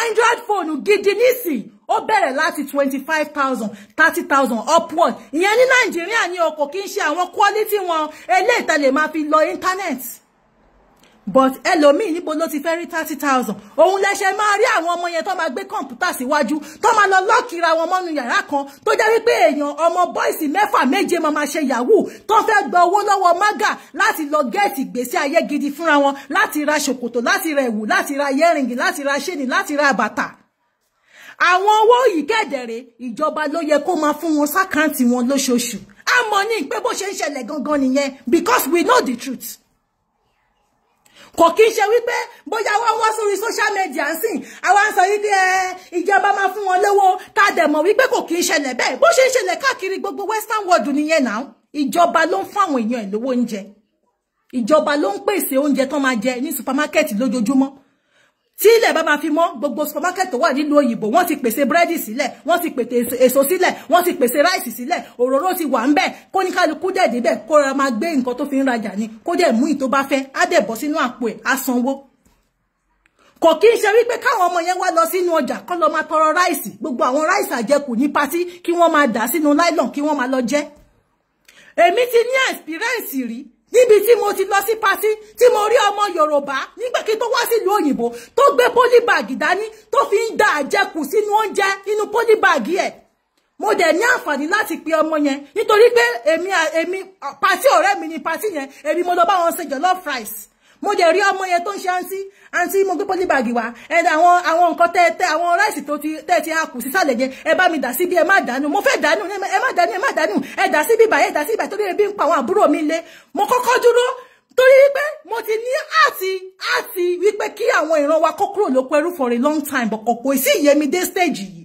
Android phone gidi nísìn ó bẹ̀rẹ̀ láti twenty five thousand thirty thousand upward ìyẹn ní Nàìjíríà ní ọkọ̀ kì í ṣe àwọn quality wọn eléyìí tá lè máa fi lọ internet but ẹlòmíì níbo ló ti fẹ́ rí thirty thousand òun lẹ́sẹ̀ máa rí àwọn ọmọ yẹn tó máa gbé kọ̀ǹpútà síwájú tó máa lọ lọ́kìra wọn mọ́nu yàrá kan tó jẹ́ wípé èèyàn ọmọ bọ́ìsì mẹ́fà méje máa máa ṣe yahoo tó fẹ́ gba owó lọ́wọ́ maga láti lọ gẹ́ẹ̀tì ìgbésí ayé gidi fúnra wọn láti ra ṣòkòtò láti ra ẹ̀wù láti ra yẹ́rìngì láti ra ṣéènì láti ra bàtà àwọn owó yìí kẹ̀dẹ̀rẹ̀ ìjọba ló yẹ kó máa fún wọn sákàǹtì wọn lóṣooṣù àmọ́ ní pé bó ṣe ń ṣẹlẹ̀ gangan nìyẹn because we know the truth kò kí ń ṣe wípé bóyá wọ́n wọ́n sórí social media ń sìn àwa ń sọ wípé ẹ ìjọba máa fún wọn lówó ká dẹ̀ mọ̀ wípé kò kí ń ṣẹlẹ̀ bẹ́ẹ̀ bó ṣe ń ṣẹlẹ̀ káàkiri gbogbo western world nìyẹn náà ìjọba ló ń fún àwọn èèyàn ẹ̀ lówó oúnjẹ ìjọba ló ń pèsè oúnjẹ tó máa jẹ ní supermarket lójoojúmọ́ tí ilẹ̀ bá ma fi mọ́ gbogbo supermarket tó wà nílùú òyìnbó wọ́n ti pèsè búrẹ́dì sílẹ̀ wọ́n ti pèsè èso sílẹ̀ wọ́n ti pèsè ráìsì sílẹ̀ òróró ti wà ń bẹ̀ kó ní kálukú dẹ̀ débẹ̀ kó rọra máa gbé nǹkan tó fi ń rajà ni kó dẹ̀ mú ìtó bá fẹ́ á dẹ̀ bọ́ sínú àpò ẹ̀ á sanwó kò kí n ṣe wípé káwọn ọmọ yẹn wá lọ sínú ọjà kọ́ lọ máa tọrọ ráìsì gbogbo àwọn ráìsì àjẹkù ní patí kí wọ́n máa dà sínú láìlọ̀n kí wọ́n máa lọ jẹ èmi ti ní experience rí níbi tí mo ti lọ sí patí tí mo rí ọmọ yorùbá nígbà kí tó wá sílùú òyìnbó tó gbé pólíbàgì dání tó fi ń da àjẹkù sínú oúnjẹ inú pólíbàgì ẹ̀ mo dẹ̀ ní àǹfààní láti pe ọmọ yẹn nítorí pé èmi èmi patí mi ni patí yẹn èmi mo lọ bá wọn ṣe jollof rice mo dẹ̀ rí ọmọ yẹn tó ń ṣe àǹtí àǹtí mo gbé pọ́lí bàgì wá ẹ àwọn àwọn nǹkan tẹ tẹ àwọn ráìsì tó ti tẹ ti àkù sísàlẹ̀ yẹn ẹ bá mi dà síbi ẹ má dànù mo fẹ́ dànù ẹ má dànù ẹ má dànù ẹ dà síbi ìbàyẹ ẹ dà síbi ìbàyẹ torí ebi ń pa àwọn àbúrò mi le mo kọ́kọ́ dúró torí wípé mo ti ní àti àti wípé kí àwọn ìran wa kó kúrò lóko ẹrú for a long time but kò sí ìyẹmi dé stage yìí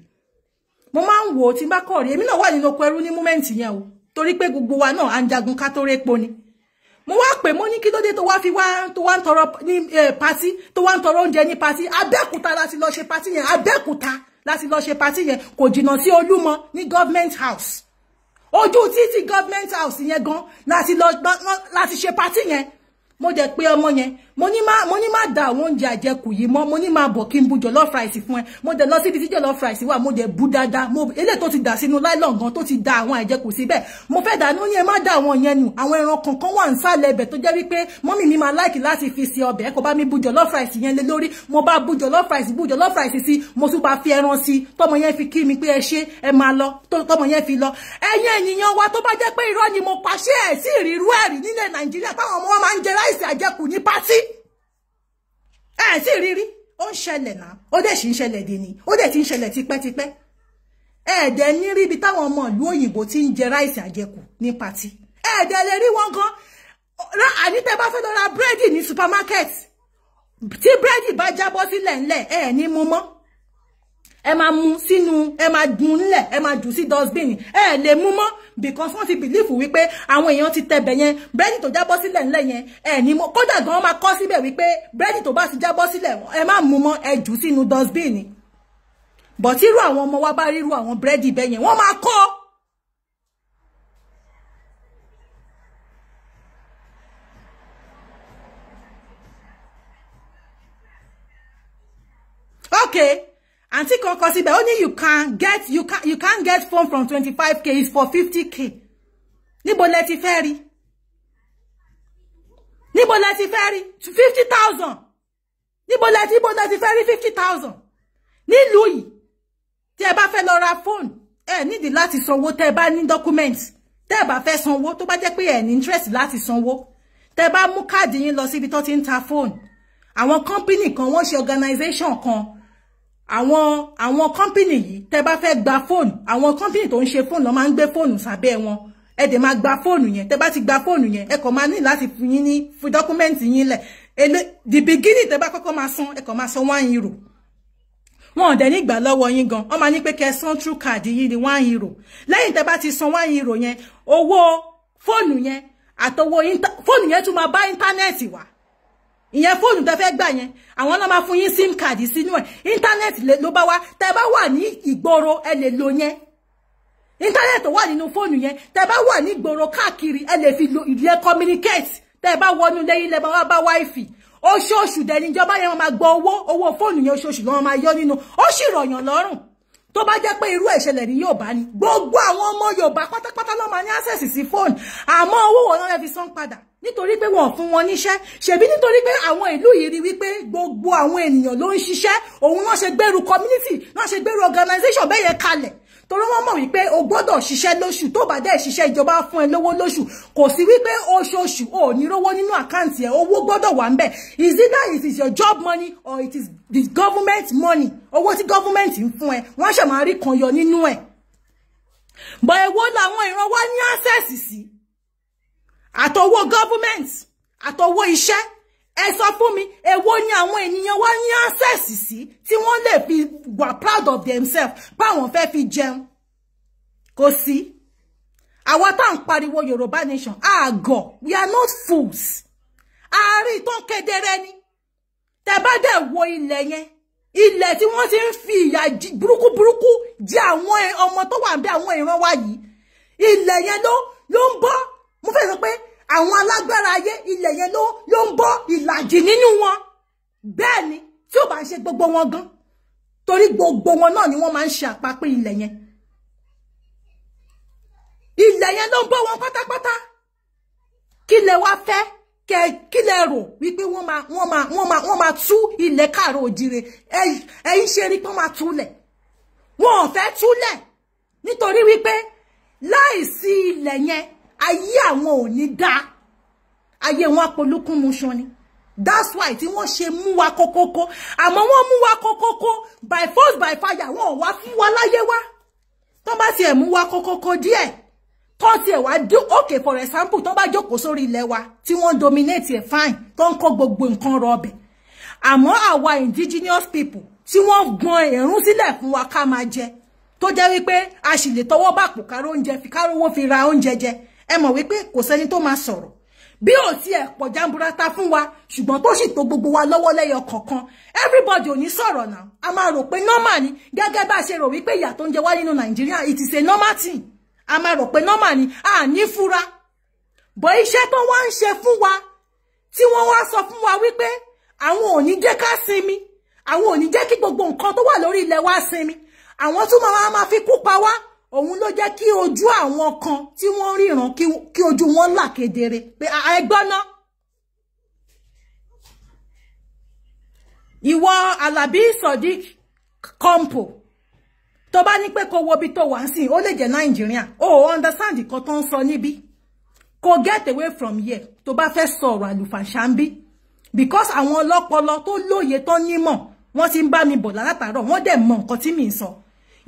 mo máa ń wò ó tí n bá kọ̀ rí èmi náà wà nínú oko ẹrú ní múmẹ́ǹtì yẹn o torí pé gbogbo wa náà à ń jagun ká tó répo ni mo wá pè mo ní kí ló dé tó wá fi wá tó wá ń tọrọ ní pati tó wá ń tọrọ oúnjẹ ní pati abẹ́kúta láti lọ ṣe pati yẹn abẹ́kúta láti lọ ṣe pati yẹn kò jìnnà sí olúmọ ní government house ojú títí government house yẹn gan láti lọ láti ṣe pati yẹn mo dẹ̀ pé ọmọ yẹn mo ní má mo ní má da àwọn oúnjẹ àjẹkù yìí mọ́ mo ní má bọ̀ kí n bu jollof rice fún ẹ mo dẹ̀ lọ síbi tí jollof rice wà mo dẹ̀ bu dáadáa mo eléyìí tó ti dà sínú láìlọ́n gan tó ti da àwọn àjẹkù síbẹ̀ mo fẹ́ dà ní ó ẹ má da àwọn yẹn nù àwọn ẹran kankan wà nísàlẹ̀ ibẹ̀ tó jẹ́ wípé mọ́mì mi máa láìkì láti fi si ọbẹ̀ kò bá mi bu jollof rice yẹn lé lórí mo bá bu jollof rice bu jollof rice si. mo tún bá fi ẹran si. tọmọ yẹn fi kí mi pé ẹ ṣe ẹ máa lọ tọmọ yẹn fi lọ ẹ̀yin ènìyàn wa tó bá jẹ́ pé irọ́ ni mo pàṣẹ ẹ̀ sí ìrírú ẹ̀rí nílẹ̀ Nàìjíríà táwọn ọmọ wa ráìsì àjẹkù ní pátí ẹ sì rírí ó ń ṣẹlẹ̀ náà ó dẹ̀ sì ń ṣẹlẹ̀ dì ní ó dẹ̀ ti ń ṣẹlẹ̀ tipẹ́tipẹ́ ẹ̀ẹ́dẹ̀ ní rí ibi táwọn ọmọ ìlú òyìnbó ti ń jẹ ráìsì àjẹkù ní pátí ẹ̀ẹ́dẹ̀ lè rí wọn gan àní tẹ́ bá fẹ́ lọ ra búrẹ́dì ní supermarket tí búrẹ́dì bá jábọ́ sílẹ̀ ńlẹ̀ ẹ̀ ní mú mọ́ ẹ máa mu sínú ẹ máa dùn nílẹ̀ ẹ máa jù sí dustbin ẹ lè mú mọ́ because wọ́n fi belief wípé àwọn èèyàn ti tẹ̀bẹ̀ yẹn bírẹ́dì tó jábọ́ sílẹ̀ ńlẹ̀ yẹn ẹ ní mọ́ kódà gan máa kọ́ síbẹ̀ wípé bírẹ́dì tó bá ti jábọ́ sílẹ̀ ẹ má mú mọ́ e jù sínú dustbin but irú àwọn ọmọ wa bá ríru àwọn bírẹ́dì bẹ́ẹ̀ yẹn wọ́n ma ko okay àǹtí kan kọ síbẹ̀ ó ní you can get you can you can get phone from twenty five k is for fifty k níbo lẹ ti fẹ́ rí níbo lẹ ti fẹ́ rí fifty thousand níbo lẹ ti níbo lẹ ti fẹ́ rí fifty thousand nílùú yìí tí ẹ bá fẹ́ lọ ra phone ẹ nídìí láti sanwó tẹ́ ẹ bá ní document tẹ́ ẹ bá fẹ́ sanwó tó bá jẹ́ pé ẹ ní interest láti sanwó tẹ́ ẹ bá mú káàdì yín lọ síbi tó ti ń ta phone àwọn company kan wọ́n ṣe organization kan àwọn àwọn kọ́mpìnì yìí tẹ́ bá fẹ́ gba fóònù àwọn kọ́mpìnì tó ń ṣe fóònù ló máa ń gbé fóònù sábẹ́ wọn ẹ dẹ̀ máa gba fóònù yẹn tẹ́ bá ti gba fóònù yẹn ẹ kàn máa ní láti fi yín ní fi dọ́kúmẹ́ǹtì yín lẹ̀ èlé the beginning tẹ́ bá kọ́kọ́ máa san ẹ kàn máa san one euro wọn ò dẹ̀ ní gbà lọ́wọ́ yín gan wọ́n máa ní pé kẹ́ san true card yìí ní one euro lẹ́yìn tẹ́ bá ti san one euro yẹn owó fóònù yẹn àtọwọ́ fóònù yẹn tún máa bá íńtánẹ́ẹ̀tì wá ìyẹn fóònù tẹ fẹ́ gbà yẹn àwọn náà máa fún yín sim card sínú ẹ̀ íńtánẹ́ẹ̀tì ló bá wá tẹ bá wà ní ìgboro ẹ lè lo yẹn íńtánẹ́ẹ̀tì wà nínú fóònù yẹn tẹ bá wà ní ìgboro káàkiri ẹ lè fi lo ìlẹ̀ communicate tẹ bá wọnú lẹ́yìn lẹ́ bá bá wáìfì oṣooṣù dẹni ìjọba yẹn máa gbọ́ owó owó fóònù yẹn oṣooṣù lọ́wọ́ máa yọ nínú ó sì rọ̀yàn lọ́rùn tó bá jẹ́ pé irú ẹ̀ṣẹ̀lẹ̀ ní Yorùbá ni gbogbo àwọn ọmọ Yorùbá pátápátá ló máa ní access sí fóònù àmọ́ owó wọn náà fi san padà nítorí pé wọn fún wọn níṣẹ́ ṣebí nítorí pé àwọn ìlú yìí rí wípé gbogbo àwọn ènìyàn ló ń ṣiṣẹ́ òun náà ṣe gbèrú community náà ṣe gbèrú organization bẹ́ẹ̀ yẹn kalẹ̀ Toro torí wọ́n mọ̀ wípé o gbọ́dọ̀ ṣiṣẹ́ lóṣù tó bá dẹ̀ ṣiṣẹ́ ìjọba fún ẹ lówó lóṣù kò sí wípé oṣooṣù ò ní rówó nínú àkáǹtì ẹ owó gbọ́dọ̀ wà ńbẹ̀ is it that it is your job money or it is the government money owó tí government ń fún ẹ wọ́n ṣe máa rí kan yọ nínú ẹ̀ bọ̀ èwo làwọn ìran wá ní access sí àtọwọ́ government àtọwọ́ iṣẹ́ ẹ sọ fún mi èwo ni àwọn ènìyàn wá ní access sí tí wọ́n lè fi wà proud of themselves báwọn fẹ́ fi jẹun kò sí àwa tá à ń pariwo Yorùbá nation àgọ̀ we are not fools àárín tó ń kedere ni tẹ́ bá dẹ̀ wo ilẹ̀ yẹn ilẹ̀ tí wọ́n ti ń fi ìyà burúkú burúkú jẹ àwọn ọmọ tó wà ń bẹ àwọn ìran wa yìí ilẹ̀ yẹn ló ló ń bọ́ mo fẹ́ sọ pé àwọn alágbára ayé ilẹ̀ yẹn ló ló ń bọ́ ìlàjì nínú wọn bẹ́ẹ̀ ni tí ò bá ń ṣe gbogbo wọn gan torí gbogbo wọn náà ni wọ́n máa ń ṣe àpapọ̀ ilẹ̀ yẹn ilẹ̀ yẹn ló ń bọ́ wọn pátápátá kí lẹ wá fẹ́ kẹ kí lẹ rò wípé wọ́n máa wọ́n máa wọ́n máa wọ́n máa tú ilẹ̀ káàrọ̀ òjìrè ẹ̀yin ṣe rí pé wọ́n máa túlẹ̀ wọn ò fẹ́ túlẹ̀ nítorí wípé láìsí ilẹ̀ yẹn ayé àwọn ò ní dá ayé wọn apolókún mu ṣan ni that's why tí wọ́n ṣe mú wa kókókó àmọ́ wọ́n mú wa kókókó by force by fire wọn ò wá fún wa láyé wá tán bá tiẹ̀ mú wa kókókó díẹ̀ tán tiẹ̀ wá dé òkè for example tán bá jókòó sórí ilẹ̀ wa tí wọ́n dominate ẹ̀ fine tán kọ́ gbogbo nǹkan rọbẹ̀ àmọ́ àwa indigenous people tí wọ́n gbọn ẹ̀rún sílẹ̀ fún wa ká máa jẹ tó jẹ́ wípé a sì lè tọwọ́ bàpò káró oúnjẹ fi káró owó fi ra oúnjẹ jẹ ẹ mọ̀ wípé kò sẹ́ni tó máa sọ̀rọ̀ bí ò tiẹ̀ pọ̀ jàǹbùrátà fún wa ṣùgbọ́n tó sì tó gbogbo wa lọ́wọ́ lẹ́yọ kọ̀ọ̀kan everybody ò ní sọ̀rọ̀ náà a máa rò pé normal ni gẹ́gẹ́ bá a ṣe rò wípé ìyà tó ń jẹ wá nínú it is a normal thing a máa rò pé normal ni a ní fura bọ́ iṣẹ́ tó wá ń ṣe fún wa tí wọ́n wá sọ fún wa wípé àwọn ò ní jẹ́ ká sinmi àwọn ò ní jẹ́ kí gbogbo nǹkan tó wà lórí ilẹ̀ wa sinmi àwọn tún máa máa fi kú pa wá òun ló jẹ́ kí ojú àwọn kan tí wọ́n ríran kí ojú wọn là kedere pé ẹgbọ́ná ìwọ Alabi Sodiq Kompo tó bá ní pé kó wo ibi tó wà ń sìn ó lè jẹ́ Nàìjíríà ó understand nǹkan tó ń sọ níbí kó get away from here tó bá fẹ́ sọ̀rọ̀ àlùfàǹṣà ń bí because àwọn ọlọ́pọlọ tó lóye tó nímọ̀ wọ́n ti ń bá mi bọ̀ látàárọ̀ wọ́n dẹ̀ mọ nǹkan tí mi ń sọ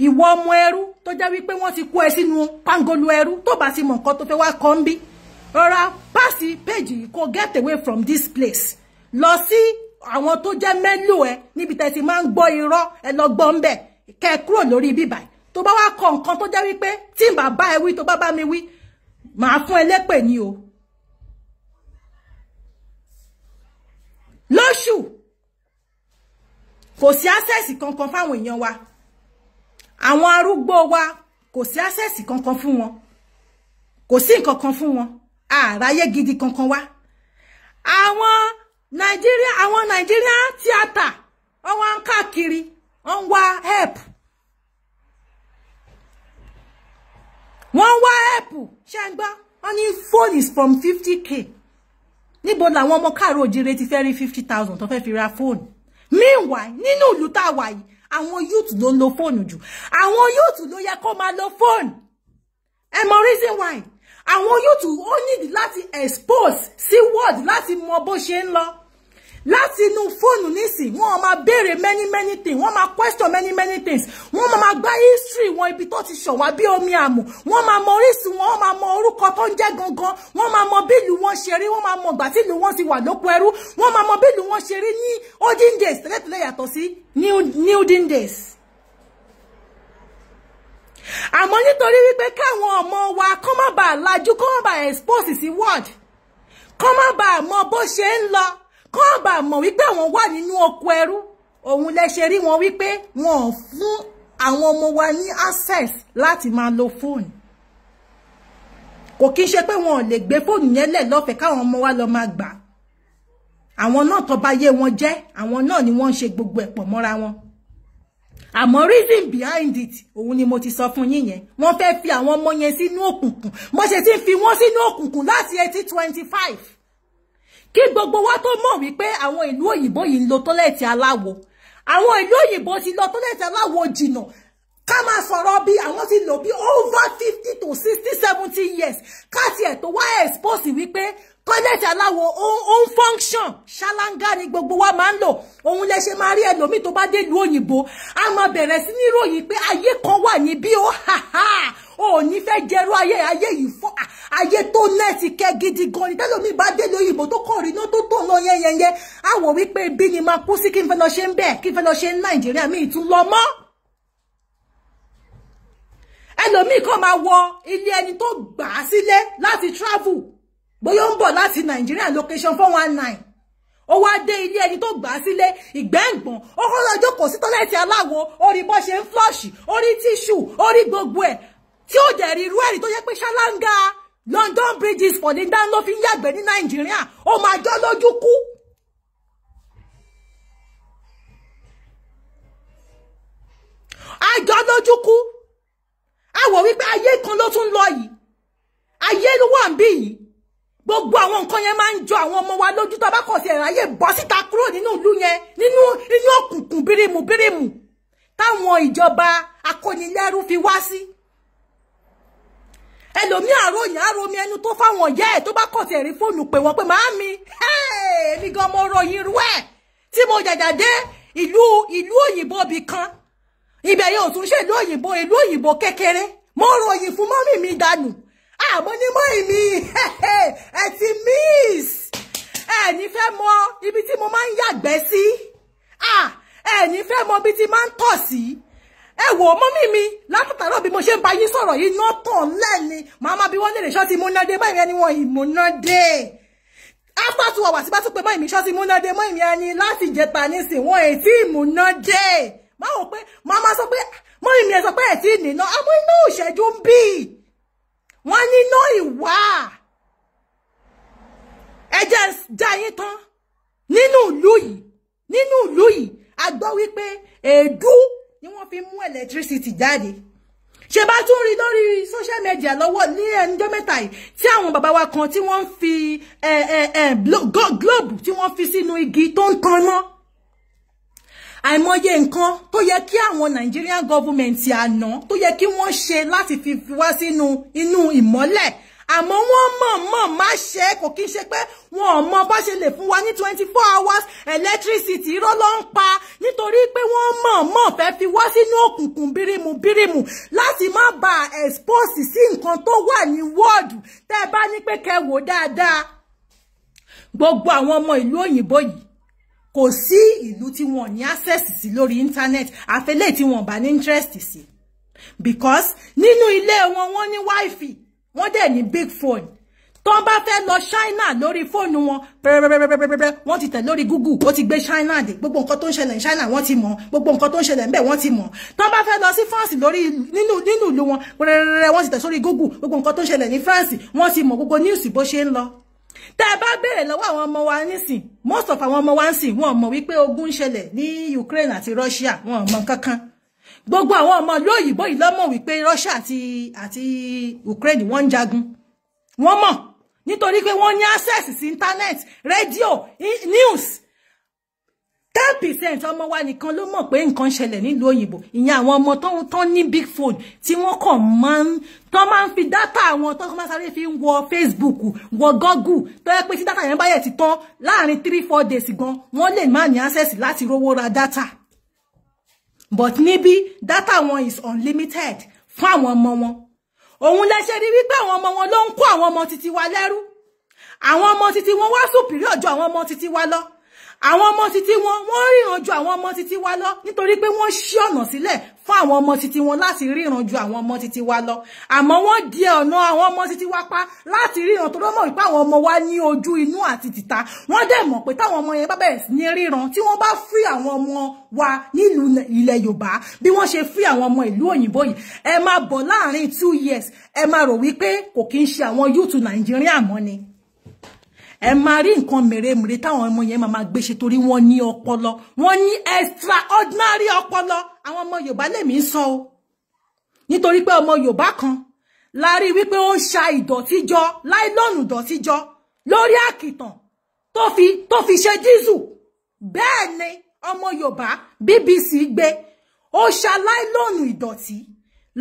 ìwọ ọmọ ẹrú tó jẹ́ wípé wọ́n ti kó ẹ sínú pangolo ẹrú tó bá ti mọ̀ nǹkan tó fẹ́ wá kọ́ ń bí rọra páàsì péjì yìí get away from this place lọ sí àwọn tó jẹ́ mélòó ẹ níbi tẹ́ ti máa ń gbọ́ irọ́ ẹ lọ gbọ́ ń bẹ̀ kẹ́ ẹ kúrò lórí bíbà tó bá wá kọ nǹkan tó jẹ́ wípé tí n bá bá ẹ wí tó bá bá mi wí màá fún ẹ lépè ni o lóṣù kò sí access kankan fáwọn èèyàn wa àwọn arúgbó wa kò sí àṣẹ̀sì kankan fún wọn kò sí nǹkan kan fún wọn àráyé gidi kankan wá àwọn nàìjíríà àwọn nàìjíríà tíátà wọn wá ń káàkiri wọn wá help wọn wá help ṣe ń gbọ́ wọn ní phone is from fifty k níbo làwọn ọmọ káàró òjire ti fẹ́ rí fifty thousand tó fẹ́ fi ra fóònù meanwhile nínú ìlú tá a wà yìí àwọn youth ló ń lo fóònù jù àwọn youth ló yẹ kó máa lo fóònù ẹ mọ reason why àwọn youth ó need láti expose sí world láti mọ bó ṣe ń lọ láti inú fóònù nísìn wọ́n máa béèrè many many things wọ́n máa question many many things wọ́n máa gbá history wọn ibi tó ti ṣọ̀wá bí omi àmù wọ́n máa mọ orísun wọn wọ́n máa mọ orúkọ tó ń jẹ́ gangan wọ́n máa mọ bílù wọn ṣe rí wọ́n máa mọ ìgbà tí ìlú wọn ti wà lóko ẹrú wọ́n máa mọ bílù wọn ṣe rí ní olden days tẹ́lẹ̀tẹ́lẹ̀ yàtọ̀ sí new olden days àmọ́ nítorí wípé káwọn ọmọ wa kọ́ má bàa lajú kọ́ má bàa expose sí word kọ́ má bàa mọ bó ṣe ń lọ kọ́ ọ̀bà mọ̀ wípé àwọn wà nínú oko ẹrú òun lẹ ṣe rí wọn wípé wọn ò fún àwọn ọmọ wa ní access láti máa lo fóònù kò kí se ṣe pé wọn ò lè gbé fóònù yẹn lẹ̀ lọ́fẹ̀ẹ́ káwọn ọmọ wa lọ máa gbà àwọn náà tó bá yé wọn jẹ́ àwọn náà ni wọ́n ń ṣe gbogbo ẹ̀pọ̀ mọ́ra wọn àmọ́ reason behind it òun ni mo ti sọ fún yín yẹn wọ́n fẹ́ fi àwọn ọmọ yẹn sínú òkùnkùn mo ṣe ti fi wọ́n sínú òkùnkùn láti eighteen twenty five kí gbogbo wa tó mọ̀ wípé àwọn ìlú òyìnbó yìí ń lo tọ́lẹ̀tì aláwo àwọn ìlú òyìnbó ti lọ tọ́lẹ̀tì aláwo jìnnà ká máa sọ̀rọ̀ bí àwọn ti lò bí over fifty to sixty seventy years ká tiẹ̀ tó wá expose wípé toilet aláwo ó ń function ṣáláńgá ni gbogbo wa máa ń lò òun lẹ ṣe máa rí ẹlòmíì tó bá dé ìlú òyìnbó a máa bẹ̀rẹ̀ sí ní ròyìn pé ayé kan wà níbí ó ha ha ò ní fẹ́ jẹrú ayé ayé yìí fọ́ ayé tó nẹ́ẹ̀tì kẹ́ gidi gan ni tẹ́lómi bá dé ìlú òyìnbó tó kọ̀ rí iná tó tó lọ yẹnyẹnyẹ a wò wípé bí ni máa kú sí kí n fẹ́ lọ ṣe ń bẹ̀ kí n fẹ́ lọ ṣe ń nàìjíríà mi ìtún lọ mọ́ ẹlòmíì kan máa wọ ilé ẹni tó gbà á sílé láti travel bóyá ó ń bọ̀ láti Nàìjíríà location four one nine ó wá dé ilé ẹni tó gbà á sílé ìgbẹ́ǹgbọ̀n ó kọ́ lọ́jọ́ kò sí tọ́lẹ́tì aláwo orí bọ́ ṣe ń flọ́ọ̀ṣì orí tíṣù orí gbogbo ẹ̀ tí ó dẹ̀ rí irú ẹ̀rí tó yẹ pé ṣáláńgá London Bridges for the down ló fi ń yàgbẹ́ ní Nàìjíríà ó máa jọ́ lójú kú. àjọ lójú kú a wò wípé ayé kan ló tún lọ yìí ayé ló wà ń bí gbogbo àwọn nǹkan yẹn máa ń jọ àwọn ọmọ wa lójú tó bá kọ̀ sí ẹ̀ráyè bọ́ síta kúrò nínú ìlú yẹn nínú inú òkùnkùn bírímù bírímù táwọn ìjọba akónilẹ́rú fi wá sí ẹlòmí àròyìn àròmí ẹnu tó fáwọn ìyá ẹ̀ tó bá kọ̀ sí ẹ̀rí fóònù pé wọ́n pé màámi èmi gan mo ròyìn irú ẹ̀ tí mo jàjà dé ìlú ìlú òyìnbó bì kan ibẹ̀ yóò tún ṣe ìlú òyìnbó ìlú òyìnbó kékeré mo ròyìn fún mọ́mì mi dànù mo ní mọ́ ìmí ẹ ti miss ẹ ní fẹ́ mọ ibi tí mo máa ń yàgbẹ́ sí ẹ ní fẹ́ mọ ibi tí máa ń tọ̀ sí ẹ wò mọ́mí mi látàtàrọ̀ bí mo ṣe ń bá yín sọ̀rọ̀ yìí náà tàn lẹ́ni màmá bí wọ́n lè lè ṣọ́ọ̀tì múnádé báyìí ẹni wọn ìmúnádé after two hours bá tún pé mọ́ìmí ṣọ́ọ̀tì múnádé mọ́ìmí ẹni láti ìjẹta nísìn wọn ètí ìmúnádé máa wò pé màmá sọ pé mọ́ìmí ẹ sọ pé ẹ̀ tí ì nìna àmọ́ inú ìṣẹ́jú ń bíi wọ́n níná ìwà ẹ jẹ́ dá yín tán nínú ìlú yìí nínú ìlú yìí a gbọ́ wípé èédú ni wọ́n fi mú electricity jáde ṣe bá tún rí lórí social media lọ́wọ́ ní ẹnjọ́ mẹ́ta yìí tí àwọn bàbá wa kan tí wọ́n ń fi eh, eh, eh, globe tí wọ́n fi sínú igi tó ń tan náà àìmọye nǹkan tó yẹ kí àwọn Nigerian government àná tó yẹ kí wọ́n ṣe láti fi wá sínú inú ìmọ́lẹ̀ àmọ́ wọ́n mọ̀ mọ̀ má ṣe é kò kí n ṣe pé wọn ò mọ bá ṣe lè fún wa ní twenty four hours electricity irọ́ ló ń pa nítorí pé wọ́n mọ̀ mọ̀ fẹ́ fi wá sínú òkùnkùn bírímù bírímù láti má ba expose sí nǹkan tó wà ní wọ́ọ̀dù tẹ́ ẹ bá ní pé kẹ́ wò dáadáa gbogbo àwọn ọmọ ìlú òyìnbó yìí kò sí ìlú tí wọn ní access sí lórí internet àfẹlẹ́ tí wọn bá ní interest sí because nínú ilé wọn wọn ní wifi wọn dẹ̀ ní big phone tó bá fẹ́ lọ China lórí fóònù wọn pẹ̀rẹ̀pẹ̀rẹ̀pẹ̀rẹ̀ wọ́n ti tẹ̀ lórí Google ó ti gbé China dé gbogbo nǹkan tó ń ṣẹlẹ̀ ní China wọ́n ti mọ̀ gbogbo nǹkan tó ń ṣẹlẹ̀ ńbẹ̀ wọ́n ti mọ̀ tó bá fẹ́ lọ sí France lórí nínú nínú ìlú wọn pẹ̀rẹ̀pẹ̀rẹ̀ wọ́n ti tẹ̀ sórí Google gbogbo nǹkan tó ń ṣẹlẹ̀ ní France wọ́n ti mọ̀ gbogbo news bó ṣe ń lọ tẹ́ ẹ bá béèrè lọ́wọ́ àwọn ọmọ wa nísìn most of àwọn ọmọ wa nísìn wọn mọ̀ wípé ogun ń ṣẹlẹ̀ ní Ukraine àti Russia wọn mọ̀ kankan gbogbo àwọn ọmọ ìlú òyìnbó yìí ló wípé Russia àti àti Ukraine wọ́n ń jagun wọ́n mọ̀ nítorí pé wọ́n ní access sí internet radio news ten percent ọmọ wa nìkan ló mọ̀ pé nǹkan ṣẹlẹ̀ nílùú òyìnbó ìyẹn àwọn ọmọ tó ní big phone tí wọ́n kàn máa ń tó máa ń fi dátà àwọn tó máa sáré fi ń wọ Facebook wọ Google tó yẹ pé tí dátà yẹn bá yẹ ti tán láàrin three four days gan wọ́n lè má ní access láti rówó ra dátà but níbí dátà wọn is unlimited fún àwọn ọmọ wọn òun lẹ ṣe rí wípé àwọn ọmọ wọn ló ń kó àwọn ọmọ titi wa lẹ́rú àwọn ọmọ titi wọn wá superior ju àwọn ọmọ titi wa lọ àwọn ọmọ títí wọn wọ́n ríran ju àwọn ọmọ títí wa lọ nítorí pé wọ́n ṣí ọ̀nà sílẹ̀ fún àwọn ọmọ títí wọn láti ríran ju àwọn ọmọ títí wa lọ àmọ́ wọ́n di ọ̀nà àwọn ọmọ títí wa pa láti ríran tó lọ́mọ̀ pé àwọn ọmọ wa ní ojú inú àti tìta wọ́n dẹ̀ mọ̀ pé táwọn ọmọ yẹn bá bẹ̀rẹ̀ sí ní ríran tí wọ́n bá fi àwọn ọmọ wa nílùú ilẹ̀ Yorùbá bí wọ́n ṣe fi àwọn ọmọ ìlú òyìnbó yìí ẹ máa bọ̀ láàrin two years ẹ máa rò wípé kò kí ń ṣe àwọn youth Nàìjíríà mọ́ ni ẹ máa rí nǹkan mèremère táwọn ọmọ yẹn máa máa gbé ṣe torí wọ́n ní ọpọlọ wọ́n ní extraordinary ọpọlọ àwọn ọmọ Yorùbá lèmi ń sọ o nítorí pé ọmọ Yorùbá kan la rí wípé ó ń ṣa ìdọ̀tí jọ láìlọ́ọ̀nù ìdọ̀tí jọ lórí àkìtàn tó fi tó fi ṣe dísù bẹ́ẹ̀ ni ọmọ Yorùbá BBC gbé ó ṣa láìlọ́ọ̀nù ìdọ̀tí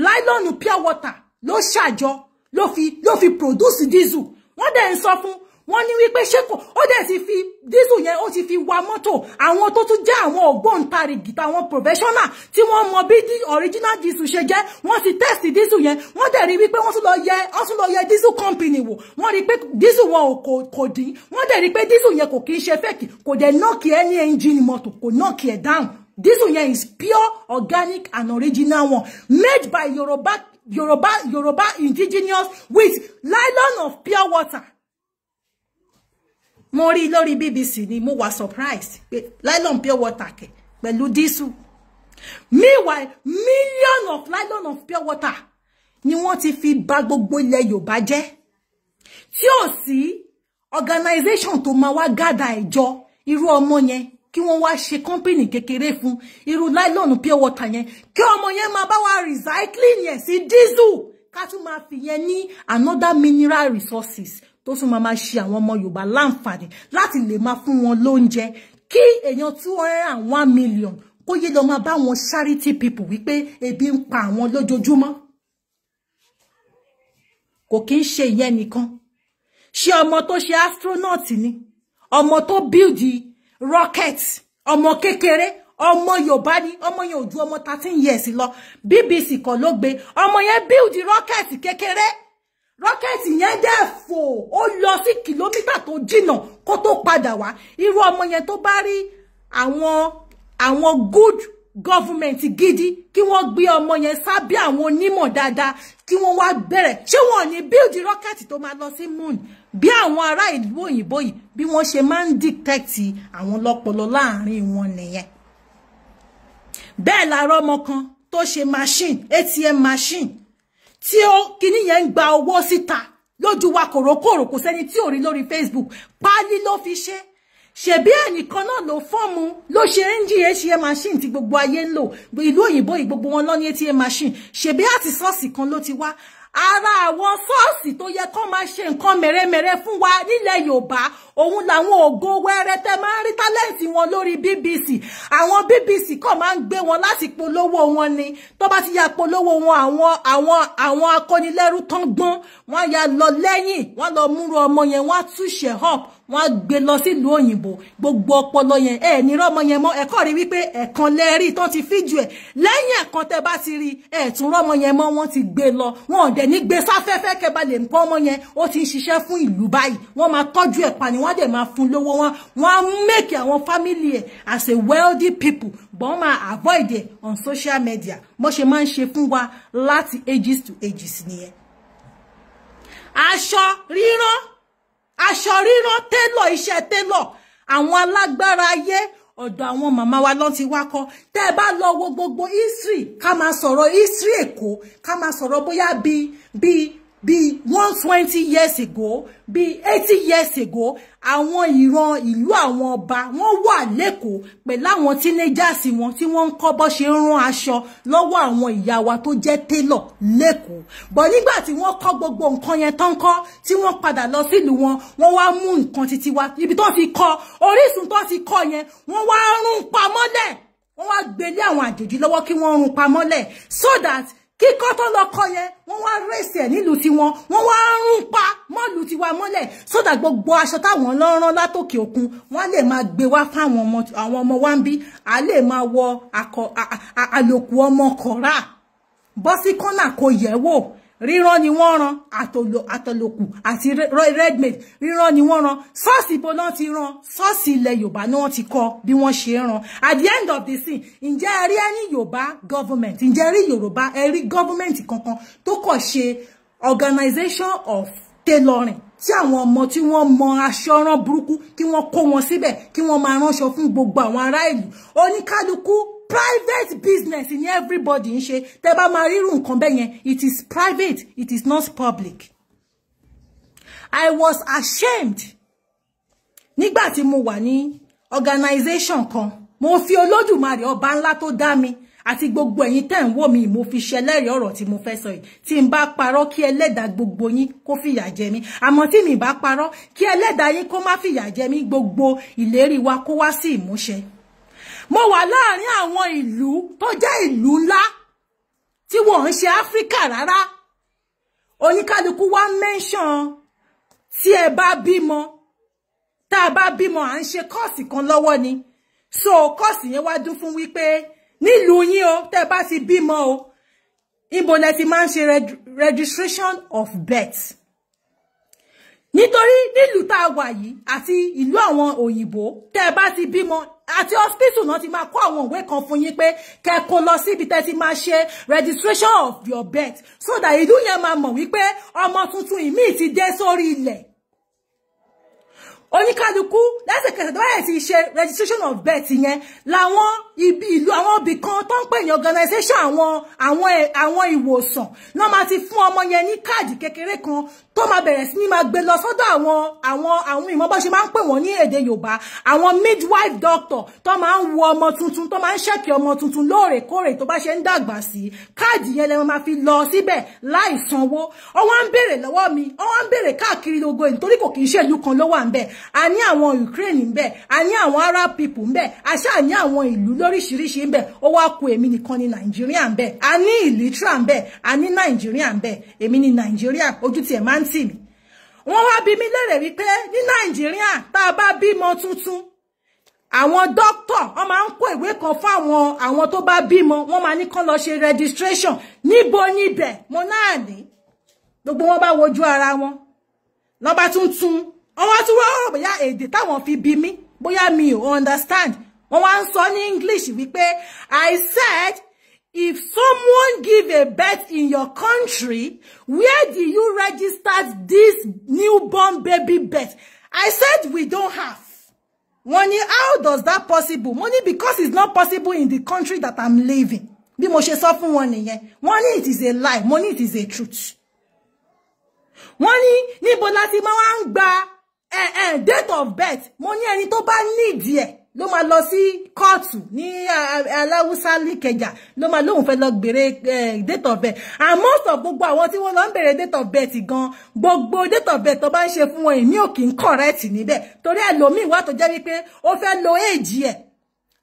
láìlọ́ọ̀nù pure water ló ṣàjọ ló fi ló fi produce diesel wọ́n dẹ̀ ń sọ fún wọ́n ní wípé ṣẹ́kùn ó dẹ̀ ti fi dísù yẹn ó ti fi wa mọ́tò àwọn tó tún jẹ́ àwọn ògbóǹtarìgì táwọn professional tí wọ́n mọ bí original dísù ṣe jẹ́ wọ́n ti test dísù yẹn wọ́n dẹ̀ rí wípé wọ́n tún lọ yẹ wọ́n tún lọ yẹ dísù company wò wọ́n rí pé dísù wọn ò kò dín wọ́n dẹ̀ rí pé dísù yẹn kò kí ń ṣe fẹ́ẹ̀kì kò dẹ̀ nọ́ọ̀kì ẹ́ ní engine mọ́tò kò nọ́ọ̀kì ẹ̀ down dísù yẹn is pure organic and original one made by Yoruba Yoruba Yoruba indigenous with nylon of pure water mo rí lórí BBC ni mo wà surprise. pé nylon pure water kẹ̀ pẹ̀lú diesel meanwhile million of nylon of pure water ni wọ́n ti fi bà gbogbo ilẹ̀ Yorùbá jẹ́ tí ò sí organization tó máa wá gádà ìjọ irú ọmọ yẹn kí wọ́n wá ṣe company kékeré fún irú nylon pure water yẹn kí ọmọ yẹn máa bá wa recycling yẹn sí diesel ká tún máa fi yẹn ní another mineral resources tó tún máa máa ṣe àwọn ọmọ Yorùbá láǹfààní láti lè máa fún wọn lóúnjẹ kí èèyàn two hundred and one million kó yé lọ máa bá wọn charity people wípé ebi ń pa àwọn lójoojúmọ́ kò kí ń ṣe ìyẹn nìkan ṣé ọmọ tó ṣe astronaut ni ọmọ tó build rocket ọmọ kékeré ọmọ Yorùbá ni ọmọ yẹn ò ju ọmọ thirteen years lọ BBC kọ́ ló gbé ọmọ yẹn build rocket kékeré rọ́kẹ́tì yẹn dẹ̀ fò ó lọ sí kìlómítà tó jìnnà kó tó padà wá irú ọmọ yẹn tó bá rí àwọn àwọn good government gidi kí wọ́n gbé ọmọ yẹn sábẹ́ àwọn onímọ̀ dáadáa kí wọ́n wá bẹ̀rẹ̀ ṣé wọn ní build rọ́kẹ́tì tó máa lọ sí moon bí àwọn ará ìlú òyìnbó yìí bí wọ́n ṣe máa ń dictate àwọn lọ́pọlọ láàrin wọn nìyẹn bẹ́ẹ̀ làárọ̀ ọmọ kan tó ṣe machine atm machine tí ó kíní yẹn ń gba owó síta lójú wa kòrókòrò kò sẹ́ni tí ò rí lórí Facebook páálí ló fi ṣe ṣebí ẹnìkan náà ló fọ́ọ̀mù ló ṣe engine atm machine tí gbogbo ayé ń lò ìlú òyìnbó yìí gbogbo wọn lọ ní atm machine ṣebí àti sọ́ọ̀sì kan ló ti wá ara àwọn ṣọ́ọ̀ṣì tó yẹ kán máa ṣe nǹkan mẹ̀rẹ̀mẹ̀rẹ̀ fún wa nílẹ̀ yorùbá òun làwọn ògo wẹrẹtẹ máa ń rí tálẹ́ǹtì wọn lórí bbc àwọn bbc kàn máa ń gbé wọn láti polówó wọn ni tó bá ti ya polówó wọn àwọn àwọn àwọn akọ́nilẹ́rú tán gbọ́n wọ́n ya lọ lẹ́yìn wọ́n lọ múru ọmọ yẹn wọ́n á túṣẹ̀ up wọ́n á gbé lọ sílùú òyìnbó gbogbo ọpọlọ yẹn ẹ ní rọmọ yẹn mọ́ ẹ̀kọ́ rí wípé ẹ̀kan lẹ́rí tó ti fíjù ẹ̀ lẹ́yìn ẹ̀kan tẹ́ bá ti rí ẹ̀tún rọmọ yẹn mọ́ wọ́n ti gbé lọ wọn ò dẹ̀ ní gbé sáfẹ́fẹ́ kẹba lè nǹkan ọmọ yẹn ó ti ń ṣiṣẹ́ fún ìlú báyìí wọ́n máa tọ́jú ẹ̀ pa ni wọ́n dẹ̀ máa fún lówó wọn wọ́n á mẹ́kì àwọn fámìlì ẹ̀ as a wealthy people but wọ́n máa avoid ẹ̀ on social media bó ṣe máa ń ṣe fún wa láti ages to ages nìyẹn aṣọ rírán aṣọ rírán télọ̀ iṣẹ́ télọ̀ àwọn alágbára ayé ọ̀dọ̀ àwọn màmá wa lọ́n ti wá kọ́ tẹ́ ẹ bá lọ wo gbogbo history ká máa sọ̀rọ̀ history èkó ká máa sọ̀rọ̀ bóyá bíi bíi bí one twenty years ago bí eighty years ago àwọn ìran ìlú àwọn ọba wọ́n wà lẹ́kọ̀ọ́ pẹ̀lú àwọn teenagers wọn tí wọ́n ń kọ́ bọ́ ṣe ń rán aṣọ lọ́wọ́ to ìyá wa tó jẹ́ tailor lẹ́kọ̀ọ́ bọ̀ nígbà tí wọ́n kọ́ gbogbo nǹkan yẹn tán kọ́ tí wọ́n padà lọ sílùú wọn wọ́n wá mú nǹkan títí wa ibi tó ti kọ́ orísun tó ti kọ́ yẹn wọ́n wá rún pamọ́lẹ̀ wọ́n wá gbélé àwọn àjèjì lọ́wọ́ kí wọ́n rún pamọ́lẹ̀ so that kíkọ́ tó lọ kọ yẹn wọ́n wá rèsì ẹ̀ nílùú tiwọn wọ́n wá rún pa mọ́lùú tiwa mọ́lẹ̀ sódà gbogbo aṣọ táwọn lọ́rán látòkè òkun wọ́n lè máa gbé wá fáwọn ọmọ àwọn ọmọ wa ń bí a lè máa wọ àlòkù ọmọ kọ̀ọ̀rà bọ́ kọ́nà kò yẹ̀ wò rírán ni wọ́n ran àtọ̀lòkù àti redmade rírán ni wọ́n ran sọ́ọ̀sì ibo náà ti ran sọ́ọ̀sì ilẹ̀ yorùbá náà ti kọ́ bí wọ́n ṣe ran at the end of the scene ǹjẹ́ ẹ rí ẹni yorùbá government ǹjẹ́ ẹ rí yorùbá ẹ rí government kankan tó kọ̀ ṣe organization of tailoring tí àwọn ọmọ tí wọ́n mọ aṣọ rán burúkú kí wọ́n kó wọn síbẹ̀ kí wọ́n máa ránṣọ fún gbogbo àwọn ará ìlú oníkálukú private business in everybody ń ṣe tẹ́ bá máa rírun nǹkan bẹ́ẹ̀ yẹn it is private it is not public i was ashamed nígbà tí mo wà ní organization kan mo fi olódùmarè ọba ńlá tó dá mi àti gbogbo ẹ̀yin tẹ́ ń wò mí mo fi ṣẹlẹ́rìí ọ̀rọ̀ tí mo fẹ́ sọ yìí tí n bá parọ́ kí ẹlẹ́dàá gbogbo yín kó fìyà jẹ mí àmọ́ tí mi bá parọ́ kí ẹlẹ́dàá yín kó má fìyà jẹ mí gbogbo ìlérí wa kó wá sí ìmúṣẹ mo wà láàrin àwọn ìlú tó jẹ́ ìlú ńlá tí wọ́n ń ṣe áfíríkà rárá oníkálukú wá mẹ́ńṣàn tí ẹ bá bímọ tá a bá bímọ à ń ṣe kọ́ọ̀sì kan lọ́wọ́ ni so kọ́ọ̀sì yẹn wá dún fún wípé nílùú yín o tẹ́ bá ti bímọ o ibo lẹ ti máa ń ṣe registration of birth nítorí nílùú tá a wà yìí àti ìlú àwọn òyìnbó tẹ́ bá ti bímọ àti hospital náà ti máa kó àwọn òwe kan fún yín pé kẹ́kọ̀ọ́ lọ síbi tẹ́ ti máa ṣe registration of your birth so that ìlú yẹn máa mọ̀ wípé ọmọ tuntun ìmíì ti dé sórí ilẹ̀ oníkálukú lẹ́sẹ̀kẹsẹ̀ tó báyẹ̀ ti ṣe registration of birth yẹn làwọn ibi ìlú àwọn ibì kan tó ń pè ní organization àwọn àwọn àwọn ìwòsàn náà máa ti fún ọmọ yẹn ní káàdì kékeré kan tó máa bẹ̀rẹ̀ sí ní máa gbé lọ sọ́dọ̀ àwọn àwọn àwọn ìmọ̀ bó ṣe máa ń pè wọ́n ní èdè Yorùbá àwọn midwife doctor tó máa ń wo ọmọ tuntun tó máa ń ṣẹ́kì ọmọ tuntun lóòrèkóòrè tó bá ṣe ń dàgbà sí káàdì yẹn lẹ́wọ́n máa fi lọ síbẹ̀ láì sanwó ọwọ́ ń béèrè lọ́wọ́ mi ọwọ́ ń béèrè káàkiri gbogbo nítorí kò kì í ṣèlú kan ló wà ń bẹ̀ a ní àwọn Ukraine ń bẹ a ní àwọn Arab people ń bẹ a ṣáà ní àwọn ìlú lóríṣiríṣi ń bẹ ó wá ku èmi nìkan ní Nàìjíríà ń bẹ a ní Ilitra ń bẹ a ní Nàìjíríà ń bẹ èmi ní Nàìjíríà ojú tiẹ̀ máa ń tì mí wọ́n wá bí mi lérè wípé ní Nàìjíríà tá a bá bímọ tuntun àwọn dókítà wọ́n máa ń kó ìwé kan fún àwọn àwọn tó bá bímọ wọ́n máa ní kán lọ ṣe registration níbo níbẹ̀ mo náà ní gbogbo wọn bá wojú ara wọn lọ bá wọ́n wá tún wá ọ̀rọ̀ oh, bóyá èdè táwọn fi bí mi bóyá mi ò understand wọ́n wá ń sọ ní english wípé i said if someone give a birth in your country where do you register this newborn baby birth i said we don't have wọ́n ní how does that possible mo ní because it's not possible in the country that i'm living bí mo ṣe sọ fún wọn nìyẹn wọ́n ní it is a lie mo ní it is a truth wọ́n ní níbo láti máa ń gba eh, eh, date of birth mo ní ẹni tó bá nídìí ẹ̀ e, ló máa lọ sí kóòtù ní aláwùsá eh, eh, líkẹjà ló máa lóun fẹ́ lọ gbèrè eh, date of birth and most of gbogbo àwọn tí wọ́n lọ ń date of birth gan gbogbo date of birth to bá ń ṣe fún wọn èmi ò kì í correct níbẹ̀ torí ẹlòmíín wà tó jẹ́ wípé ó fẹ́ lo age. ẹ̀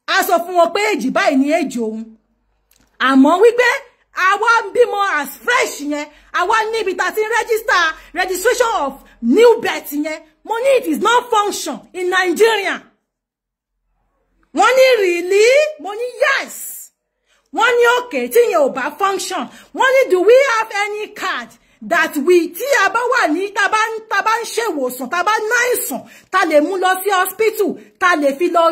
a sọ fún wọn pé age báyìí ni èjì òun àmọ́ wípé àwa ń bímọ as fresh yẹn A níbi ni a ti ń register registration of new birth yẹn money it is not function in Nigeria wọ́n ní really mo ní yes wọ́n ní okay tí yẹn ò bá function wọ́n ní do we have any card that we tí a bá wà ní tá a bá ń ṣèwòsàn tá a bá náìsàn tá lè mú lọ sí hospital tá a lè fi lọ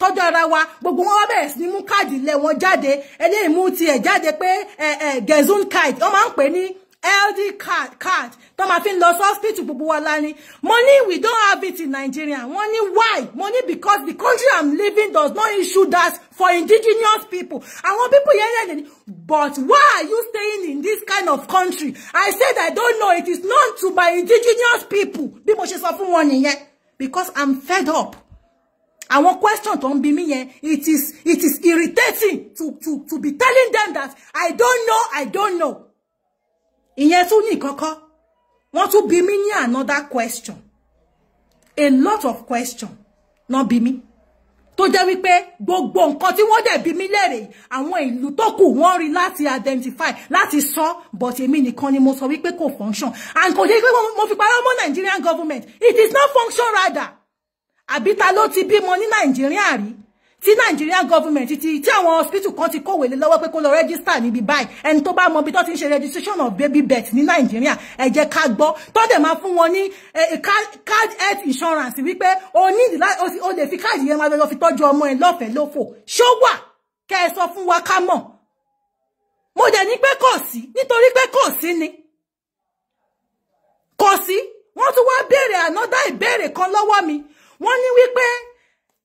tọ́jú ara wa gbogbo wọn bẹ̀rẹ̀ sí ní mú káàdì ilẹ̀ wọn jáde eléyìí mú tiẹ̀ jáde pé ẹ̀ ẹ̀ gezun card wọ́n máa ń pè ní LD card card tó máa fi ń lọ hospital gbogbo wa lani money we don't have it in Nigeria wọ́n ní why money because the country I'm living does not issue that for indigenous people àwọn people yẹn yẹn but why are you staying in this kind of country I said I don't know it is known to my indigenous people bí mo ṣe sọ fún wọn nìyẹn because I'm fed up àwọn question tó ń bi mí yẹn it is it is irritating to to to be telling them that I don't know I don't know ìyẹn tún ní ìkọ́kọ́ wọ́n tún bí mi ní another question a lot of question náà bí mi tó jẹ́ wípé gbogbo nǹkan tí wọ́n dẹ̀ bí mi léèrè àwọn ìlú tó kù wọ́n rí láti identify láti sọ but èmi nìkan ni mo sọ wípé kò function and kò jẹ́ pé mo fi parọ́ mọ́ Nigerian government it is not function rather àbí ta ló ti bímọ ní Nàìjíríà rí tí Nigerian government ti tí àwọn hospital kan ti kọ̀wé lé lọ́wọ́ pé kó lọ register níbi báyìí ẹni tó bá mọ ibi tó ti ń ṣe registration of baby birth ní Nigeria ẹ jẹ́ ká gbọ́ tó dẹ̀ máa fún wọn ní card health insurance wípé o need o lè fi káàdì yẹn máa lọ fi tọ́jú ọmọ ẹ lọ́fẹ̀ẹ́ lófò ṣó wà kẹ́ ẹ sọ fún wa ká mọ̀ mo dẹ̀ ní pé kò sí nítorí pé kò sí ni kò sí wọ́n tún wá béèrè ànádá ìbéèrè kan lọ́wọ́ mi wọ́n ní wípé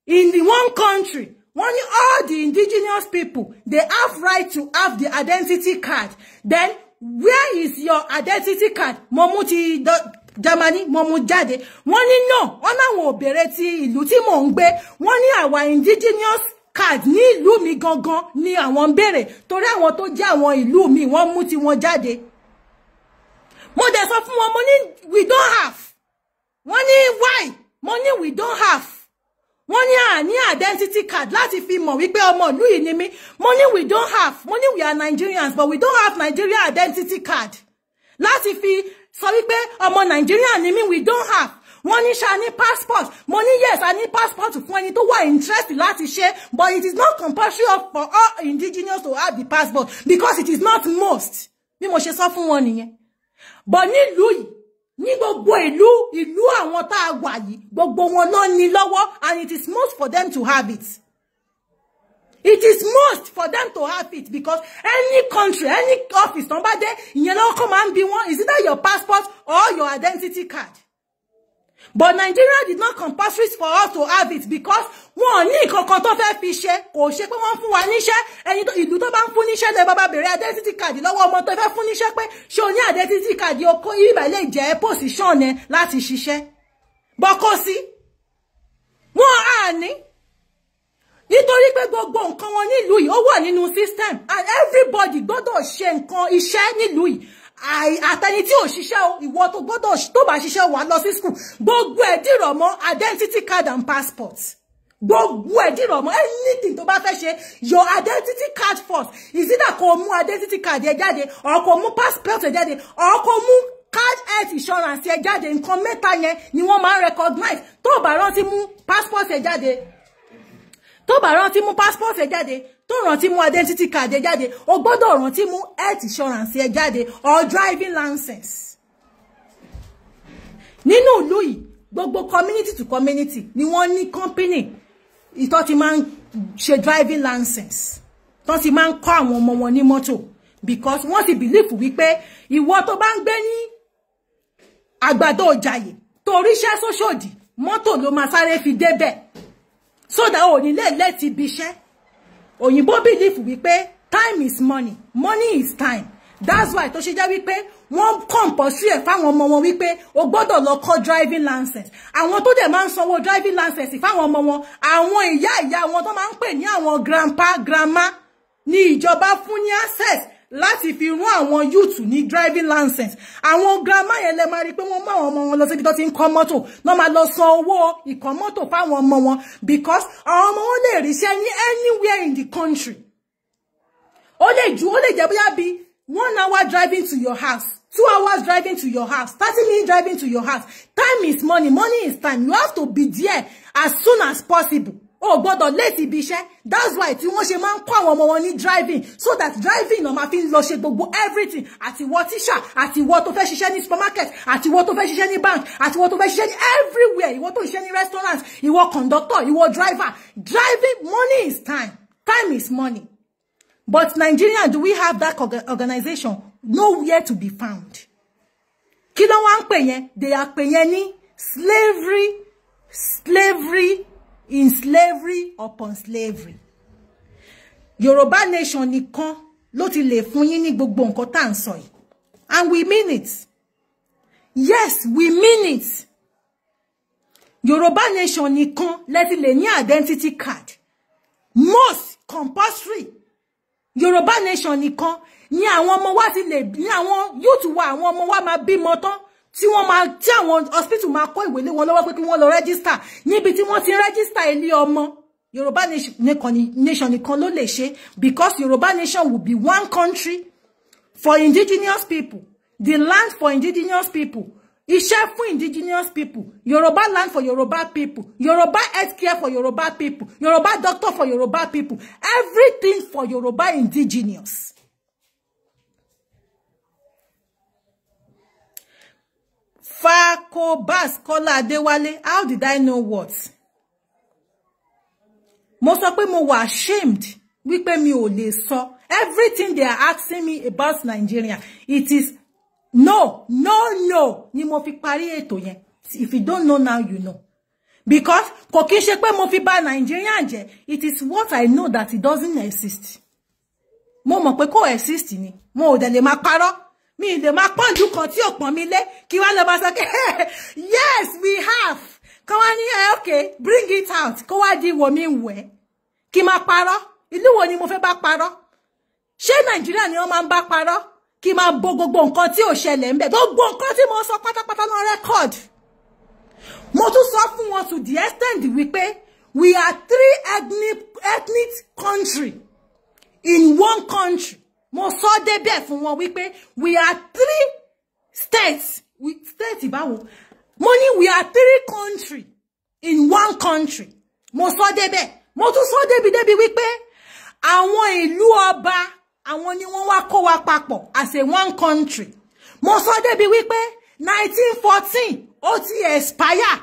in the one country when all the indigenous people they have right to have the identity card then where is your identity card Momuti, the ti Germany mo mú jáde wọ́n ní no wọ́n láwọn ò béèrè ti ìlú tí mò ń gbé wọ́n ní indigenous card ní ìlú mi gangan ni àwọn ń béèrè torí àwọn tó jẹ́ àwọn ìlú mi wọ́n mú tiwọn Jade. mo dẹ̀ sọ fún wọn mo we don't have Money why money we don't have wọ́n ní àní ah, identity card láti fi mọ̀ wípé ọmọ ìlú yìí ni mí mo ní we don't have mo ní we are Nigerians but we don't have Nigeria identity card láti fi sọ wípé ọmọ Nigerian, ni mí we don't have wọ́n ní ṣá ní passport mo ní yes a ní passport fún ẹni tó wà interest láti ṣe but it is not compulsory for all indigenous to have the passport because it is not most bí mo ṣe sọ fún wọn nìyẹn but nílùú yìí ní gbogbo ìlú ìlú àwọn tá a wà yìí gbogbo wọn náà ní lọ́wọ́ and it is most for them to have it it is most for them to have it because any country any office tó ń bá dé ìyẹn lọ́wọ́ kọ́ máa ń bi wọ́n is either your passport or your identity card but Nigeria did not compulsory for us to have it because wọn ní nǹkankan tó fẹ́ fi ṣe kò ṣe pé wọ́n fún wa níṣẹ́ ẹni ìlú tó bá ń fún níṣẹ́ lẹ bàbá bèrè identity card lọ́wọ́ ọmọ tó fẹ́ fún níṣẹ́ pé ṣé o ní identity card okó ibà lè jẹ́ position ẹ láti ṣiṣẹ́ bọ́kọ́ sí wọn á ní nítorí pé gbogbo nǹkan wọn nílùú yìí ó wà nínú system and everybody gbọ́dọ̀ ṣe nǹkan iṣẹ́ nílùú yìí àtẹni tí ò ṣiṣẹ́ o ìwọ tó gbọ́dọ̀ tó bá ṣiṣẹ́ wà lọ sí school gbogbo ẹ̀ dìrọ̀ mọ́ identity card and passport gbogbo ẹ̀ dìrọ̀ mọ́ anything tó bá fẹ́ ṣe your identity card first is either kó mú identity card ẹ jáde or kó mú passport ẹ jáde or kó mú card health insurance ẹ jáde nǹkan mẹ́ta yẹn ni wọ́n máa ń recognize tó bá rántí mú passport ẹ jáde tó bá rántí mú passport ẹ jáde tó rántí mú identity card ẹ jáde o gbọ́dọ̀ rántí mú health insurance ẹ jáde or driving license nínú ìlú yìí gbogbo community to community ni wọ́n ní company ìtọ́ ti máa ń ṣe driving license tó ti máa ń kọ́ àwọn ọmọ wọn ní mọ́tò because wọ́n ti believe wípé ìwọ tó bá ń gbé ní àgbàdo òjàyè torí iṣẹ́ sóṣòdì mọ́tò ló máa sáré fi débẹ̀ so that ò ní lè lẹ́ẹ̀tì ibi iṣẹ́ òyìnbó believe wípé time is money money is time that's why tó ṣe jẹ́ wípé wọ́n compulsory ẹ̀ fáwọn ọmọ wọn wípé o gbọ́dọ̀ lọ kọ́ driving license àwọn tó dẹ̀ man ń sanwó driving license fáwọn ọmọ wọn àwọn ìyá ìyá wọn tó máa ń pè ní àwọn grandpa grandma ni ìjọba fún ní access láti fi rún àwọn youth ní driving license àwọn grandma yẹn lè máa rí pé wọ́n mọ àwọn ọmọ wọn lọ síbi tó ti ń kọ́ mọ́tò náà máa lọ san owó ìkọ́ mọ́tò fáwọn ọmọ wọn because àwọn ọmọ wọn lè ríṣẹ́ ní anywhere in the country ó lè ju ó lè jẹ́ bóyá bíi one hour driving to your house two hours driving to your house thirty minutes driving to your house time is money money is time you have to be there as soon as possible o gbọ́dọ̀ late ibi iṣẹ́ that's why tí wọ́n ṣe máa ń kọ́ àwọn ọmọ wọn ní driving so that driving náà máa fi ń lọ ṣe gbogbo everything àti wọ tíṣà àti wọ tó fẹ́ ṣiṣẹ́ ní supermarket àti wọ tó fẹ́ ṣiṣẹ́ ní bank àti wọ tó fẹ́ ṣiṣẹ́ ní everywhere ìwọ tó ṣiṣẹ́ ní restaurant ìwọ conductor ìwọ driver driving money is time time is money but Nigeria do we have that organization nowhere to be found kí ló wá ń pè yẹn they are pè yẹn ní slavery slavery in slavery upon slavery Yorùbá nation nìkan ló ti lè fún yín ní gbogbo nǹkan tá à ń sọ yìí and we mean it yes we mean it Yorùbá nation nìkan lẹ ti lè ní identity card most compulsory Yorùbá nation nìkan ni àwọn ọmọ wa ti lè ní àwọn youth wa àwọn ọmọ wa máa bímọ tán tí wọ́n ma, tí àwọn hospital ma, ko ìwé lé wọn lọ́wọ́ pé kí wọ́n lọ register níbi tí wọ́n ti register ilé ọmọ Yorùbá nation nìkan ló lè ṣe because Yorùbá nation will be one country for indigenous people the land for indigenous people iṣẹ́ fún indigenous people Yorùbá land for Yorùbá people Yorùbá healthcare for Yorùbá people Yorùbá doctor for Yorùbá people everything for Yorùbá indigenous. Fakobas Kọ́lá Adéwálé how did I know what? Mo sọ pé mo wà ashamed wípé mi ò lè So everything they are asking me about Nigeria it is no no no ni mo fi parí ètò yẹn if you don't know now you know because kò kí ṣe pé mo fi bà Nigeria jẹ́ it is what I know that it doesn't exist mo mọ̀ pé kò exist ni mo ò dẹ̀ lè máa parọ́ mi lè máa pọ́njú kan tí ò pọ́n mi lé kí wá lọ bá sọ pé yes we have kọ́ wá ní ẹ eh, bring it out kó wá di wò mí wẹ̀ kí máa parọ́ ìlú wo ni mo fẹ́ bá parọ́ ṣé nàìjíríà ni wọ́n máa ń bá parọ́ kí máa bo gbogbo nǹkan tí ò ṣẹlẹ̀ ń bẹ̀ gbogbo nǹkan mo sọ pátápátá lọ rẹ́kọ̀d mo tún sọ fún wọn to the extent wípé we are three ethnic, ethnic country in one country mo sọ be fún wọn wípé we are three states we state ìbáwo mo ní we are three country in one country mo sọ be mo tún sọ débi débi wípé àwọn ìlú ọba àwọn ni wọ́n wá kó wa papọ̀ as a one country mo sọ débi wípé nineteen 1914. ó ti expire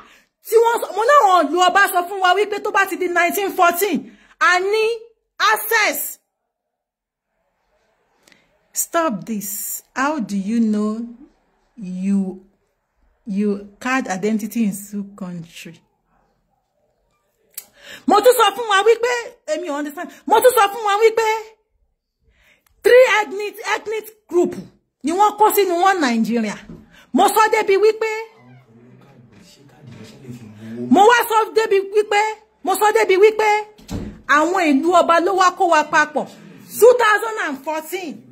tí wọ́n mo láwọn ìlú ọba so fún wa wípé to bá ti di 1914. fourteen a ní access stop this how do you know you you card identity in two country mo tún sọ fún wa wípé èmi ò understand mo tún sọ fún wa wípé three ethnic ethnic group ni wọ́n kó sínú wọn Nigeria? mo sọ débi wípé mo wá sọ débi wípé mo sọ débi wípé àwọn ìlú ọba ló wá kó wa papọ̀ two thousand and fourteen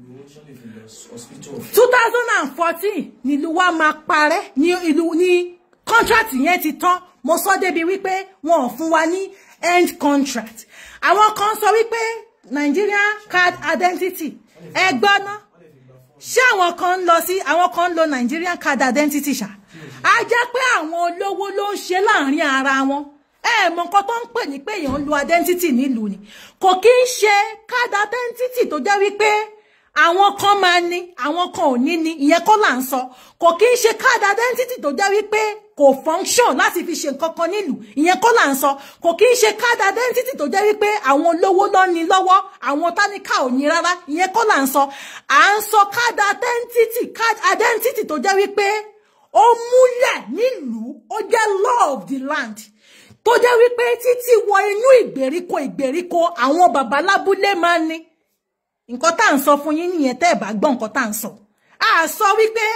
two thousand and fourteen ni ìlú wa máa parẹ́ ní ìlú ní contract yẹn ti tán mo sọ débi wípé wọn ò fún wa ní end contract àwọn kan sọ wípé Nigerian card identity ẹ gbọ́ ná ṣé àwọn kan ń lọ sí àwọn kan ń lo Nigerian card identity ṣá a jẹ́ pé àwọn olówó ló ń ṣe láàrin ara wọn ẹ mọ nǹkan tó ń pè ní pé èèyàn ń lo identity nílùú ni kò kí ń ṣe card identity tó jẹ́ wípé àwọn kan máa ní àwọn kan ò ní ní ìyẹn kọ́ là ń sọ kò kí ń ṣe card identity tó jẹ́ wípé kò function láti fi ṣe nǹkan kan nílùú ìyẹn kọ́ là ń sọ kò kí ń ṣe card identity tó jẹ́ wípé àwọn olówó ló ní lọ́wọ́ àwọn táníkà ò ní rárá ìyẹn kọ́ là ń sọ à ń sọ card identity card identity tó jẹ́ wípé ó múlẹ̀ nílùú ó jẹ́ law of the land tó jẹ́ wípé títí wọ inú ìgbèríko ìgbèríko àwọn babalábúlé máa ní nǹkan tá à ń sọ fún yín nìyẹn tẹ́ ẹ̀ bá gbọ́ nǹkan tá à ń sọ a sọ wípé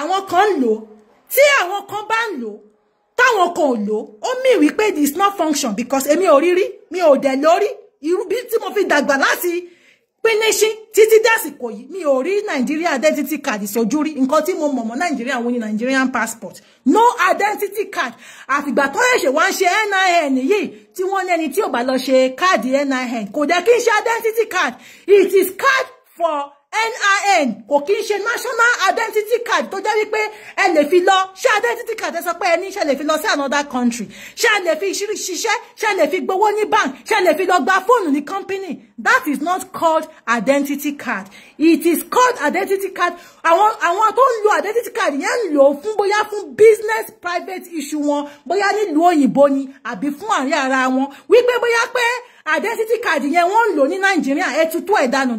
àwọn kan ń lò tí àwọn kan bá ń lò táwọn kan ò lò ó mì wípé this not function because èmi ò rí rí mi ò dẹ̀ lórí irú bí tí mo fi dàgbà láti pínísí títí dásìkò yìí mi ò rí nàìjíríà identity card ìsojú rí nǹkan tí mo mọ̀mọ́ nàìjíríà wo ni nigerian passport no identity card àfìgbà tó ṣẹ̀ṣẹ̀ wá ń ṣe nin yìí tí wọ́n lẹ́ni tí ò bá lọ ṣe káàdì nin kò dẹ́ kí n ṣe identity card it is card for NIN kò kí ń ṣe national identity card tó jẹ́ wípé ẹ lè fi lọ ṣé identity card ẹ sọ pé ẹ ní ṣe lè fi lọ sí another country ṣé ẹ lè fi ṣiṣẹ́ ṣé ẹ lè fi gbowó ní bank ṣé ẹ lè fi lọ gba fóònù ní company that is not called identity card it is called identity card àwọn àwọn tó ń lo identity card yẹn ń lò ó fún bóyá fún business private issue wọn bóyá nílùú òyìnbó ni àbí fún àárín ara wọn wípé bóyá pé identity card yẹn wọ́n ń lò ní Nàìjíríà ẹ tutù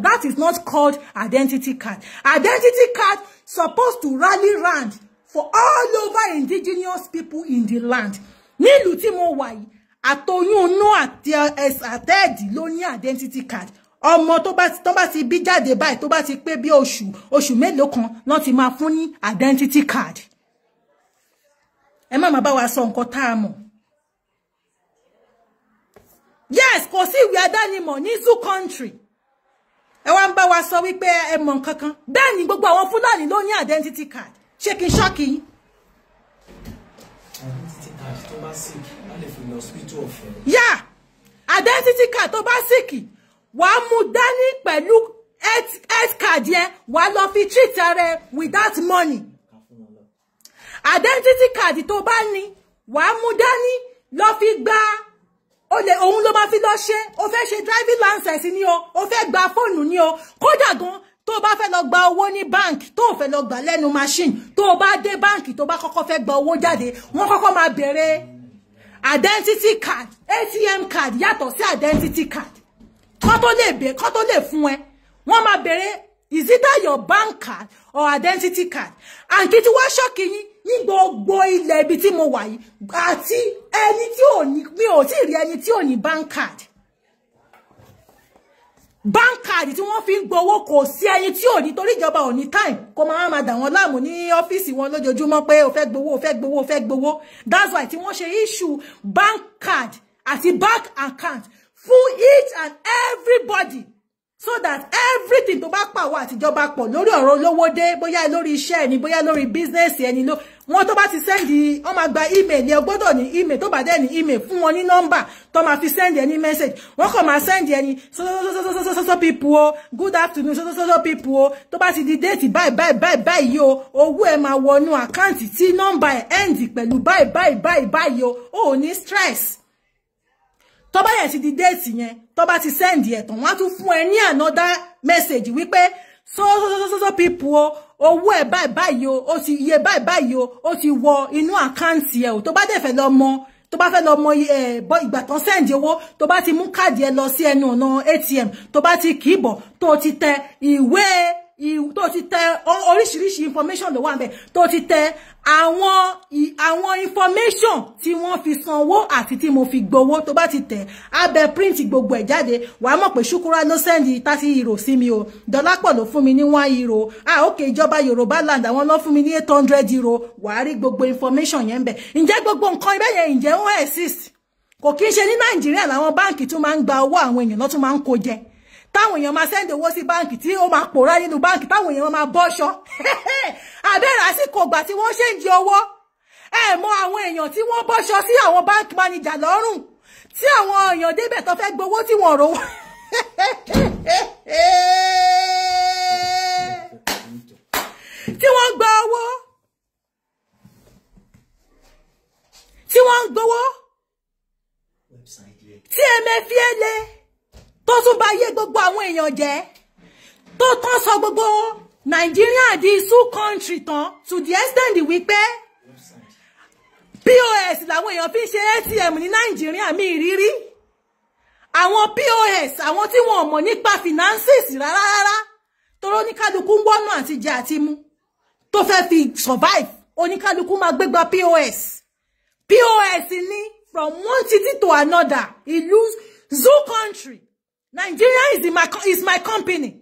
that is not called identity card identity card supposed to rally round for all over indigenous people in the land nílùú tí mo wà yìí àtoyún inú àti ẹsẹ àtẹ́ẹ̀dì ló ní identity card ọmọ tó bá tó bá ti bí jáde báyìí tó bá ti pé bí oṣù oṣù mélòó kan lọ́n ti máa fún ní identity card ẹ má máa bá wa sọ nǹkan tá a mọ̀ yes kò sí ìwé adánimọ̀ ní zoo country ẹ wá ń bá wa sọ wípé ẹ mọ̀ nǹkan bẹ́ẹ̀ ni gbogbo àwọn fúlàní ló ní identity card ṣé kí n ṣọ́ọ̀kì yín. identity card tó bá sick a lè fi lọ hospital ọ̀fẹ́. yá identity card tó bá sick wà á mú dání pẹ̀lú health card yẹn wà á lọ fi treat ara without money identity card tó bá ní wà á mú dání lọ fi gba olè òun ló máa fi lọ ṣe o fẹ́ ṣe driving license ni o o fẹ́ gba fóònù ni o kódà gan tó bá fẹ́ lọ gba owó ní báǹkì tó fẹ́ lọ gbà lẹ́nu machine tó bá dé báǹkì tó bá kọ́kọ́ fẹ́ gba owó jáde wọ́n kọ́kọ́ máa bèrè identity card atm card yàtọ̀ sí identity card kán tó lè bẹ̀ kán tó lè fún ẹ wọ́n máa bèrè is either your bank card or identity card and kí tí wá ṣọ́ọ̀kì yín ní gbogbo ilẹ̀ ibi tí mo wà yìí àti ẹni tí ò ní mi ò tí ì rí ẹni tí ò ní bank card bank card tí wọ́n fi ń gbowó kò sí ẹni tí ò ní torí ìjọba ò ní time kó máa máa dà wọ́n láàmú ní ọ́fíìsì wọn lójoojúmọ́ pé o fẹ́ gbowó o fẹ́ gbowó o fẹ́ gbowó that's why tí wọ́n ṣe issue bank card àti bank account fún each and everybody so that everything tó bá pàwọ́ àtijọba pọ̀ lórí ọ̀rọ̀ olówó dé bóyá lórí iṣẹ́ ẹni bóyá lórí bísínẹ́sì ẹni ló wọn tó bá ti sẹ́ndì wọ́n máa gba ímeèlì ẹ gbọ́dọ̀ ní ímeèlì tó bá dẹ̀ ní ímeèlì fún wọn ní nọ́mbà tó máa fi sẹ́ndì ẹni mẹ́sẹ̀gì wọ́n kàn máa sẹ́ndì ẹni sọ́sọ́sọ́sọ́sọ́sọ́ pípù o good afternoon sọ́sọ́sọ́sọ́ pípù o tó bá ti di déètì báyìí báyìí báyìí báyìí o owó ẹ máa wọnú àkáǹtì tí nọ́mbà ẹ̀ end pẹ̀lú báyìí báyìí báyìí báyìí o ò ní stress tó bá yẹn ti di déètì yẹn tó bá ti sẹ́ǹdì ẹ̀ tán wọ́n á tún fún another message wípé so so so so so people o owó ẹ̀ báyìí yo. o si ti iye báyìí yo. o ó ti wọ inú àkáǹtì ẹ̀ o tó bá dẹ̀ fẹ́ lọ mọ tó bá fẹ́ lọ mọ ìgbà tán sẹ́ǹdì owó tó bá ti mú káàdì ẹ lọ sí ẹnu ọ̀nà ATM tó bá ti kì í bọ̀ tó ti tẹ ìwé tó ti tẹ oríṣiríṣi information ló wà ń bẹ tó ti tẹ àwọn àwọn information tí wọ́n fi sanwó àti tí mo fi gbowó tó bá ti tẹ abẹ print gbogbo ẹ̀ jáde wàá mọ̀ pé ṣúkúrá ló sẹ́ndì thirty euro sí mi o dọ́lápọ̀ ló fún mi ní one euro ah okay ìjọba yorùbá land àwọn ló fún mi ní eight hundred euro wàá rí gbogbo information yẹn ń bẹ ǹjẹ́ gbogbo nǹkan ibẹ̀ yẹn ǹjẹ́ wọ́n exist kò kí ń ṣe ní nàìjíríà bank báǹkì tún máa ń gba owó àwọn èèyàn lọ́tún máa ń kó jẹ táwọn èèyàn máa sẹ́ndì owó sí báǹkì tí ó máa pòórá nínú báǹkì táwọn èèyàn máa bọ́ṣọ àbẹ́rẹ́ àsìkò ìgbà tí wọ́n ṣèǹjì owó ẹ mọ àwọn èèyàn tí wọ́n bọ́ṣọ sí àwọn báǹkì mánijà lọ́rùn tí àwọn èèyàn débẹ̀ tó fẹ́ gbowó tí wọ́n rò wọ́n. tí wọ́n gba owó tí wọ́n gbowó tí ẹ mẹ́fí ẹ lé tó tún bá yé gbogbo àwọn èèyàn jẹ́ tó tán sọ gbogbo Nàìjíríà di isu country tán to the extent wípé POS làwọn èèyàn fi ń ṣe ATM ní Nàìjíríà mi ìrírí àwọn POS àwọn tí wọn ò mọ̀ nípa finances rárá rárá toró oníkálukú ń wọ́nà àti jẹ àti mu tó fẹ́ fi survive oníkálukú máa gbégbá POS POS ni from one city to another ìlú zoo country Nigeria is, in my, is my company.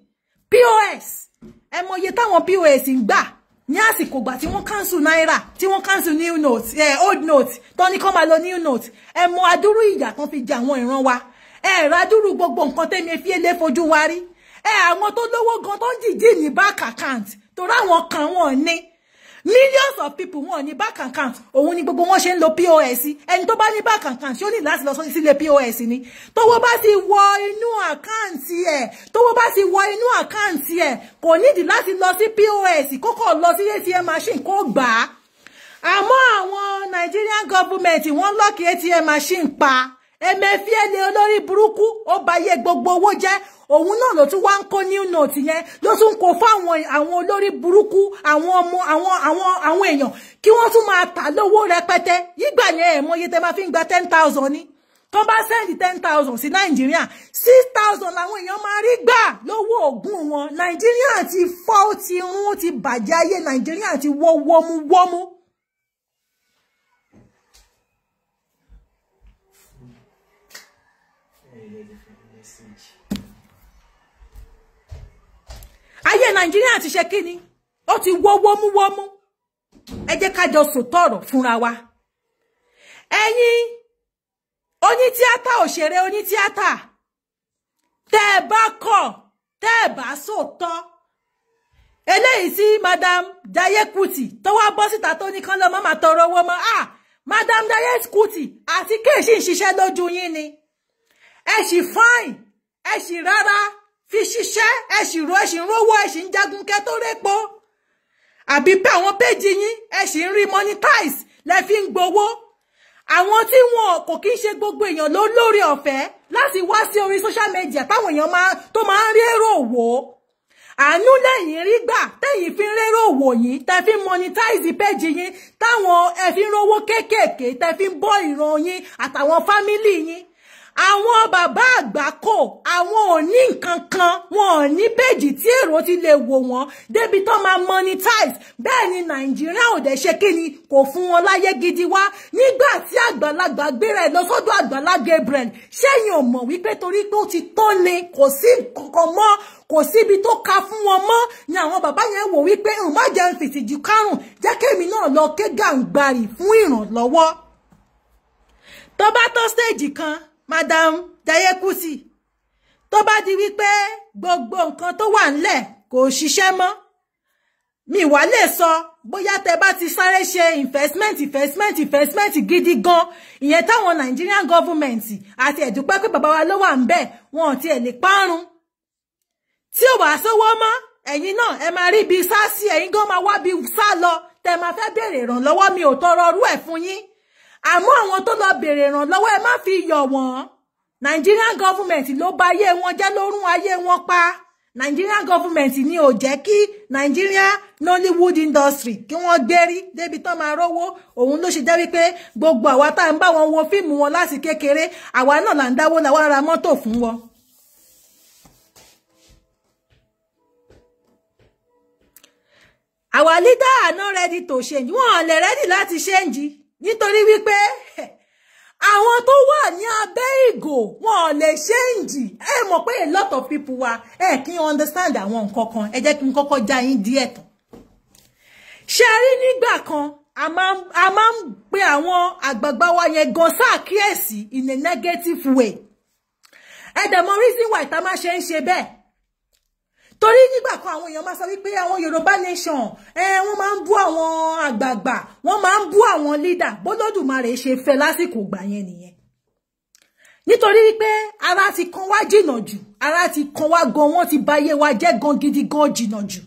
POS. Ẹ mọ iye táwọn POS in gbà ní àsìkò ìgbà tí wọ́n cancel naira. Ti won cancel new notes. eh, old notes. tó ní kó máa new notes. ẹ mọ adúrú ìyà kan fi jẹ àwọn ìran wa ẹ ra adúrú gbogbo nǹkan tẹ́mi fi èlé fojú wa rí ẹ àwọn tó gan tó ń jìjì bank account torí àwọn kan wọn ní millions of people wọn ní bank account òun ni gbogbo wọn ṣe ń lo pos ẹni tó bá ní and count. ṣé ó ní láti lọ sílé pos ni tówó bá ti wọ inú àkáǹtì ẹ̀ tówó bá ti wọ inú àkáǹtì ẹ̀ kò nídìí láti lọ sí pos kókò lọ sí atm machine kó gbà á àmọ́ àwọn Nigerian government wọ́n lọ́ọ̀kì atm machine pa Emefiele olórí burúkú ó bayé gbogbo owó jẹ́ òun náà ló tún wá ń kó new note yẹn ló tún kó fáwọn àwọn olórí burúkú àwọn ọmọ àwọn àwọn àwọn èèyàn kí wọ́n tún máa tà lówó rẹpẹtẹ yígbà yẹn ẹ̀ mọye tẹ máa fi ń gba ten thousand ni tó bá sẹ́ndì ten thousand sí nàìjíríà six thousand làwọn èèyàn máa rí gbà lówó ògùn wọn nàìjíríà ti fọ́ ti rún ti bàjẹ́ ayé nàìjíríà ti wọ́ wọ́mú wọ́mú. ayé nàìjíríà ti ṣe kí ni ó ti wọ́ wọ́múwọ́mú ẹ jẹ́ ká jọ sòótọ́ ọ̀rọ̀ fúnra wa ẹ̀yin onítíátà òṣèré onítíátà tẹ́ ẹ bá kọ̀ tẹ́ ẹ bá sòótọ́ eléyìí tí madam Daye Kuti tó wá bọ́ síta tó ní kán lọ mọ́ màá tọrọ owó mọ́ ah madam Daye Kuti àti kéèṣì ń ṣiṣẹ́ lójú yín ni ẹ sì fine ẹ sì rárá fi ṣiṣẹ́ ẹ sì ro ẹ sì ń rówó ẹ sì ń jagun kẹ tó répo àbí pé àwọn péjì yín ẹ sì ń rí monetize lẹ fi ń gbowó àwọn tí wọn kò kí ń ṣe gbogbo èèyàn ló lórí ọ̀fẹ́ láti wá sí orí social media táwọn èèyàn máa tó máa ń rí èrò wò ó àánú lẹ́yìn rí gbà tẹ́yìn fi ń rérò wò yìí tẹ́ fi ń monetize péjì yín táwọn ẹ fi ń rówó kéékèèké tẹ́ fi ń bọ́ ìran yín àtàwọn fámílì yín àwọn bàbá àgbákò àwọn ò ní nǹkan kan wọn ò ní péjì tí èrò ti lè wò wọ́n débi tó máa monetize bẹ́ẹ̀ ni nàìjíríà ò dẹ̀ ṣe kí ni kò fún wọn láyé gidi wá nígbà tí àgbàlagbà gbéra ẹ̀ lọ sọ́dọ̀ àgbàlá Gabriel ṣẹ́yìn ò mọ̀ wípé torí pé ó ti tó ni kò sí nǹkan kan mọ́ kò síbi tó ka fún wọn mọ́ ni àwọn bàbá yẹn wò wípé má jẹ́ ń fìtìjú kárùn jẹ́ kémi náà lọ ké gàǹgbàrì fún ìrànlọ́wọ́ tó bá tó stéèjì kan madam Dayekusi tó bá di wípé gbogbo nǹkan tó wà ńlẹ̀ kò ṣiṣẹ́ mọ́ mi wá lè sọ bóyá tẹ́ bá ti sáré ṣe investment investment investment gidi gan ìyẹn táwọn Nigerian government àti ẹ̀dúpẹ́ pé bàbá wa ló wà ń bẹ̀ wọn ò tiẹ̀ lè parun tí ò wá sówó mọ́ ẹ̀yin náà ẹ máa rí ibi sá sí ẹ̀yin gan máa wá bí sá lọ tẹ́ máa fẹ́ béèrè ìrànlọ́wọ́ mi ò tọrọ ọrú ẹ̀ fún yín àmọ́ àwọn tó lọ bèrè ìrànlọ́wọ́ ẹ má fi yọ̀ wọ́n Nigerian government ló bà ayé wọn jẹ́ ló ayé wọn pa Nigerian government ni ò jẹ́ kí Nigeria Nollywood industry kí wọ́n gbérí débi tán máa rówó òun ló ṣe jẹ́ wípé gbogbo àwa tá à ń bá wọn wo fíìmù wọn láti kékeré àwa náà là ń dáwó làwa ra mọ́tò fún wọn. àwa leader are not ready to change wọn ò lè ready láti change nítorí wípé àwọn tó wà ní abẹ́ ìgò wọn ò lè ṣéǹjì ẹ mọ̀ pé a lot of people wa ẹ kí n understand àwọn nǹkan kan ẹ jẹ́ kí n kọ́kọ́ já yín díẹ̀ tán ṣe rí nígbà kan a máa ń pe àwọn àgbààgbà wa yẹn gan sáàkíyèsí in a negative way ẹ dẹ̀ mọ̀ reason why tá a máa ṣe ń ṣe bẹ́ẹ̀ torí nígbà kan àwọn èèyàn máa sọ wípé àwọn yorùbá nation ẹ wọ́n máa ń bú àwọn àgbààgbà wọ́n máa ń bú àwọn leader bólódùmarè ṣe fẹ́ lásìkò ìgbà yẹn nìyẹn nítorí pé ara ti kan wá jìnnà jù ara ti kan wá gan wọ́n ti báyé wa jẹ́ gan gidi gan jìnnà jù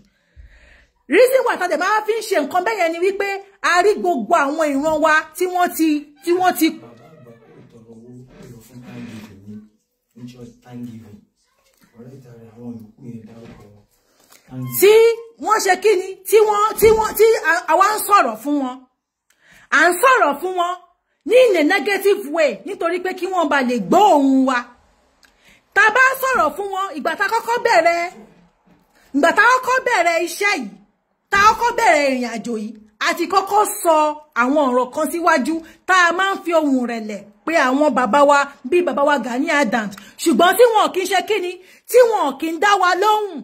reason why tàdé máa fi ń ṣe nǹkan bẹ́ẹ̀ yẹn ni wípé a rí gbogbo àwọn ìran wa tí wọ́n ti tí wọ́n ti. bàbá àgbà kò tọrọ owó lọ fún thanksgiving ní ọjọ́ thanksgiving tí wọ́n ṣe kí ni tí wọ́n tí wọ́n tí àwa ń sọ̀rọ̀ fún wọn à ń sọ̀rọ̀ fún wọn ní ilẹ̀ negative way nítorí pé kí wọ́n ba lè gbọ́ ohùn wa tá bá sọ̀rọ̀ fún wọn ìgbà tá kọ́kọ́ bẹ̀rẹ̀ ìgbà tá kọ́kọ́ bẹ̀rẹ̀ iṣẹ́ yìí tá kọ́kọ́ bẹ̀rẹ̀ ìrìn àjò yìí a ti kọ́kọ́ sọ àwọn ọ̀rọ̀ kan síwájú tá a máa ń fi ohùn rẹ̀lẹ̀ pé àwọn bàbá wa bíi bàbá wa Gani Adams ṣùgbọ́n tí wọn kì í ṣe kíni tí wọn kì í dá wa lóhùn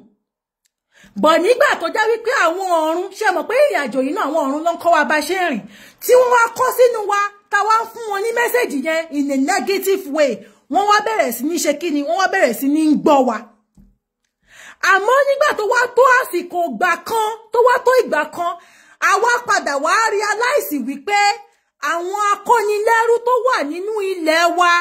bọ̀ nígbà tó já wípé àwọn ọ̀run ṣe mọ̀ pé ìrìn àjò yìí náà àwọn ọ̀run ló ń kọ́ wa bá ṣe rìn tí wọ́n wá kọ́ sínú wa ta wá ń fún wọn ní mẹ́sẹ̀jì yẹn in a negative way wọ́n wá bẹ̀rẹ̀ sí ní ṣe kí ni wọ́n wá bẹ̀rẹ̀ sí ní ń gbọ́ wa àmọ́ nígbà tó wá tó àsìkò ìgbà kan tó wá tó ìgbà kan àwa padà wá realize wípé àwọn akọ́nilẹ́rú tó wà nínú ilẹ̀ wa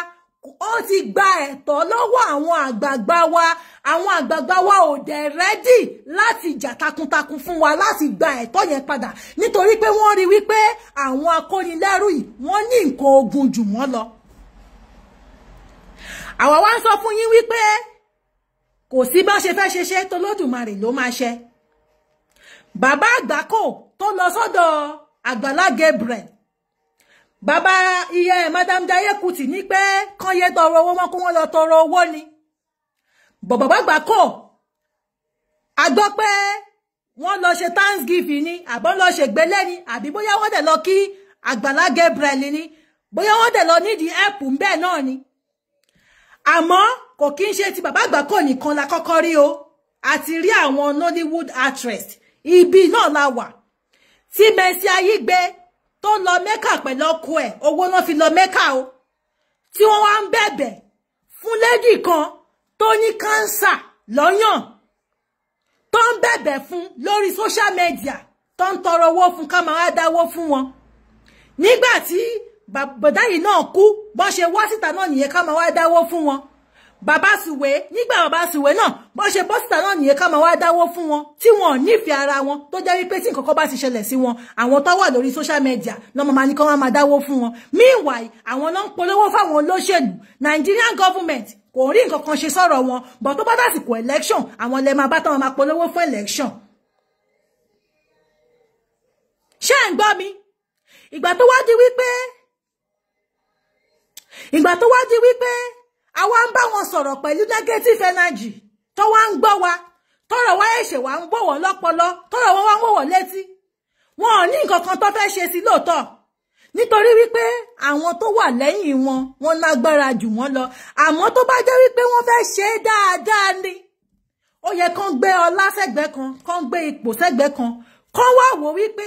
ó ti gba ẹ̀tọ́ lọ́wọ́ àwọn àgbààgbà wa àwọn àgbààgbà wa ò dẹ̀ rẹ́dì láti jà takuntakun fún wa láti gba ẹ̀tọ́ yẹn padà nítorí pé wọ́n rí wípé àwọn akónilẹ́rù yìí wọ́n ní nǹkan ogun jù wọ́n lọ. àwa wá ń sọ fún yín wípé kò sí bá ṣe fẹ́ ṣe ṣe tó lódùmarè ló máa ṣe. bàbá àgbákò tó lọ sọ́dọ̀ Àgbàlá Gabriel Baba, iye madam Jayé kuti ní pé kán yé tọrọ owó wọn kó wọn lọ tọrọ owó ni bọ̀bọ̀bá gbà kò a gbọ́ pé wọ́n lọ ṣe thanksgiving ni àbọ̀ lọ ṣègbélé ni àbí bóyá wọ́n dẹ̀ lọ kí Àgbàlá Gabriel ni bóyá wọ́n dẹ̀ lọ nídìí help ń bẹ́ẹ̀ ni àmọ́ kò kí ń ṣe ti bàbá àgbà kò nìkan la kọ́kọ́ o àti rí àwọn Nollywood actress ibi náà la wa wà tí Mercy Aigbe tó lọ mẹ́kà pẹ̀lú ọkọ ẹ̀ owó náà fi lọ mẹ́kà o tí wọ́n wá ń bẹ̀bẹ̀ fún lédì kan tó ní kánsà lọ́yàn tó ń bẹ̀bẹ̀ fún lórí social media tó ń tọrọ owó fún ká máa dáwó fún wọn nígbà tí bàbá yìí náà kú bọ́n ṣe wá síta náà nìyẹn ká wá dáwó fún wọn Baba sùwé nígbà bàbá sùwé náà bó ṣe bọ́sítà náà nìyẹn ká máa wá dáwó fún wọn tí wọn ò nífẹ̀ẹ́ ara wọn tó jẹ́ wípé tí nǹkan kan bá ti ṣẹlẹ̀ sí wọn àwọn tó wà lórí social media lọ́mọ mama ni kí wọ́n máa fun fún wọn meanwhile àwọn náà ń polówó fáwọn olóṣèlú Nigerian government kò rí nǹkan kan ṣe But to but tó bá dàsìkò election àwọn lè máa bá tán máa polówó fun election ṣé ń gbọ́ mi ìgbà tó wa di wípé ìgbà tó wá di wípé àwa ń bá wọn sọ̀rọ̀ pẹ̀lú negative energy tó wá ń gbọ́ wa tọ́rọ̀ wá ẹ̀ṣẹ̀ wá ń bọ̀wọ̀ lọ́pọlọ tọ́rọ̀ wọn wá ń wọ̀wọ̀ létí wọn ò ní nǹkan kan tó fẹ́ ṣe sí lóòótọ́ nítorí wípé àwọn tó wà lẹ́yìn wọn wọn lágbára jù wọ́n lọ àmọ́ tó bá jẹ́ wípé wọ́n fẹ́ ṣe é dáadáa ni ó yẹ kán gbé ọlá sẹ́gbẹ́ kan kán gbé ipò sẹ́gbẹ́ kan kán wá wò wípé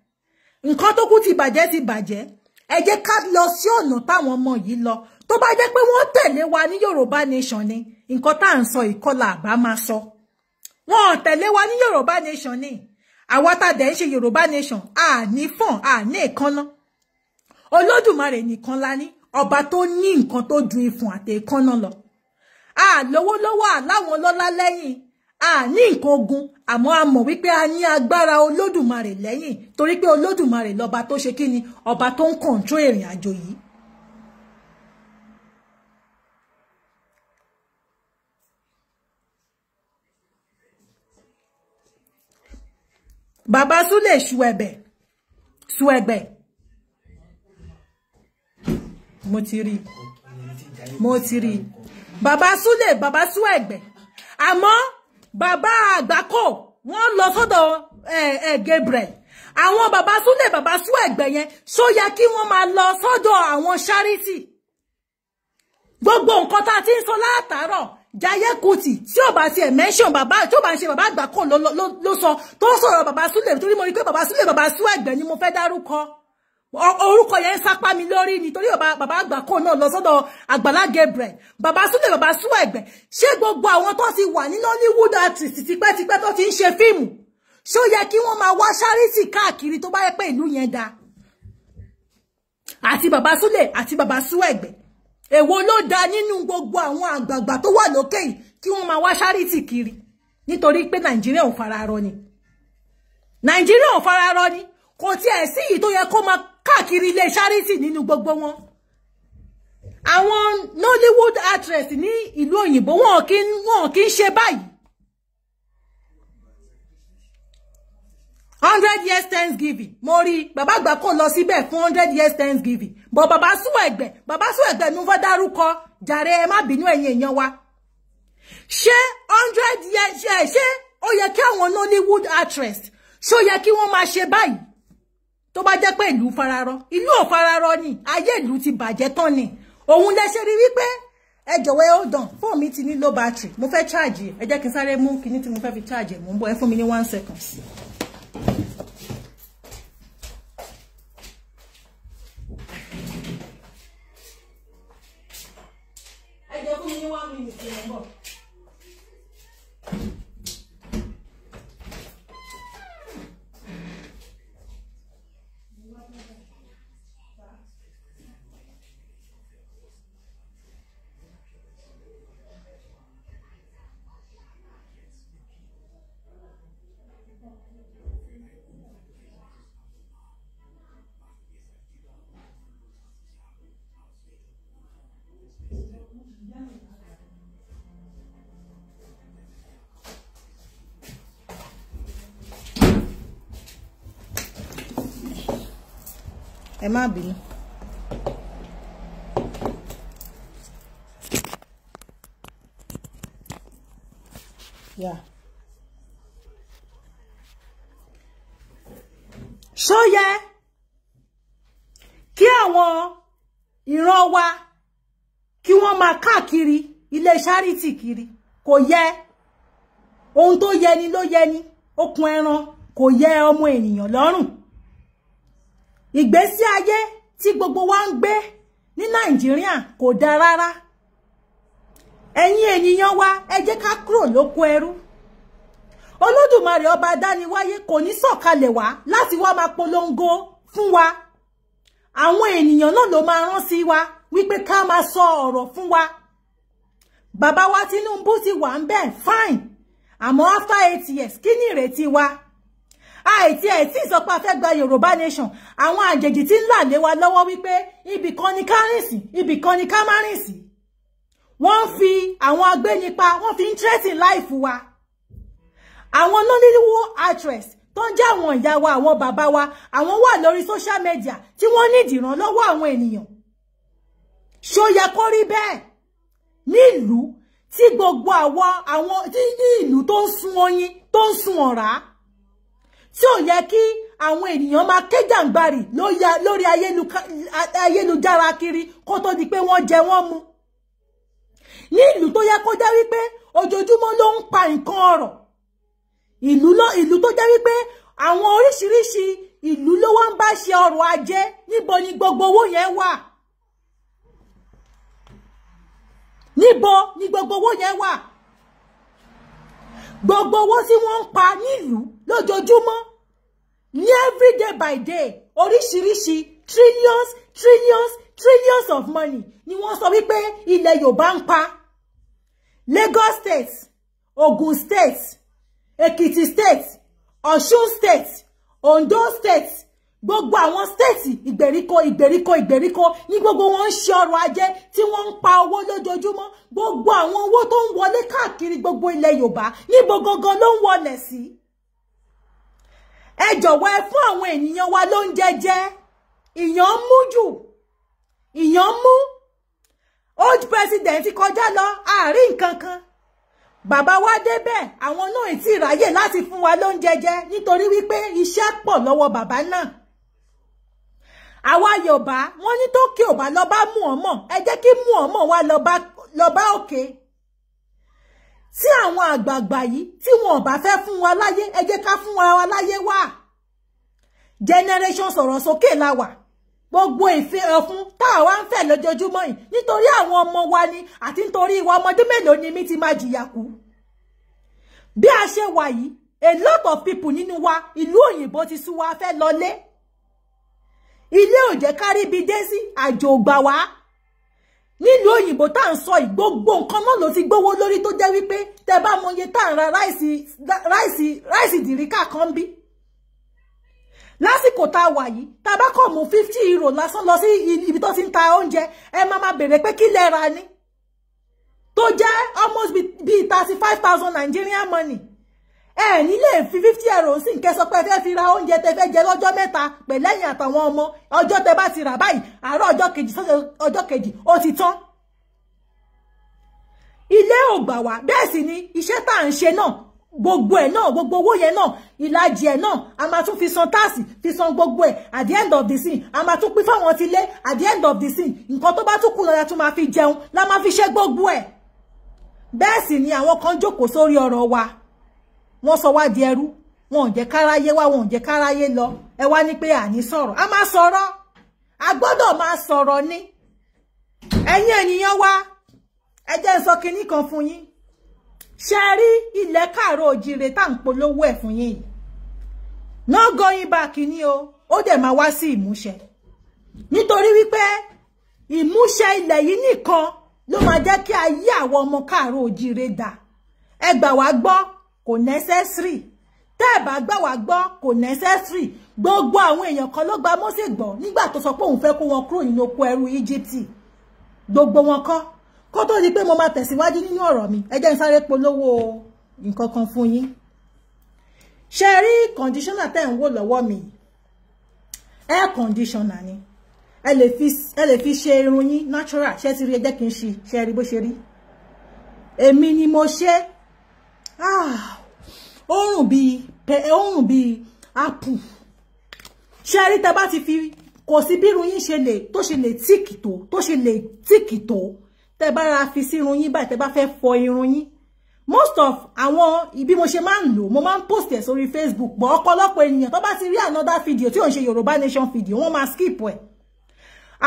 nǹkan tó kù ti bàjẹ́ ti bàjẹ́ ẹ jẹ́ ká lọ sí ọ̀nà táwọn ọmọ yìí lọ tó bá jẹ́ pé wọ́n tẹ̀lé wa ní Yorùbá nation ni nǹkan tá à ń sọ ìkọlà àbá máa sọ wọ́n tẹ̀lé wa ní Yorùbá nation ni àwa tá dẹ̀ ń ṣe Yorùbá nation a ní fọ̀n a ní ìkànnà Olódùmarè nìkan la ní ọba tó ní nǹkan tó ju ìfun àti ìkànnà lọ a lówó lọ́wọ́ àláwọn ọlọ́lá lẹ́yìn a ní nǹkan ogun àmọ́ a mọ̀ wípé a ní agbára Olódùmarè lẹ́yìn torí pé Olódùmarè lọ́ba tó ṣe kí ni ọba tó ń kọ̀ǹtró ìrìn àjò yìí Bàbá Súlè Suebe. Suebe. motiri. ti rí. Mo ti rí. Bàbá Súlè, Bàbá Suebe. Àmọ́ bàbá eh eh Gabriel. Àwọn bàbá Súlè, Bàbá Suebe yẹn so yẹ kí wọ́n máa lọ sọ́dọ̀ àwọn charity. Gbogbo nǹkan tá ti ń sọ látàárọ̀ Jayé kuti, tí ò bá tiẹ̀ mention bàbá tí ò bá ń ṣe bàbá àgbà kan ló sọ tó sọ̀rọ̀ bàbá Súlè torí mo rí pé bàbá Súlè bàbá Sú ẹ̀gbẹ́ ni mo fẹ́ dárúkọ orúkọ yẹn sápá mi lórí nítorí bàbá àgbà kan náà lọ sọ́dọ̀ Àgbàlá Gabriel bàbá Súlè bàbá Sú ẹ̀gbẹ́ ṣé gbogbo àwọn tó ti wà ní Nollywood artist tipẹ́tipẹ́ tó ti ń ṣe fíìmù ṣó yẹ kí wọ́n máa wá ṣáríìtì káàkiri tó bá yẹ pé ìlú yẹn dáa àti bàbá Súlè àti bàbá Sú ẹ̀gbẹ́ èwo ló da nínú gbogbo àwọn àgbààgbà tó wà lókè yìí kí wọ́n máa wá ṣáríìtì kiri nítorí pé nàìjíríà ò fara rọ ni nàìjíríà ò fara rọ ni kò tiẹ̀ sí yìí tó yẹ kó máa káàkiri ilé ṣáríìtì nínú gbogbo wọn àwọn Nollywood actress ní ìlú òyìnbó wọn kì í ṣe báyìí hundred years thanksgiving mo rí bàbá àgbà kò lọ síbẹ̀ fún hundred years thanksgiving bọ̀ bàbá sún ẹ̀gbẹ́ bàbá sún ẹ̀gbẹ́ nu fẹ́ dárúkọ jàre ẹ má bínú ẹ̀yin èèyàn wa ṣé hundred years ṣe ṣé ó yẹ kí àwọn nollywood actress ṣó yẹ kí wọ́n máa ṣe báyìí tó bá jẹ́ pé ìlú fararọ ìlú ò fararọ ni ayé ìlú ti bàjẹ́ tán ni òun lẹ ṣe rí wípé ẹ jọ̀wọ́ ẹ ó dàn fóònù mi ti ní low battery mo fẹ́ charge e. ẹ jẹ́ kí n sáré mú kinní tí mo fẹ́ fi charge ẹ̀ e. mò ń bọ̀ ẹ fún mi ní one second. fún mi ní one minute ìrànbọ̀. ẹ má bínú. Yeah. ṣó yẹ kí àwọn ìran wa kí wọ́n máa káàkiri ilé ṣáríìtì kiri kò yẹ ohun tó yẹ ni ló yẹ ni okùn ẹran kò yẹ ọmọ ènìyàn lọ́rùn ìgbésí ayé tí gbogbo wa ń gbé ní nàìjíríà kò dáa rárá ẹ̀yin ènìyàn wa ẹ jẹ́ ká kúrò lóko ẹrú olódùmarè ọba dániwáyé kò ní sọ̀kalẹ̀ wá láti wá máa polongo fún wa àwọn ènìyàn náà ló máa rán sí wa wípé ká máa sọ ọ̀rọ̀ fún wa bàbá wa Tinubu ti wà ń bẹ̀ fine àmọ́ after eight years kí ni ìrètí wa àìtí ẹ̀tí sọ pé a fẹ́ gba yorùbá nation àwọn àjèjì tí ń là lé wa lọ́wọ́ wípé ibì kan ni ká rìn sí ibì kan ni ká má rìn sí wọ́n fi àwọn agbénipa wọ́n fi ń tírẹ́tì láìfù wa àwọn Nollywood actress tó ń jẹ́ àwọn ìyá wa àwọn bàbá wa àwọn wà lórí social media tí wọ́n ní ìdìrànlọ́wọ́ àwọn ènìyàn ṣó yẹ kó rí bẹ́ẹ̀ nílùú tí gbogbo àwọn àwọn tí ìlú tó ń sun oyin tó ń sun ọ̀rá tí ò yẹ kí àwọn ènìyàn máa ké jàǹgbàrì lórí ayélujára kiri kó tó di pé wọ́n jẹ wọ́n mu ní ìlú tó yẹ kó jẹ́ wípé ojoojúmọ́ ló ń pa nǹkan ọ̀rọ̀ ìlú tó jẹ́ wípé àwọn oríṣiríṣi ìlú ló wá ń bá ṣe ọrọ̀ ajé níbo ni gbogbo owó yẹn wà níbo ni gbogbo owó yẹn wà gbogbo owó tí wọ́n ń pa nílùú lójoojúmọ́ ní every day by day oríṣiríṣi trillions trillions trillions of money ni wọ́n sọ wípé ilẹ̀ Yorùbá ń pa Lagos state Ogun state Ekiti state Osun state Ondo state gbogbo àwọn stéètì ìgbèríko ìgbèríko ìgbèríko ní gbogbo wọn ń ṣe ọrọ̀ ajé tí wọ́n ń pa owó lójoojúmọ́ gbogbo àwọn owó tó ń wọlé káàkiri gbogbo ilẹ̀ Yorùbá níbo gangan ló ń wọlé sí. Si ẹ jọ̀wọ́ ẹ fún àwọn ènìyàn wa lóúnjẹ jẹ ìyàn mú jù ìyàn mú old president kọjá lọ àárín nǹkan kan bàbá wa débẹ̀ àwọn náà ì tí ráyè láti fún wa lóúnjẹ jẹ nítorí wípé iṣẹ́ pọ̀ lọ́wọ́ bàbá náà àwa Yorùbá wọ́n ní tó kí ò bá lọ bá mú ọmọ ẹ jẹ́ kí mú ọmọ wa lọ bá òkè. Okay tí àwọn àgbààgbà yìí tí wọn ò bá fẹ́ fún wa láyé ẹ jẹ́ ká fún wa láyé wá generation sọ̀rọ̀ sókè la wà gbogbo ìfẹ́ ọ̀fun táwa wá ń fẹ́ lójoojúmọ́ yìí nítorí àwọn ọmọ wa ni àti nítorí ìwà ọmọdé mélòó ni mi ti máa jìyà kú bí a ṣe wà yìí a lot of people nínú wa ìlú òyìnbó ti sú wa fẹ́ lọlé ilé ò jẹ́ kárí ibi dé sí àjò gbà wá nílùú òyìnbó tá à ń sọ ìgbógbó nǹkan náà ló ti gbówó lórí tó jẹ́ wípé tẹ bá mọ iye tá à ń ra ráìsì ráìsì ráìsì dìríkà kan bí lásìkò tá a wà yìí tá a bá kọ̀ mú fifty euro lásán lọ sí ibi tó ti ń ta oúnjẹ ẹ máa máa bèrè pé kí lẹ ra ni tó jẹ́ almost bíi thirty five thousand Nigerian money ẹ ní lè fi fifty euro sí nkẹ́ sọ pé fẹ́ fi ra oúnjẹ tẹ fẹ́ jẹ lọ́jọ́ mẹ́ta pẹ̀lẹ́yìn àtàwọn ọmọ ọjọ́ tẹ bá ti rà báyìí àárọ̀ ọjọ́ kejì sọ́jọ́ ọjọ́ kejì ó ti tán ilé ò gbà wá bẹ́ẹ̀ sì ni iṣẹ́ tá à ń ṣe náà gbogbo ẹ̀ náà gbogbo owó yẹn náà ìlàjì ẹ̀ náà a máa tún fi san táàsì fi san gbogbo ẹ̀ at the end of the scene a máa tún pín fáwọn ti lé at the end of the scene nǹkan tó bá tún kù lọ́la tún máa fi jẹun la máa fi ṣe gbogbo ẹ̀ bẹ́ẹ̀ sì ni àwọn kan jókòó sórí ọ̀rọ̀ wa wọ́n sọ wá di ẹrú wọn ò jẹ́ káráyé wá wọn ò jẹ́ káráyé lọ ẹ wá ní pé a máa sọ̀rọ̀ a gbọ́dọ̀ máa ni ẹ̀yin ènìyàn wa ẹ jẹ́ n sọ kinní kan fún yín ṣe rí ilẹ̀ káàró òjìrè tá à ń polówó no going back ni o ó dẹ̀ máa wá sí ìmúṣẹ nítorí wípé ìmúṣẹ ilẹ̀ yìí nìkan ló máa jẹ́ kí ayé àwọn ọmọ káàró òjìrè dà ẹ gbà wá gbọ́ kò necessary tẹ́ ẹ̀ bá gbà wá gbọ́ kò necessary gbogbo àwọn èèyàn kan ló gba Mósè gbọ́ nígbà tó sọ pé òun fẹ́ kó wọn kúrò nínú oko ẹrú Egypt gbogbo wọn kọ́ kó tó di pé mo máa tẹ̀síwájú nínú ọ̀rọ̀ mi ẹ jẹ́ n sáré polówó nǹkan kan fún yín ṣe rí kọ̀ndíṣọ́nà tẹ́ ń wò lọ́wọ́ mi air conditioner ni ẹ lè fi ẹ lè fi ṣe irun yín natural ṣe ti rí ẹ jẹ́ kí n ṣe ṣe rí bó ṣe rí èmi ni mo ṣe ah òórùn bíi òórùn bíi apu ṣe rí tẹ bá ti fi kò sí bírun yín ṣe lè tó ṣe lè tíìkì tó to ṣe lè tíìkì tó tẹ bá ra fi sí irun yín báyìí tẹ bá fẹ́ fọ irun yín most of àwọn ibi mo ṣe máa ń lò mo máa ń post ẹ̀ sórí facebook bọ̀ ọ̀pọ̀lọpọ̀ ènìyàn tó bá ti rí another video tí ò ń ṣe yorùbá nation video wọ́n máa skip ẹ̀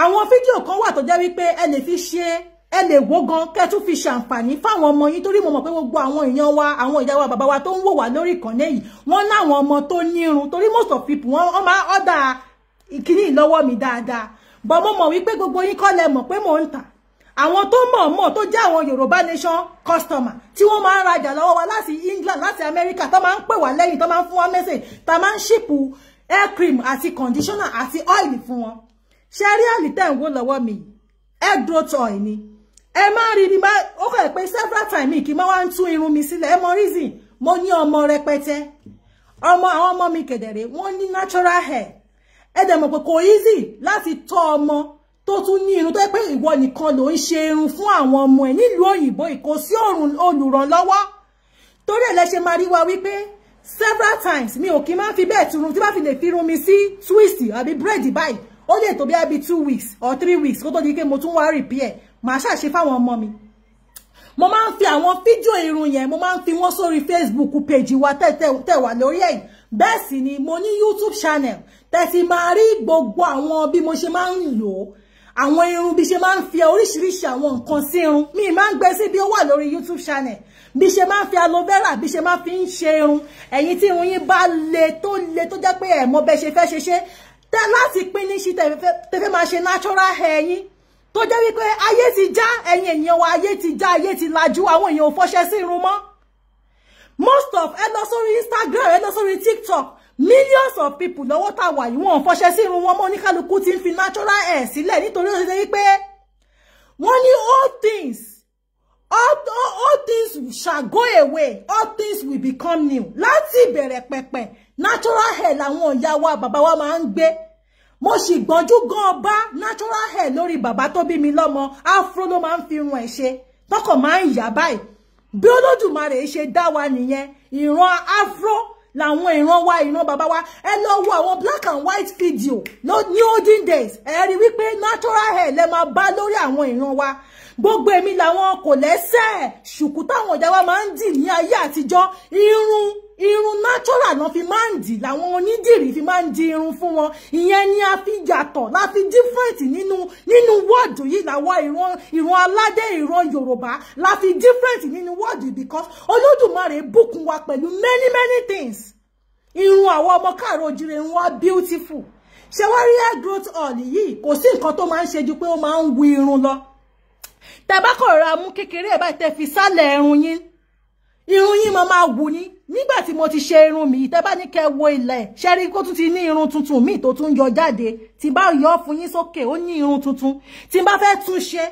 àwọn fídíò kan wà tó jẹ́ wípé ẹ lè fi ṣe ẹ lè wo gan kẹ́ tún fi ṣàǹfààní fáwọn ọmọ yín torí mo mọ̀ pé gbogbo àwọn èèyàn wa àwọn ìyá wa bàbá wa tó ń wò wá lórí ìkànnì yìí wọ́n láwọn ọmọ tó nírun torí most of people wọ́n máa ọ́dà ìkíní ìlọ́wọ́ mi dáadáa bọ́ mo mọ̀ wípé gbogbo yín kọ́ lẹ mọ̀ pé mò ń tà àwọn tó mọ̀ mọ̀ tó jẹ́ àwọn yorùbá nation customer tí wọ́n máa ń rajà lọ́wọ́ wa láti england láti america tó máa ń pè wá lẹ́yìn tó máa ń fún wa message tá máa ń ṣìpù hair cream àti conditioner àti oil fún wọn ṣe rí àlìtẹ̀ ń wó lọ́wọ́ mi hair growth oil ni ẹ má rí ni má ó kọ̀ pé several times kì í má wá ń tún irun mi sílẹ̀ ẹ mọ reason mo ní ọmọ rẹpẹtẹ ọmọ àwọn ọmọ mi kẹ̀dẹ̀rẹ̀ wọ́n ní natural hair ẹ dẹ̀ mọ̀ pé kò easy láti tọ́ ọmọ tó tún ní irun to yẹ pé ìwọ nìkan ló ń ṣe irun fún àwọn ọmọ ẹ nílùú òyìnbó ìkó sí òrùn olùrànlọ́wọ́ torí ẹ̀ lẹ́ṣẹ̀ máa rí wa wípé several times mi ò kí máa fi bẹ́ẹ̀ turun tí bá fi lè fi run mi sí twist àbí braid báyìí ó lè to bí i two weeks or three weeks kó tó di pé mo tún wá repair màá ṣàṣe fáwọn ọmọ mi mo máa ń fi àwọn fídíò irun yẹn mo máa ń fi wọ́n sórí Facebook page wa tẹ̀wà lórí ẹ̀ bẹ́ẹ̀ sì ni mo ní YouTube channel tẹ̀sí máa rí gbogbo àwọn bí mo ṣe máa ń lò ó àwọn irun bí ṣe máa ń fi oríṣiríṣi àwọn nǹkan sí irun mi máa ń gbé sí bí ó wà lórí YouTube channel bí ṣe máa ń fi aloe vera bí ṣe máa fi ń ṣe irun ẹ̀yin tí irun yín bá le tó le tó jẹ́ pé ẹ mọ̀ bẹ́ẹ̀ ṣe fẹ́ ṣe ṣe láti pín ní ṣí tẹ̀fẹ́ máa ṣe natural hair yín tó jẹ́ wípé ayé ti já ẹ̀yin èèyàn wa ayé ti já ayé ti lajú àwọn èèyàn ò fọṣẹ sí irun mọ́ most of ẹ lọ sórí Instagram ẹ lọ sórí TikTok millions of people lọ́wọ́ tá a wà yìí wọn ò fọṣẹ sí irun wọn mọ́ oníkálukú ti ń fi natural hair sílẹ̀ nítorí ó ṣe wípé wọ́n ní all things all, all, all things shall go away all things will become new láti ìbẹ̀rẹ̀ pẹ̀pẹ̀ natural hair làwọn ìyá wa bàbá wa máa ń gbé mo sì gbọ́njú gan ọba natural hair lórí bàbá tó bí mi lọ́mọ afro ló máa ń fi irun ẹ̀ ṣe tọkọ̀ máa ń yà báyìí bí olódùmarè ṣe dá wa nìyẹn ìran afro làwọn ìran wa ìran bàbá wa ẹ lọ wo àwọn black and white video New olden days ẹ rí wípé natural hair lẹ máa bá lórí àwọn ìran wa gbogbo èmi làwọn kò lẹ́sẹ̀ ṣùkú táwọn ìyá wa máa ń dì ní ayé irun irun natural náà fi máa ń dì làwọn fi máa ń di irun fún wọn ìyẹn ni a fi yàtọ̀ la fi different nínú nínú wọ́ọ̀dù yìí làwọn ìran ìran aládé ìran yoruba. la fi different nínú wọ́ọ̀dù because olódùmarè bùkún wa pẹ̀lú many many things irun àwọn ọmọ káàrọ̀ òjìrè ń beautiful ṣe wá rí growth all yìí kò sí nǹkan tó máa ń ṣe ju pé ó máa ń wu irun lọ tẹ́ bá kọ̀ ra mú kékeré ẹ̀ báyìí tẹ́ fi sálẹ̀ irun yín irun yín mo máa wù yín nígbà tí mo ti ṣe irun mi tẹ́ bá ní kẹ́ wo ilẹ̀ ṣe rí kó tún ti ní irun tuntun mi tó tún yọ jáde tí bá yọ fún yín sókè ó ní irun tuntun tí bá fẹ́ tún ṣe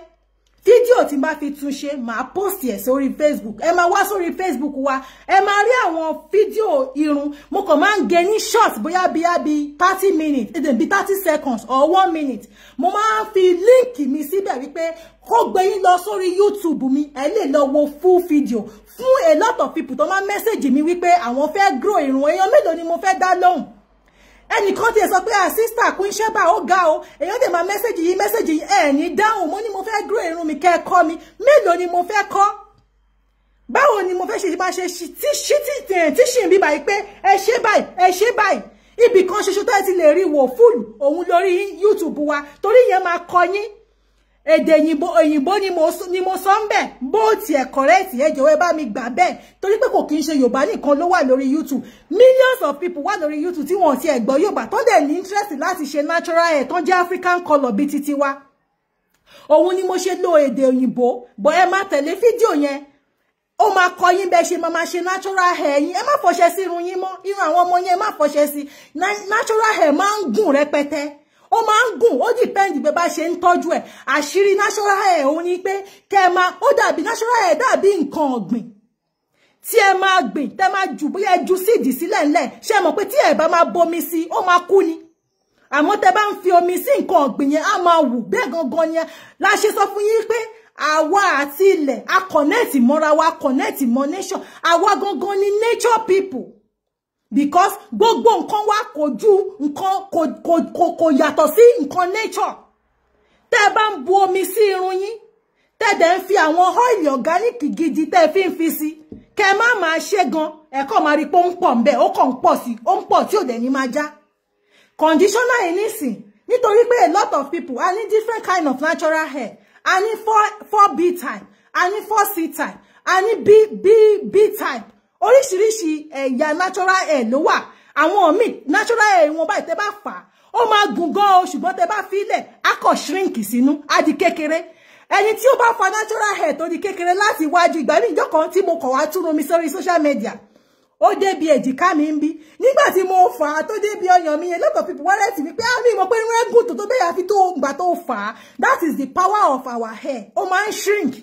fídíò tí bá fi tún ṣe màá post ẹ̀ sórí facebook ẹ máa wá sórí facebook wa ẹ máa rí àwọn fídíò irun mo kàn máa ń gé ní short bóyá bí á bí thirty minutes bi thirty seconds or one minute mo máa ń fi líǹkì mi síbẹ̀ wípé kó gbé yín lọ sórí youtube mi ẹ lè lọ wo full video fún a lot of people tó máa mẹ́sẹ̀gì mi wípé àwọn fẹ́ grow irun èèyàn mélòó ni mo fẹ́ dá lóhùn ẹnìkan ti sọ pé à ah, sísítà Queen Sheba ó ga o èèyàn dè máa mẹ́sẹ̀gì yín mẹ́sẹ̀gì yín ẹ̀ ní dáhùn mo ní mo fẹ́ grow irun mi kẹ́ ẹ kọ́ mi mélòó ni mo fẹ́ kọ́ báwo ni mo fẹ́ ṣe máa ṣe tí ṣì ń bí báyìí pé ẹ ṣe báyìí ẹ ṣe báyìí ibì kan ṣoṣo tó ẹ ti lè rí wò fúlù òun lórí youtube wa torí yẹn máa kọ yín èdè òyìnbó òyìnbó ni mo sọ ń bẹ̀ bó tiẹ̀ correct ẹ jọ̀wọ́ ẹ bá mi gbà bẹ́ẹ̀ torí pé kò kí n ṣe yorùbá nìkan ló wà lórí youtube millions of people wà lórí youtube tí wọn ò tiẹ̀ gbọ́ yorùbá tó dẹ̀ ní interest láti ṣe natural hair tó jẹ́ african color bíi titi wa òun ni mo ṣe lo èdè òyìnbó bọ́ ẹ má tẹ̀lé fídíò yẹn ó máa kọ́ yín bẹ́ẹ̀ ṣe máa máa ṣe natural hair yín ẹ má fọṣẹ sí irun yín mọ́ irun àwọn ọmọ yẹn ẹ má fọṣẹ sí natural hair máa ń gùn rẹpẹtẹ O ma ń o ó dìpẹ́ǹdì bẹ́ẹ̀ bá ṣe ń tọ́jú national hair òun ni pé kẹ́ ẹ máa ó dàbí national hair dàbí nǹkan ọ̀gbìn tí ma máa gbìn ma máa jù bóyá ju síìdì sílẹ̀ ńlẹ̀ ṣe mọ̀ pé tí ẹ ba ma bomi sí ó máa kú ni àmọ́ tẹ́ bá ń fi omi sí nǹkan ọ̀gbìn yẹn á máa wù bẹ́ẹ̀ gangan yẹn la ṣe sọ fún yín pé àwa àti ilẹ̀ a connect mọ́ra wa connect mọ́ nation àwa gangan ni nature people because gbogbo nǹkan wa kò ju nǹkan kò yàtọ̀ sí nǹkan nature tẹ́ bá ń bu omi sí irun yín tẹ́ dẹ̀ ń fi àwọn ọ́ìlì ọ̀gáníìkì gidi tẹ́ fi ń fi sí kẹ má máa ṣe gan ẹ̀kọ́ máa rí pé ó ń pọ̀ ń bẹ̀ ó kàn ń pọ̀ sí ó ń pọ̀ tí conditioner yìí nísìn nítorí pé a lot of people a ní different kind of natural hair a ní four four b type a ní four c type a ní b b b type oríṣiríṣi ẹ̀yà eh, natural hair ló wà àwọn míì natural hair wọn báyìí tẹ́ bá fà á ó máa gùn gan o ṣùgbọ́n tẹ́ bá filẹ̀ á kàn shrink sínú á di kékeré ẹni tí ó bá fa natural hair tó di kékeré láti wájú ìgbà ní ìjọ kan tí mo kọ̀ wá túnú mi sórí social media ó débi èjìká mi ń bí nígbà tí mo fà á tó débi ọyàn mi yẹn lọ́pọ̀ pípọ̀ wọ́n rẹ̀tì mi pé á ah, mi mọ̀ pé irun ẹ̀gùn tó tó bẹ́ẹ̀ àfi tó gbà tó fà á that is the power of our hair ó máa ń shrink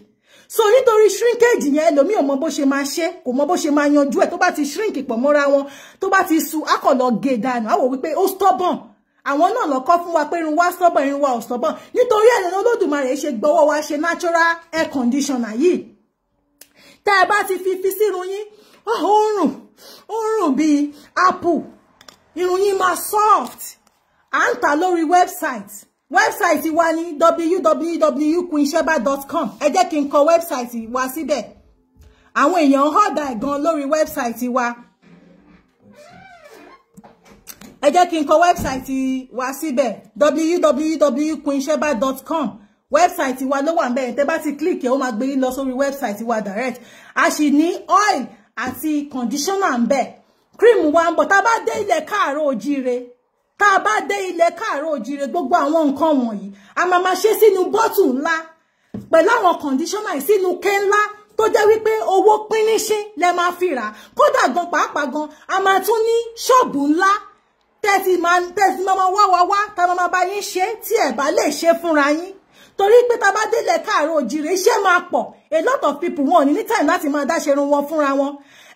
so nítorí shrinkage yẹn ẹlòmíì ò mọ bó ṣe máa ṣe kò mọ bó ṣe máa yanjú ẹ̀ tó bá ti shrink pọ̀ mọ́ra wọn tó bá ti su akọ̀lọ̀ gé e dànù àwọ̀ wípé ó stubborn àwọn náà lọ́kọ́ fún wa pé irun wa stubborn irun wa ò stubborn nítorí ẹ̀ lọ́nà olódùmarè ṣe gbọ́wọ́ wa ṣe natural air conditioner yìí tẹ́ ẹ bá ti fi fi sírun yín oorun oorun bíi apple irun yín máa soft à ń tà lórí website wẹ́bsáìtì wa ní www.queensheba.com ẹ jẹ́ kí n kọ wẹ́bsáìtì wa síbẹ̀ àwọn èèyàn họ́dà gan lórí wẹ́bsáìtì wa ẹ jẹ́ kí n kọ wẹ́bsáìtì wa síbẹ̀ www.queensheba.com wẹ́bsáìtì wa ló wà ń bẹ̀ tẹ́ bá ti kílìkì ó máa gbé yín lọ sórí wẹ́bsáìtì wa direct a sì ní oil àti conditioner ń bẹ̀ cream wa ń bọ̀ tá a bá dé ilẹ̀ káàárọ̀ ojíire tá a bá dé ilẹ̀ káàárọ̀ òjìrè gbogbo àwọn nǹkan wọ̀nyí a máa ma ṣe sínú bọ́tù ńlá pẹ̀lú àwọn kọ̀ǹdíṣọ́nà ìsínú ké ńlá tó jẹ́ owo owó le lẹ máa fi rà kódà gan pàápàá gan a máa tún ní ṣọ́ọ̀bù ńlá tẹ́tí máa tẹ́tí máa wá wá wá tá a máa bá yín ṣe tí ẹ̀ bá lè ṣe fúnra yín torí pé tá a bá délẹ̀ káàárọ̀ òjìrè iṣẹ́ máa a lot of people won. ò ní ní time láti máa dáṣerun wọn won wọn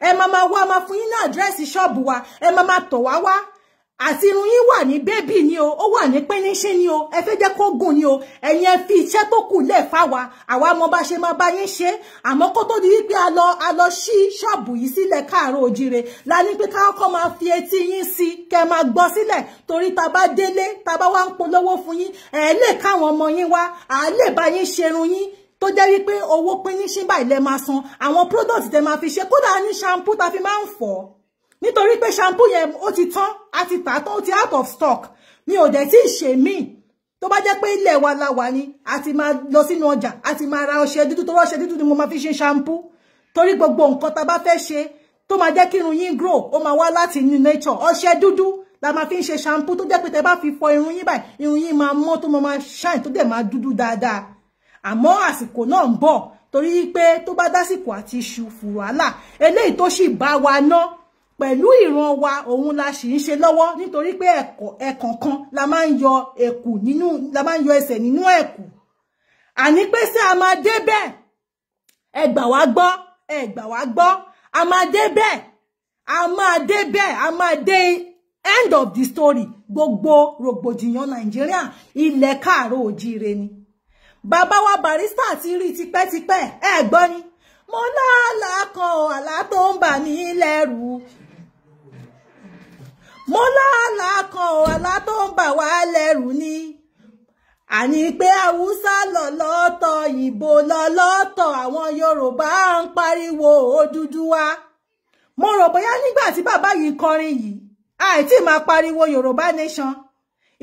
ẹ máa máa wá máa ma yín ní àdírẹ́sì ṣọ́ọ̀bù wa ẹ máa máa to wá wá àti irun yín wà ní bébì ni o ó wà ní píníṣín ni o ẹ fẹ́ jẹ́ kó gùn ni o ẹ̀yin ẹ fi iṣẹ́ tó kù lẹ̀ fáwa àwa mọ bá ṣe máa bá yín ṣe àmọ́ kó tó di wípé a lọ a lọ ṣí ṣọ́ọ̀bù yìí sílẹ̀ káàárọ̀ òjire la ní pé ká kọ́ máa fi etí yín sí kẹ́ máa gbọ́ sílẹ̀ torí ta bá délé ta bá wá ń polówó fún yín ẹ̀ lè káwọn ọmọ yín wá à lè bá yín ṣerun yín tó jẹ́ wípé owó píníṣín báyìí lẹ máa san àwọn product tẹ máa fi ṣe kódà ní shampoo ta fi máa ń fọ̀ nítorí pé shampoo yẹn ó ti tán á ti tà tán ó ti out of stock mi ò dẹ̀ tí ì ṣe míì tó bá jẹ́ pé ilẹ̀ wa la wà ni a ti máa lọ sínú ọjà a ti máa ra ọṣẹ dúdú tó rọ́ṣẹ dúdú ni mo máa fi ṣe shampoo torí gbogbo nǹkan tá a bá fẹ́ ṣe tó máa jẹ́ kírun yín grow ó máa wá láti inú nature ọṣẹ dúdú la máa fi ń ṣe shampoo tó jẹ́ pé tẹ bá fi fọ irun yín báyìí irun yín máa mọ́ tó máa shine tó dẹ̀ máa dúdú dáadáa àmọ́ àsìkò náà ń bọ̀ torí pé tó bá dásìkò àti iṣu fùrọ̀ àlà eléyìí tó sì bá wa ná pẹ̀lú ìran wa òun la sì ń ṣe lọ́wọ́ nítorí pé ẹ̀kọ̀ọ̀kan la máa ń yọ ẹ̀kù nínú la máa ń yọ ẹsẹ̀ nínú ẹ̀kù àní pé ṣé a máa débẹ̀ ẹ gbà wá gbọ́ ẹ gbà wá gbọ́ a máa débẹ̀ a máa débẹ̀ a máa dé end of the story gbogbo rògbòdìyàn nàìjíríà ilẹ̀ káàárọ̀ òjíire ni bàbá wa barista ti rí tipẹ́tipẹ́ ẹ gbọ́ ni mo lálàá kan àlá tó ń bà mí lẹ́rù mo láàlá kan ò àlá tó ń bà wá lẹ́rù ni àní pé haúsá lọ lọ́tọ̀ ìbò lọ lọ́tọ̀ àwọn yorùbá ń pariwo Odùduwà mo rò bóyá nígbà tí bàbá yìí kọrin yìí àìtí máa pariwo yorùbá nation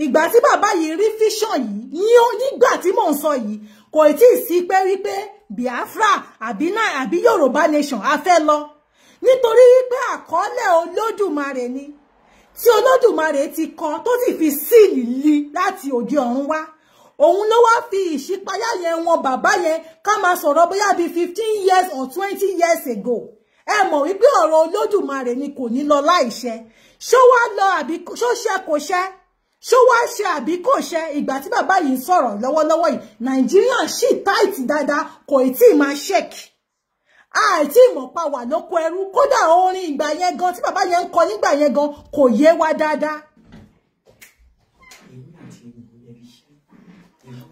ìgbà tí bàbá yìí rí fíṣàn yìí nígbà tí mò ń sọ yìí kò tí ì sí pé wípé biafra àbí àbí yorùbá nation a fẹ́ lọ nítorí wípé àkọọ́lẹ̀ olódùmarè ni tí olódùmarè ti kan tó sì fi síìlì lí láti òde ọ̀run wá òun ló wá fi ìṣípayá yẹn wọn bàbá yẹn ká máa sọ̀rọ̀ bóyá bíi fifteen years or twenty years ago ẹ mọ̀ wípé ọ̀rọ̀ olódùmarè ni kò ní lọ láìṣẹ ṣó wá lọ àbí ṣó ṣe kò ṣe ṣó wá ṣe àbí kò ṣe ìgbà tí bàbá yìí ń sọ̀rọ̀ lọ́wọ́lọ́wọ́ yìí nàìjíríà ṣì táìtì dáadáa kò tí ì máa ṣèkì àìtí ìmọ̀pá wà lóko ẹrú kódà orin ìgbà yẹn gan tí bàbá yẹn ń kọ nígbà yẹn gan kò yé wa dáadáa.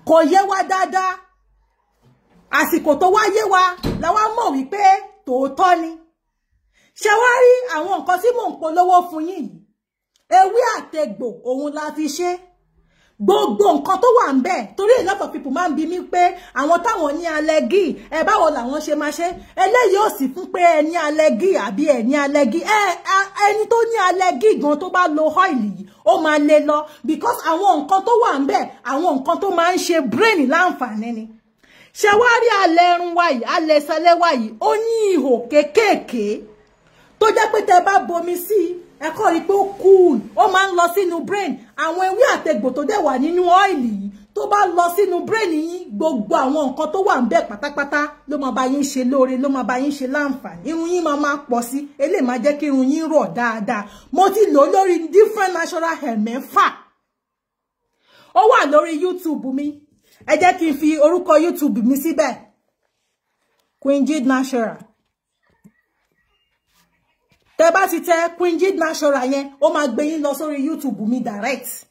kò yé wa dáadáa àsìkò tó wá yé wa la wá mọ̀ wípé tòótọ́ ni ṣe wá rí àwọn nǹkan tí mò ń polówó fún yín yìí ewé àtẹgbò òun la fi ṣe é gbogbo nǹkan tó wà ń bẹ̀ torí a lot of people máa ń bi mí pé àwọn táwọn ní allergy ẹ báwo làwọn ṣe máa ṣe eléyìí ò sì fún pé ẹ ní allergy àbí ẹ ní allergy ẹ ẹni tó ní allergy gan tó bá lo oil yìí ó máa lé lọ because àwọn nǹkan tó wà ń bẹ̀ àwọn nǹkan tó máa ń ṣe brain láǹfààní ni ṣe wá rí alẹ́ ẹrun wa yìí alẹ́ ìsàlẹ̀ wa yìí ó ní ihò kéékèèké tó jẹ́ pé tẹ bá bomi sí i ẹ̀kọ́ rí pé ó cool ó máa ń lọ sínú brain àwọn ewé àtẹgbò tó dẹ̀ wà nínú ọ́ìlì yìí tó bá lọ sínú bírèènì yìí gbogbo àwọn nǹkan tó wà ń bẹ̀ pátápátá ló máa bá yín ṣe lóore ló máa bá yín ṣe láǹfààní irun yín máa máa pọ̀ sí eléyìí máa jẹ́ kí irun yín rọ̀ dáadáa mo ti lò lórí different natural hair mẹ́fà ó wà lórí YouTube mi ẹ jẹ́ kí n fi orúkọ YouTube mi síbẹ̀ Queen Jade Natural tẹ bá ti tẹ Queenjid Nashorat yẹn ó máa gbé yín lọ sórí YouTube mi direct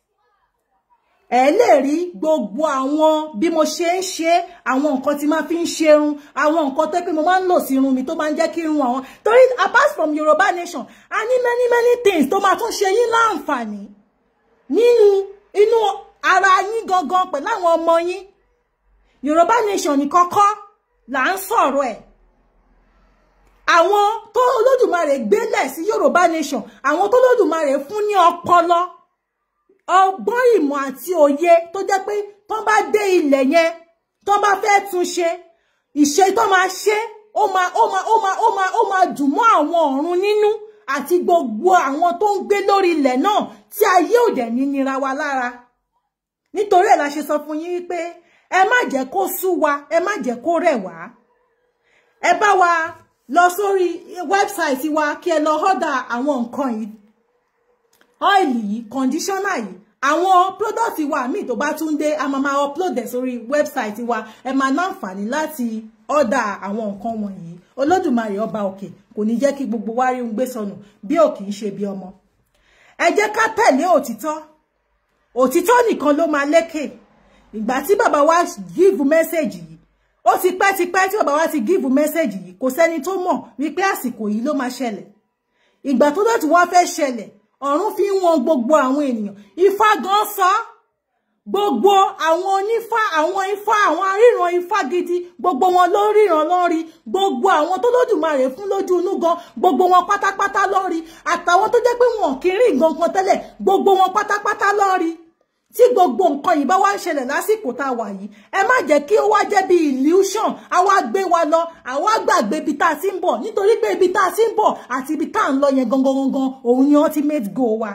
ẹ lè rí gbogbo àwọn bí mo ṣe ń ṣe àwọn nǹkan tí máa fi ń ṣerun àwọn nǹkan tó pé mo máa ń lò mi tó máa ń jẹ́ kí irun àwọn torí apart from Yorùbá nation a ní many many things tó máa tún ṣe yín láǹfààní nínú inú ara yín gangan pẹ̀lú àwọn ọmọ yín Yorùbá nation ní kọ́kọ́ là ń sọ̀rọ̀ ẹ̀ àwọn tó Olódùmarè gbélẹ̀ sí Yorùbá nation àwọn tó Olódùmarè fún ní ọpọlọ ọgbọ́n ìmọ̀ àti òye tó jẹ́ pé tó bá dé ilẹ̀ yẹn tó bá fẹ́ tún ṣe ìṣe tó máa ṣe ó máa ó máa ó máa ó máa ó máa dùn mọ́ àwọn ọ̀run nínú àti gbogbo àwọn tó ń gbé lórí ilẹ̀ náà tí ayé òdẹ̀ ní nira wa lára nítorí ẹ̀ la ṣe sọ fún yín wípé ẹ má jẹ́ kó sú wa ẹ má jẹ́ kó rẹ̀ wá ẹ bá wa lọ sórí wẹ́bsáìtì wa kí ẹ lọ ọ́dà àwọn nǹkan yìí ọ́ìlì yìí kọ̀ǹdíṣọ́nà yìí àwọn pródọ́tì wa míì tó bá tún dé a máa máa upload ẹ̀ sórí wẹ́bsáìtì wa ẹ máa láǹfààní láti ọ́dà àwọn nǹkan wọ̀nyí olódùmarè ọba òkè kò ní jẹ́ kí gbogbo wa rí ń gbé sọnù bí ò kì í ṣe bí ọmọ ẹ jẹ́ ká tẹ̀lé òtítọ́ òtítọ́ nìkan ló máa lékè ìgbà tí bàbá wa give message yìí O ti pẹ́ ti pẹ́ tí bàbá wa ti gíìfù mẹ́sẹ̀jì yìí kò sẹ́ni tó mọ̀ wípé àsìkò yìí ló máa ṣẹlẹ̀ ìgbà tó dọ̀tí wá fẹ́ ṣẹlẹ̀ ọ̀run fi ń wọn gbogbo àwọn ènìyàn ifá gan sọ gbogbo àwọn onífá àwọn ifa àwọn aríran ifá gidi gbogbo wọn ló ríran lórí gbogbo àwọn tó lódùmarè fún lójú inú gan gbogbo wọn pátápátá lórí àtàwọn tó jẹ́ pé wọn kì í rí gangan gbogbo wọn pátápátá lórí tí gbogbo nǹkan yìí bá wá ń ṣẹlẹ̀ lásìkò tá a wà yìí ẹ má jẹ́ kí ó wá illusion àwa gbé wa lọ àwa gbàgbé ibi tá a ti ń bọ̀ nítorí pé ibi tá a ti ń bọ̀ àti ibi tá a ń lọ gangan gangan òun ni ultimate goal wa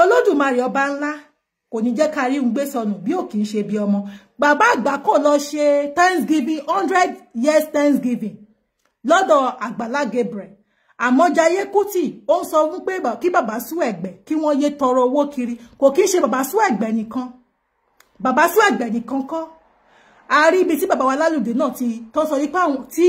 olódùmarè ọba ńlá kò ní jẹ́ ká rí un gbé sọnù bí ò kì í ṣe bí ọmọ bàbá àgbà kò lọ thanksgiving hundred years thanksgiving lọ́dọ̀ Àgbàlá bread àmọ́ Jayé Kútì ó ń sọ wípé kí bàbá Suegbe kí wọ́n yé tọrọ owó kiri kò kí ń ṣe bàbá Suegbe nìkan bàbá Suegbe nìkan kọ́ a rí ibi tí bàbá wa lálùdé náà ti tọ́ sọ wípé àwọn tí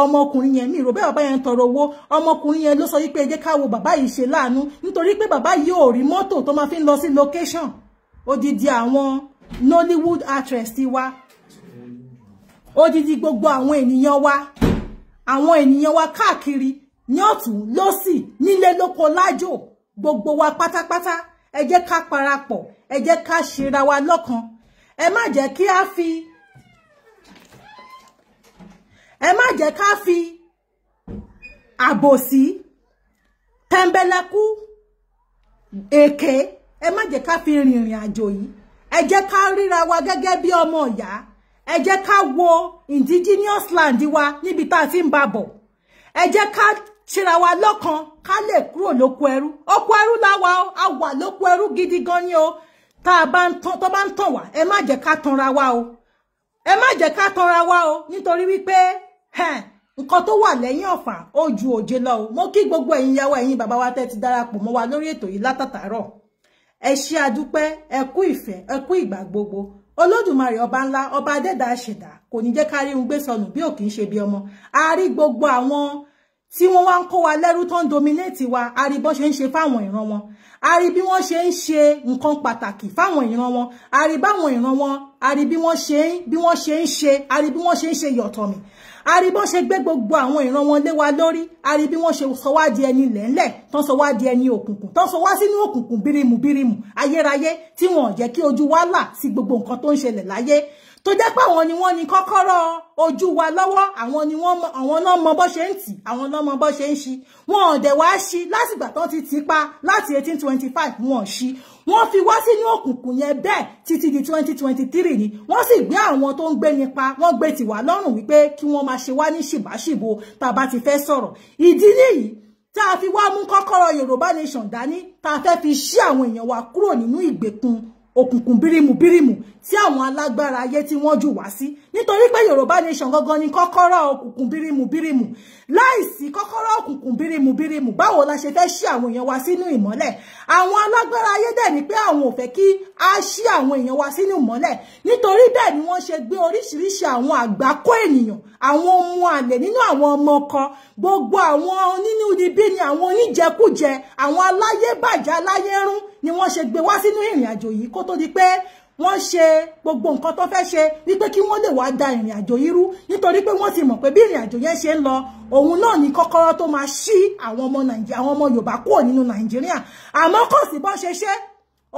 ọmọkùnrin yẹn mi rò bẹ́ẹ̀ bàbá yẹn ń tọrọ owó ọmọkùnrin yẹn ló sọ wípé ẹ ká wo bàbá yìí ṣe láàánú nítorí pé bàbá yìí ò rí mọ́tò tó máa fi ń lọ sí location odidi àwọn Nollywood actress ti wa odidi gbogbo àwọn ènìyàn wa àwọn ènìyàn wa káàkiri ní ọ̀tún lọ́sì nílé lóko lájò gbogbo wa pátápátá ẹ jẹ́ ká parapọ̀ ẹ jẹ́ ká ṣera wa lọ́kan ẹ má jẹ́ kí a fi ẹ má jẹ́ ká fi àbòsí tẹ́ńbẹ́lẹ́kú èké ẹ má jẹ́ ká fi rìnrìn àjò yìí ẹ jẹ́ ká ríra wa gẹ́gẹ́ bí ọmọ ìyá ẹ jẹ́ ká wo indigenous land wa níbi tá a ti ń bá bọ̀ ẹ jẹ́ ká ṣera wa lọ́kan ká lè kúrò lóko ẹrú oko ẹrú láwa o a wà lóko ẹrú gidi gan ni o tá a bá ń tán tó bá ń tàn wá ẹ má jẹ́ ká tanra wa o ẹ má jẹ́ ká tanra wa o nítorí wípé nǹkan tó wà lẹ́yìn ọ̀fà ó ju òjé lọ o mo kí gbogbo ẹ̀yin ìyàwó ẹ̀yin bàbá wa tẹ́ ti darapọ̀ mọ́ wa lórí ètò yìí látàtàárọ̀ ẹ ṣé adúpẹ́ ẹ kú ìfẹ́ ẹ kú ìgbà gbogbo olódùmarè ọba ńlá ọba adẹ́dàá ṣẹ̀dá kò ní jẹ́ ká rí un gbé sọnù bí ò kì ṣe bí ọmọ a rí gbogbo àwọn tí wọ́n wá ń kó wa lẹ́rú tó ń dominate wa a rí bó ṣe ń ṣe fáwọn ìran wọn a rí bí wọ́n ṣe ń ṣe nǹkan pàtàkì fáwọn ìran wọn a rí báwọn ìran wọn a rí bí wọ́n ṣe ń bí wọ́n ṣe ń ṣe a rí bí wọ́n ṣe ń ṣe yọ̀tọ̀ mi a rí bó ṣe gbé gbogbo àwọn ìran wọn lé wa lórí a rí bí wọ́n ṣe sọ wá di ẹni lẹ́ńlẹ̀ tó sọ wá di ẹni òkùnkùn tó sọ wá sínú òkùnkùn bírimù ayérayé tí wọn jẹ́ kí ojú wa là sí gbogbo nǹkan tó ń ṣẹlẹ̀ láyé tó jẹ́ pé àwọn ni wọ́n ní kọ́kọ́rọ́ ojú wa lọ́wọ́ àwọn ni wọ́n àwọn náà mọ bó ṣe ń tì àwọn náà mọ bó ṣe ń ṣí wọn ò dẹ̀ wá ṣí látìgbà tó ti ti pa láti eighteen twenty five wọn ò ṣí wọ́n fi wá sínú òkùnkùn yẹn bẹ́ẹ̀ títí di twenty twenty three ni wọ́n sì gbé àwọn tó ń gbé nípa wọ́n gbé tiwa lọ́rùn wípé kí wọ́n máa ṣe wá ní ṣìbáṣìbo tá a bá ti fẹ́ sọ̀rọ̀ ìdí nìyí tá a fi wá mú kọ́kọ́rọ́ Yorùbá Nation dání tá a fẹ́ fi ṣí àwọn èèyàn wa kúrò nínú ìgbèkùn òkùnkùn bírímù bírímù tí àwọn alágbára ayé tí wọ́n jù wá sí nítorí pé Yorùbá nation gangan ni kọ́kọ́rọ́ òkùnkùn birimu. bírímù láìsí kọ́kọ́rọ́ òkùnkùn bírímù birimu. báwo la ṣe fẹ́ ṣí àwọn èèyàn wa sínú ìmọ́lẹ̀ àwọn alágbára ayé dẹ̀ ni pé àwọn ò fẹ́ kí a ṣí àwọn èèyàn wa sínú ìmọ́lẹ̀ nítorí bẹ́ẹ̀ ni wọ́n ṣe gbé oríṣiríṣi àwọn àgbákò ènìyàn àwọn ohun àlè nínú àwọn ọmọ ọkọ gbogbo àwọn onínúnibí ni àwọn oníjẹkújẹ àwọn aláyébàjẹ́ aláyérún ni wọ́n ṣe gbé wá sínú ìrìn àjò yìí kó tó di pé wọ́n ṣe gbogbo nǹkan tó fẹ́ ṣe ní pé kí wọ́n lè wá da ìrìn àjò yìí rú nítorí pé wọ́n ti mọ̀ pé bí ìrìn àjò yẹn ṣe ń lọ òun náà ní kọ́kọ́rọ́ tó máa ṣí àwọn ọmọ nàìjíríà àwọn ọmọ yorùbá kúrò nínú nàìjíríà àmọ́ kò sí bọ́n ṣe ṣe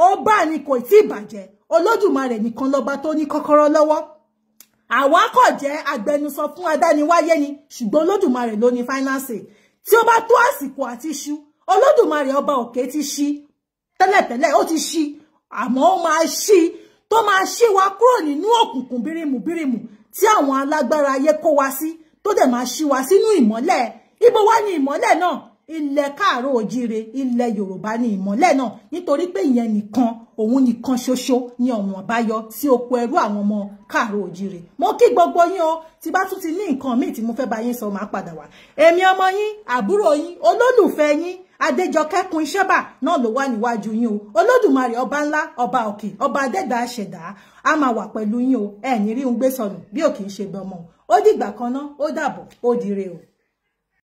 ó bá ní kò tí ì bàjẹ́ olódùmarè nìkan lọ́ba tó ní kọ́kọ́rọ́ lọ́wọ́ àwa kò jẹ́ agbẹnusọ fún adániwáyé ni ṣùgbọ́n olódùmarè ló ní fáínánsì tí ó bá tó àsìkò àti ṣú olódùmarè ọba òkè ti ṣí tẹ́lẹ̀tẹ́lẹ̀ ó ti ṣí àmọ́ ó máa ṣí tó máa ṣí wa kúrò nínú òkùnkùn bírímù bírímù tí àwọn alágbára ayé kó wa sí tó dẹ̀ máa ṣí wa sínú ìmọ́lẹ̀ ibo wá ní ìmọ́lẹ̀ náà ilẹ̀ káàró òjire ilẹ̀ yorùbá ni ìmọ́lẹ̀ náà nítorí pé ìyẹn nìkan òun nìkan ṣoṣo ni ọ̀wọ̀n bayo sí oko ẹrú àwọn ọmọ káàró òjire mo kí gbogbo yín o tí bá tún ti ní nǹkan míì tí mo fẹ́ bá yín sọ máa padà wá èmi ọmọ yín àbúrò yín olólùfẹ́ yín adéjọkẹ́ kun iṣẹ́ bà náà ló wà níwájú yín o olódùmarè ọba ńlá ọba òkè ọba adẹ́dà àṣẹ̀dá a máa wà pẹ̀lú yín o ẹ̀ ní rí un gbé sọnù bí ò kì ṣe bọ́mọ ó dìgbà kan náà ó dàbọ̀ ó dire o.